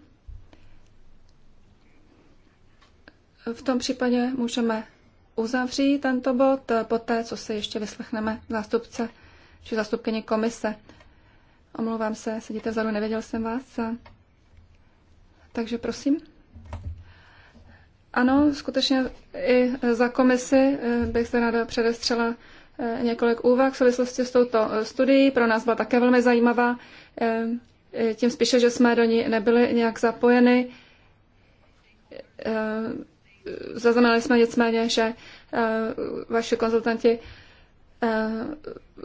V tom případě můžeme uzavřít tento bod po té, co se ještě vyslechneme zástupce či zástupkyně komise. Omlouvám se, sedíte vzadu, nevěděl jsem vás. Takže prosím. Ano, skutečně i za komisi eh, bych se ráda předestřela eh, několik úvah v souvislosti s touto eh, studií. Pro nás byla také velmi zajímavá, tím spíše, že jsme do ní nebyli nějak zapojeny. Zaznamenali jsme nicméně, že vaši konzultanti Eh,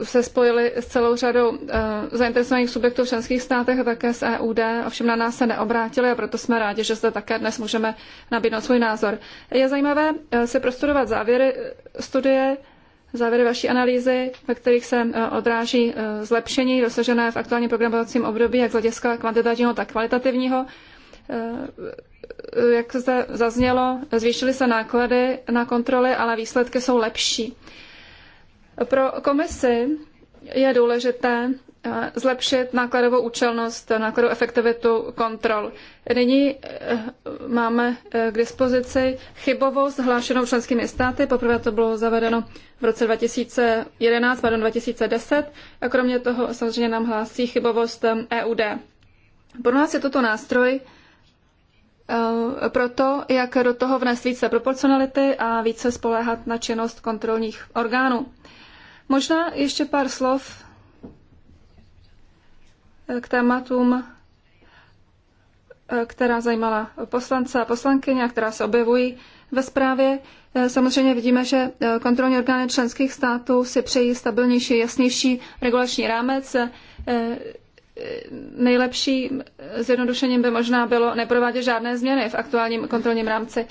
se spojili s celou řadou eh, zainteresovaných subjektů v členských státech a také s EUD. Ovšem na nás se neobrátili a proto jsme rádi, že zde také dnes můžeme nabídnout svůj názor. Je zajímavé eh, se prostudovat závěry studie, závěry vaší analýzy, ve kterých se odráží zlepšení dosažené v aktuálním programovacím období, jak z hlediska kvantitativního, tak kvalitativního. Jak se zaznělo, zvýšily se náklady na kontroly, ale výsledky jsou lepší. Pro komisi je důležité eh, zlepšit nákladovou účelnost, nákladovou efektivitu kontrol. Nyní eh, máme eh, k dispozici chybovost hlášenou členskými státy. Poprvé to bylo zavedeno v roce 2011, pardon 2010. A kromě toho samozřejmě nám hlásí chybovost EUD. E pro nás je toto nástroj pro to, jak do toho vnést více proporcionality a více spoléhat na činnost kontrolních orgánů. Možná ještě pár slov eh, k tématům, eh, která zajímala poslance a poslankyně a která se objevují ve zprávě. Eh, samozřejmě vidíme, že kontrolní orgány členských států si přejí stabilnější, jasnější regulační rámec. Nejlepší zjednodušením by možná bylo neprovádět žádné změny v aktuálním kontrolním rámci.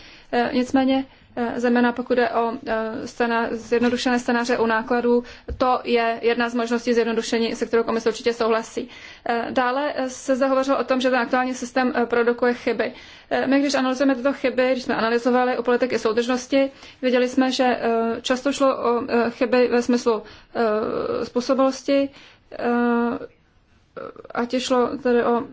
Nicméně Eh, zejména pokud je o eh, scéna, zjednodušené scénáře u nákladů, to je jedna z možností zjednodušení, se kterou komise určitě souhlasí. Eh, dále se zahovořilo o tom, že ten aktuální systém produkuje chyby. My, když analyzujeme tyto chyby, když jsme analyzovali u politiky soudržnosti, viděli jsme, že často šlo o chyby ve smyslu způsobilosti, ať šlo tedy o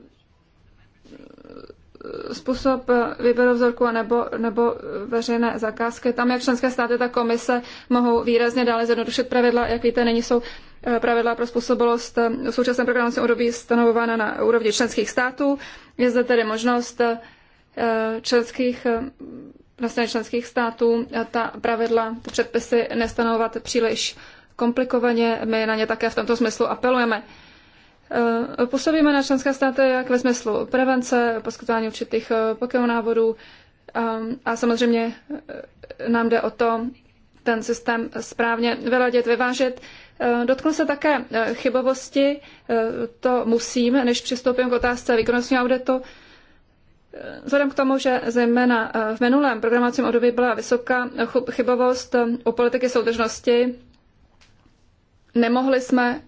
způsob výběru vzorku nebo, nebo veřejné zakázky. Tam jak členské státy, tak komise mohou výrazně dále zjednodušit pravidla. Jak víte, není jsou eh, pravidla pro způsobilost eh, v současném programovacím období stanovována na úrovni členských států. Je zde tedy možnost eh, členských na straně členských států ta pravidla, ty předpisy nestanovat příliš komplikovaně. My na ně také v tomto smyslu apelujeme. Eh, Působíme na členské státy jak ve smyslu prevence, poskytování určitých eh, pokynů návodů ehm, a samozřejmě eh, nám jde o to ten systém správně vyladit, vyvážet. Dotknu se také chybovosti, to musím, než přistoupím k otázce výkonnostního auditu. Vzhledem k tomu, že zejména v minulém programovacím období byla vysoká chybovost u politiky soudržnosti, nemohli jsme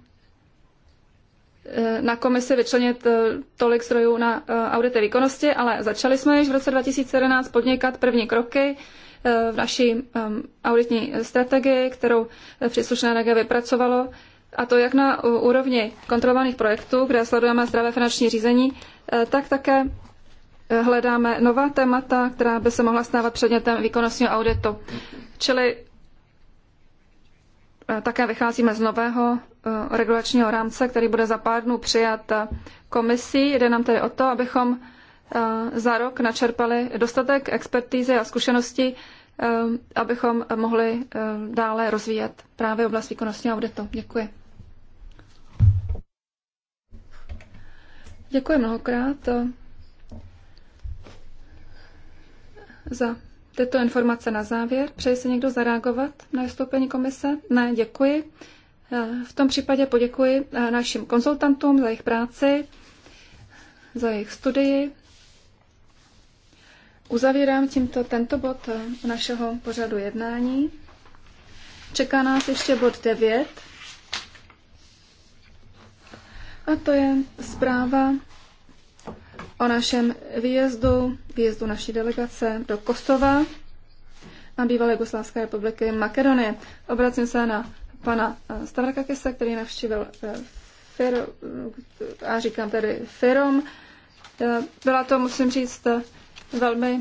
Eh, na komisi vyčlenit eh, tolik zdrojů na eh, audity výkonnosti, ale začali jsme již v roce 2011 podnikat první kroky v naší auditní strategii, kterou příslušné NG vypracovalo, a to jak na úrovni kontrolovaných projektů, kde sledujeme zdravé finanční řízení, tak také hledáme nová témata, která by se mohla stávat předmětem výkonnostního auditu. Čili Eh, také vycházíme z nového eh, regulačního rámce, který bude za pár dnů přijat eh, komisí. Jde nám tedy o to, abychom za rok načerpali dostatek expertízy a zkušeností, abychom mohli dále rozvíjet právě oblast výkonnostního auditu. Děkuji. Děkuji mnohokrát za tyto informace na závěr. Přeji se někdo zareagovat na vystoupení komise? Ne, děkuji. Eh, v tom případě poděkuji eh, našim konzultantům za jejich práci, za jejich studii. Uzavírám tímto tento bod eh, našeho pořadu jednání. Čeká nás ještě bod 9. A to je zpráva o našem výjezdu, výjezdu naší delegace do Kosova a bývalé Jugoslávské republiky Makedonie. Obracím se na pana eh, Stavrakakise, který navštívil eh, a říkám tedy Firom. Eh, byla to, musím říct, velmi,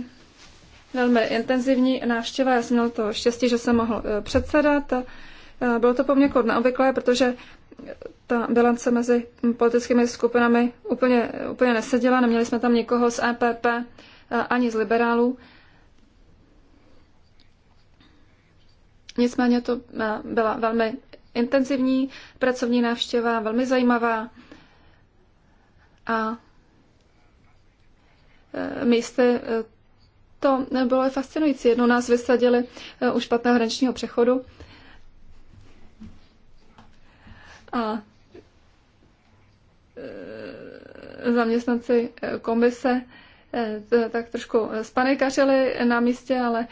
velmi intenzivní návštěva. Já jsem měl to štěstí, že jsem mohl předsedat. Bylo to poměrně neobvyklé, protože ta bilance mezi politickými skupinami úplně, úplně neseděla. Neměli jsme tam nikoho z EPP eh, ani z liberálů. Nicméně to eh, byla velmi intenzivní pracovní návštěva, velmi zajímavá a eh, místy to bylo fascinující. Jednou nás vysadili u špatného hraničního přechodu a e, zaměstnanci e, komise e, tak trošku spanikařili na místě, ale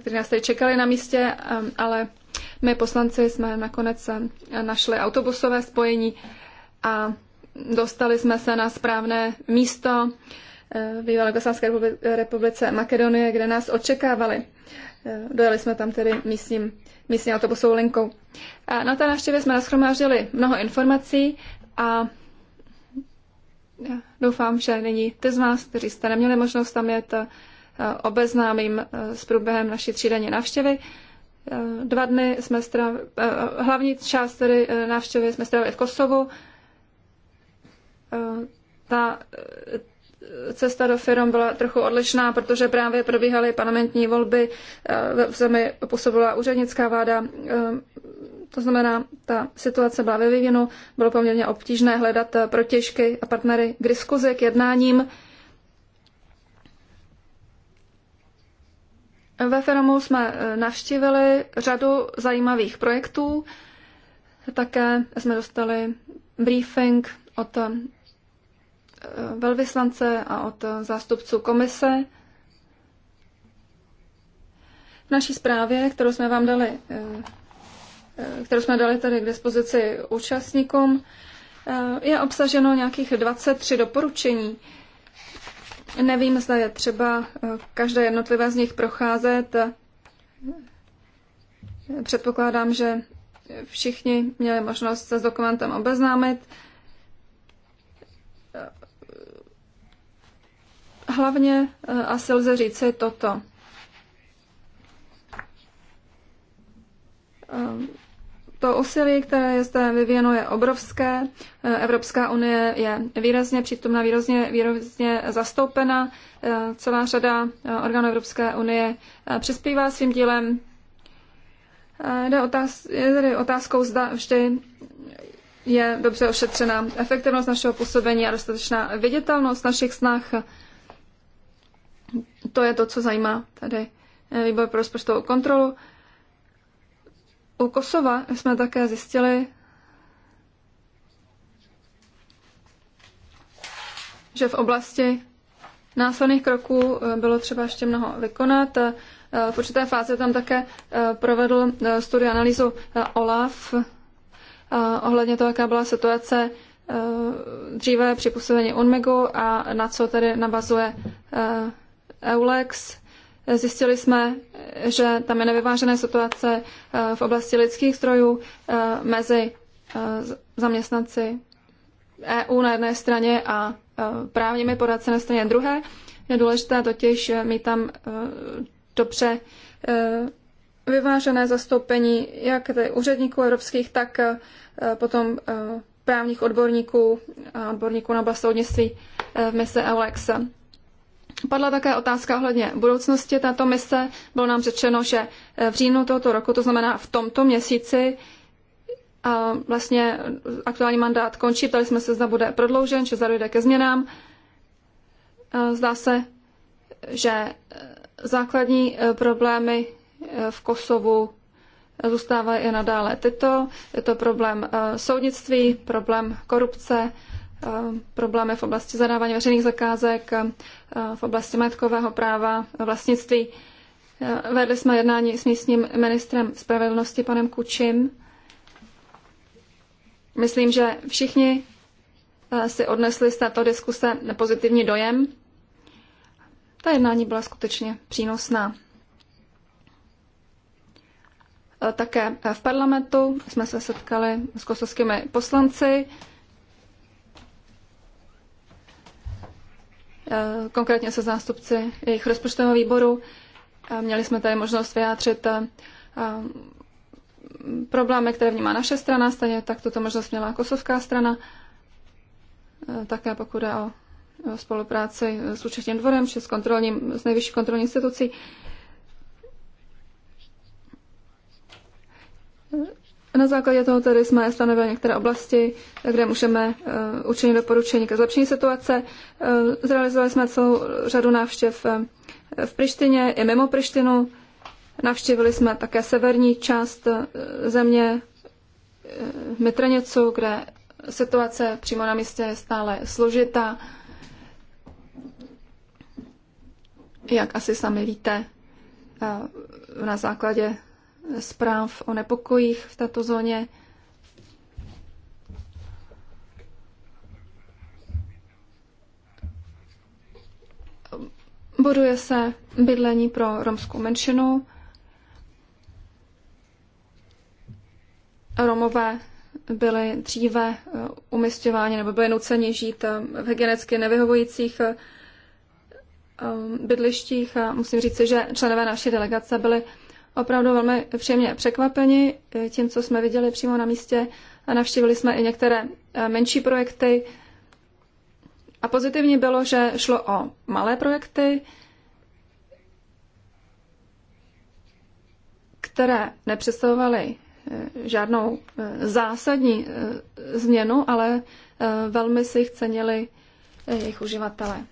kteří nás tady čekali na místě, ale my poslanci jsme nakonec našli autobusové spojení a dostali jsme se na správné místo v bývalé Kosovské republice Makedonie, kde nás očekávali. Dojeli jsme tam tedy místním místní autobusovou linkou. Na té návštěvě jsme nashromáždili mnoho informací a doufám, že nyní ty z vás, kteří jste neměli možnost tam jet, eh, obeznámím eh, s průběhem naší třídenní návštěvy. Eh, dva dny jsme strávili, hlavní část tedy návštěvy jsme strávili v Kosovu. Ta cesta do firm byla trochu odlišná, protože právě probíhaly parlamentní volby, eh, v zemi působila úřednická vláda, eh, to znamená, ta situace byla ve vývinu, bylo poměrně obtížné hledat eh, protěžky a partnery k diskuzi, k jednáním. Ve firmu jsme navštívili řadu zajímavých projektů, také jsme dostali briefing od velvyslance a od zástupců komise. V naší zprávě, kterou jsme vám dali, eh, eh, kterou jsme dali tady k dispozici účastníkům, eh, je obsaženo nějakých 23 doporučení. Nevím, zda je třeba každé jednotlivé z nich procházet. Předpokládám, že všichni měli možnost se s dokumentem obeznámit. Hlavně eh, asi lze říci toto. Ehm, to úsilí, které je zde vyvíjeno, je obrovské. Eh, Evropská unie je výrazně přítomná, výrazně, výrazně zastoupena. Eh, celá řada orgánů Evropské unie přispívá svým dílem. Jde otáz, je tedy otázkou, zda vždy je dobře ošetřena efektivnost našeho působení a dostatečná viditelnost našich snah. To je to, co zajímá tady eh, výbor pro rozpočtovou kontrolu. U Kosova jsme také zjistili, že v oblasti následných kroků eh, bylo třeba ještě mnoho vykonat. Eh, v určité fázi tam také provedl studii analýzu OLAF ohledně toho, jaká byla situace dříve při působení UNMIGu a na co tedy navazuje EULEX. Zjistili jsme, že tam je nevyvážené situace eh, v oblasti lidských zdrojů eh, mezi eh, zaměstnanci EU na jedné straně a právními poradci na straně druhé. Je důležité totiž mít tam dobře vyvážené zastoupení jak úředníků evropských, tak potom právních odborníků a odborníků na oblast soudnictví v mise Alexa. Padla také otázka ohledně budoucnosti této mise. Bylo nám řečeno, že eh, v říjnu tohoto roku, to znamená v tomto měsíci, a eh, vlastně aktuální mandát končí. Ptali jsme se, zda bude prodloužen, či zda dojde ke změnám. Eh, zdá se, že základní problémy v Kosovu zůstávají i nadále tyto. Je to problém soudnictví, problém korupce, problémy v oblasti zadávání veřejných zakázek, eh, v oblasti majetkového práva, vlastnictví. Eh, vedli jsme jednání s místním ministrem spravedlnosti, panem Kučim. Myslím, že všichni eh, si odnesli z této diskuse pozitivní dojem. Ta jednání byla skutečně přínosná. Také v parlamentu jsme se setkali s kosovskými poslanci, Eh, konkrétně se zástupci jejich rozpočtového výboru. Eh, měli jsme tady možnost vyjádřit eh, problémy, které vnímá naše strana, stejně tak tuto možnost měla kosovská strana, také pokud je o spolupráci s účetním dvorem či s, kontrolním, s nejvyšší kontrolní institucí. Na základě toho tedy jsme stanovili některé oblasti, kde můžeme eh, učinit doporučení ke zlepšení situace. Eh, zrealizovali jsme celou řadu návštěv eh, v Prištině i mimo Prištinu. Navštívili jsme také severní část země Mitrněcu, kde situace přímo na místě je stále složitá. Jak asi sami víte, na základě zpráv o nepokojích v této zóně. Buduje se bydlení pro romskou menšinu. Romové byli dříve eh, umistěváni nebo byli nuceni žít eh, v hygienicky nevyhovujících eh, bydlištích a musím říct, že členové naší delegace byli opravdu velmi příjemně překvapeni tím, co jsme viděli přímo na místě. A navštívili jsme i některé eh, menší projekty. A pozitivní bylo, že šlo o malé projekty, které nepředstavovaly eh, žádnou eh, zásadní změnu, ale velmi si jich cenili jejich uživatelé.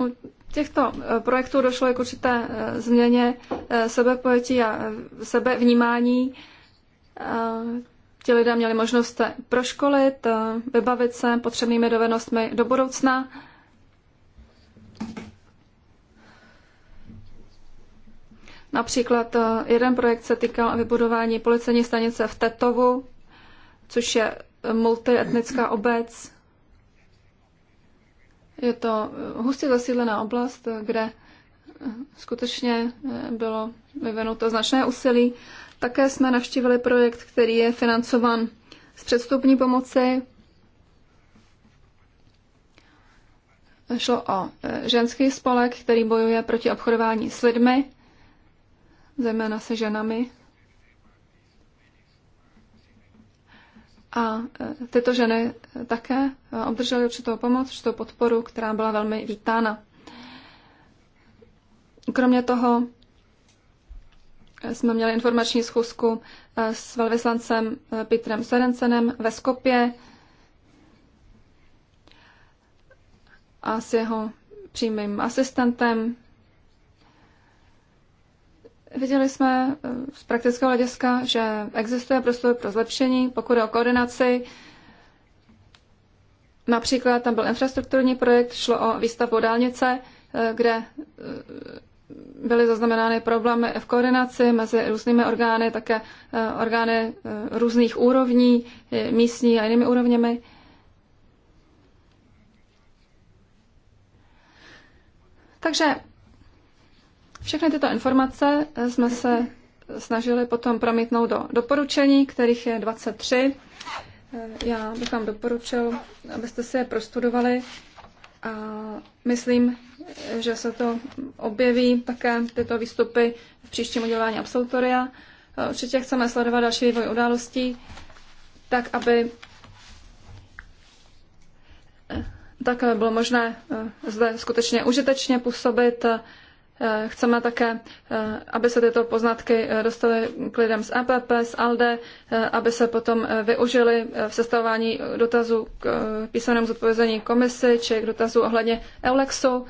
U těchto eh, projektů došlo k určité eh, změně eh, sebepojetí a sebevnímání. Ti lidé měli možnost se proškolit, vybavit se potřebnými dovednostmi do budoucna. Například jeden projekt se týkal vybudování policejní stanice v Tetovu, což je multietnická obec, je to eh, hustě zasídlená oblast, eh, kde eh, skutečně bylo vyvinuto značné úsilí. Také jsme navštívili projekt, který je financovan z předstupní pomoci. Šlo o ženský spolek, který bojuje proti obchodování s lidmi, zejména se ženami A e, tyto ženy také e, obdržely určitou pomoc, určitou podporu, která byla velmi vítána. Kromě toho e, jsme měli informační schůzku s velvyslancem Petrem Serencenem ve Skopě a s jeho přímým asistentem Viděli jsme eh, z praktického hlediska, že existuje prostor pro zlepšení, pokud je o koordinaci. Například tam byl infrastrukturní projekt, šlo o výstavbu dálnice, eh, kde eh, byly zaznamenány problémy v koordinaci mezi různými orgány, také orgány různých úrovní, místní a jinými úrovněmi. Takže všechny tyto informace eh, jsme se snažili potom promítnout do doporučení, kterých je 23. Eh, já bych vám doporučil, abyste si je prostudovali a myslím, že se to objeví také tyto výstupy v příštím udělování absolutoria. Eh, určitě chceme sledovat další vývoj událostí, tak aby tak bylo možné zde skutečně užitečně působit Eh, chceme také, eh, aby se tyto poznatky eh, dostaly k lidem z EPP, z ALDE, aby se potom využily v sestavování dotazů k písanému zodpovězení komisy či k dotazu ohledně Eulexu.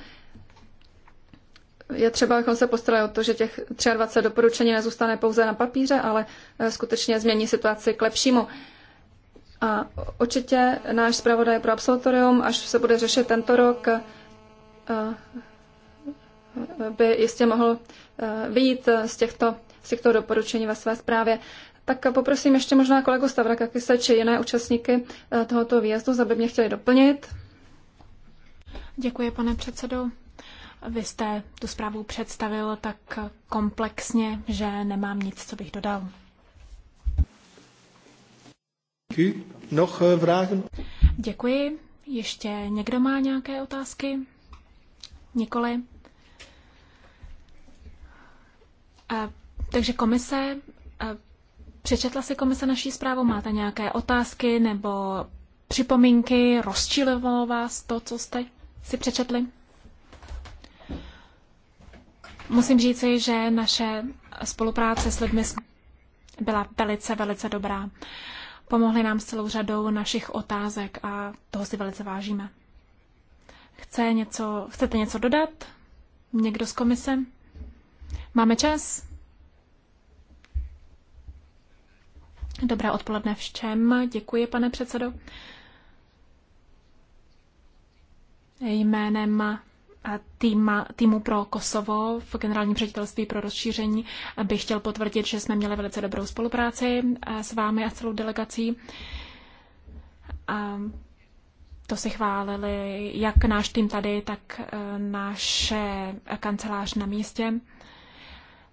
Je třeba, abychom se postarali o to, že těch 23 doporučení nezůstane pouze na papíře, ale skutečně změní situaci k lepšímu. A určitě náš zpravodaj pro absolutorium, až se bude řešit tento rok, by jistě mohl eh, vyjít z těchto, z těchto doporučení ve své zprávě. Tak poprosím ještě možná kolegu Stavrakakise či jiné účastníky eh, tohoto výjezdu, zda by mě chtěli doplnit. Děkuji, pane předsedo. Vy jste tu zprávu představil tak komplexně, že nemám nic, co bych dodal. Děkuji. Eh, ještě někdo má nějaké otázky? Nikoli. Takže komise, přečetla si komise naší zprávu, máte nějaké otázky nebo připomínky, rozčilovalo vás to, co jste si přečetli? Musím říci, že naše spolupráce s lidmi byla velice, velice dobrá. Pomohli nám s celou řadou našich otázek a toho si velice vážíme. Chce něco, chcete něco dodat? Někdo z komise? Máme čas? Dobré odpoledne všem. Děkuji, pane předsedo. Jménem týma, týmu pro Kosovo v generálním ředitelství pro rozšíření bych chtěl potvrdit, že jsme měli velice dobrou spolupráci s vámi a celou delegací. A to si chválili jak náš tým tady, tak eh, naše kancelář na místě.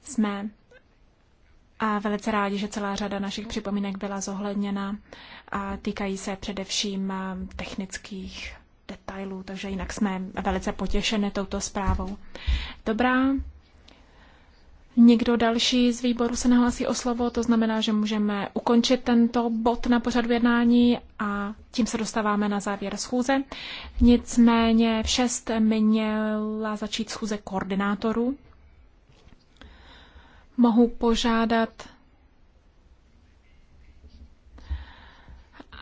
Jsme a velice rádi, že celá řada našich připomínek byla zohledněna a týkají se především technických detailů, takže jinak jsme velice potěšeni touto zprávou. Dobrá. Nikdo další z výboru se nehlásí o slovo, to znamená, že můžeme ukončit tento bod na pořadu jednání a tím se dostáváme na závěr schůze. Nicméně v 6 měla začít schůze koordinátorů mohu požádat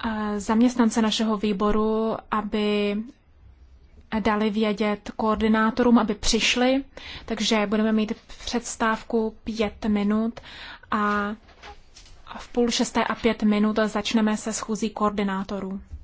eh, zaměstnance našeho výboru, aby dali vědět koordinátorům, aby přišli, takže budeme mít předstávku pět minut a v půl šesté a pět minut začneme se schůzí koordinátorů.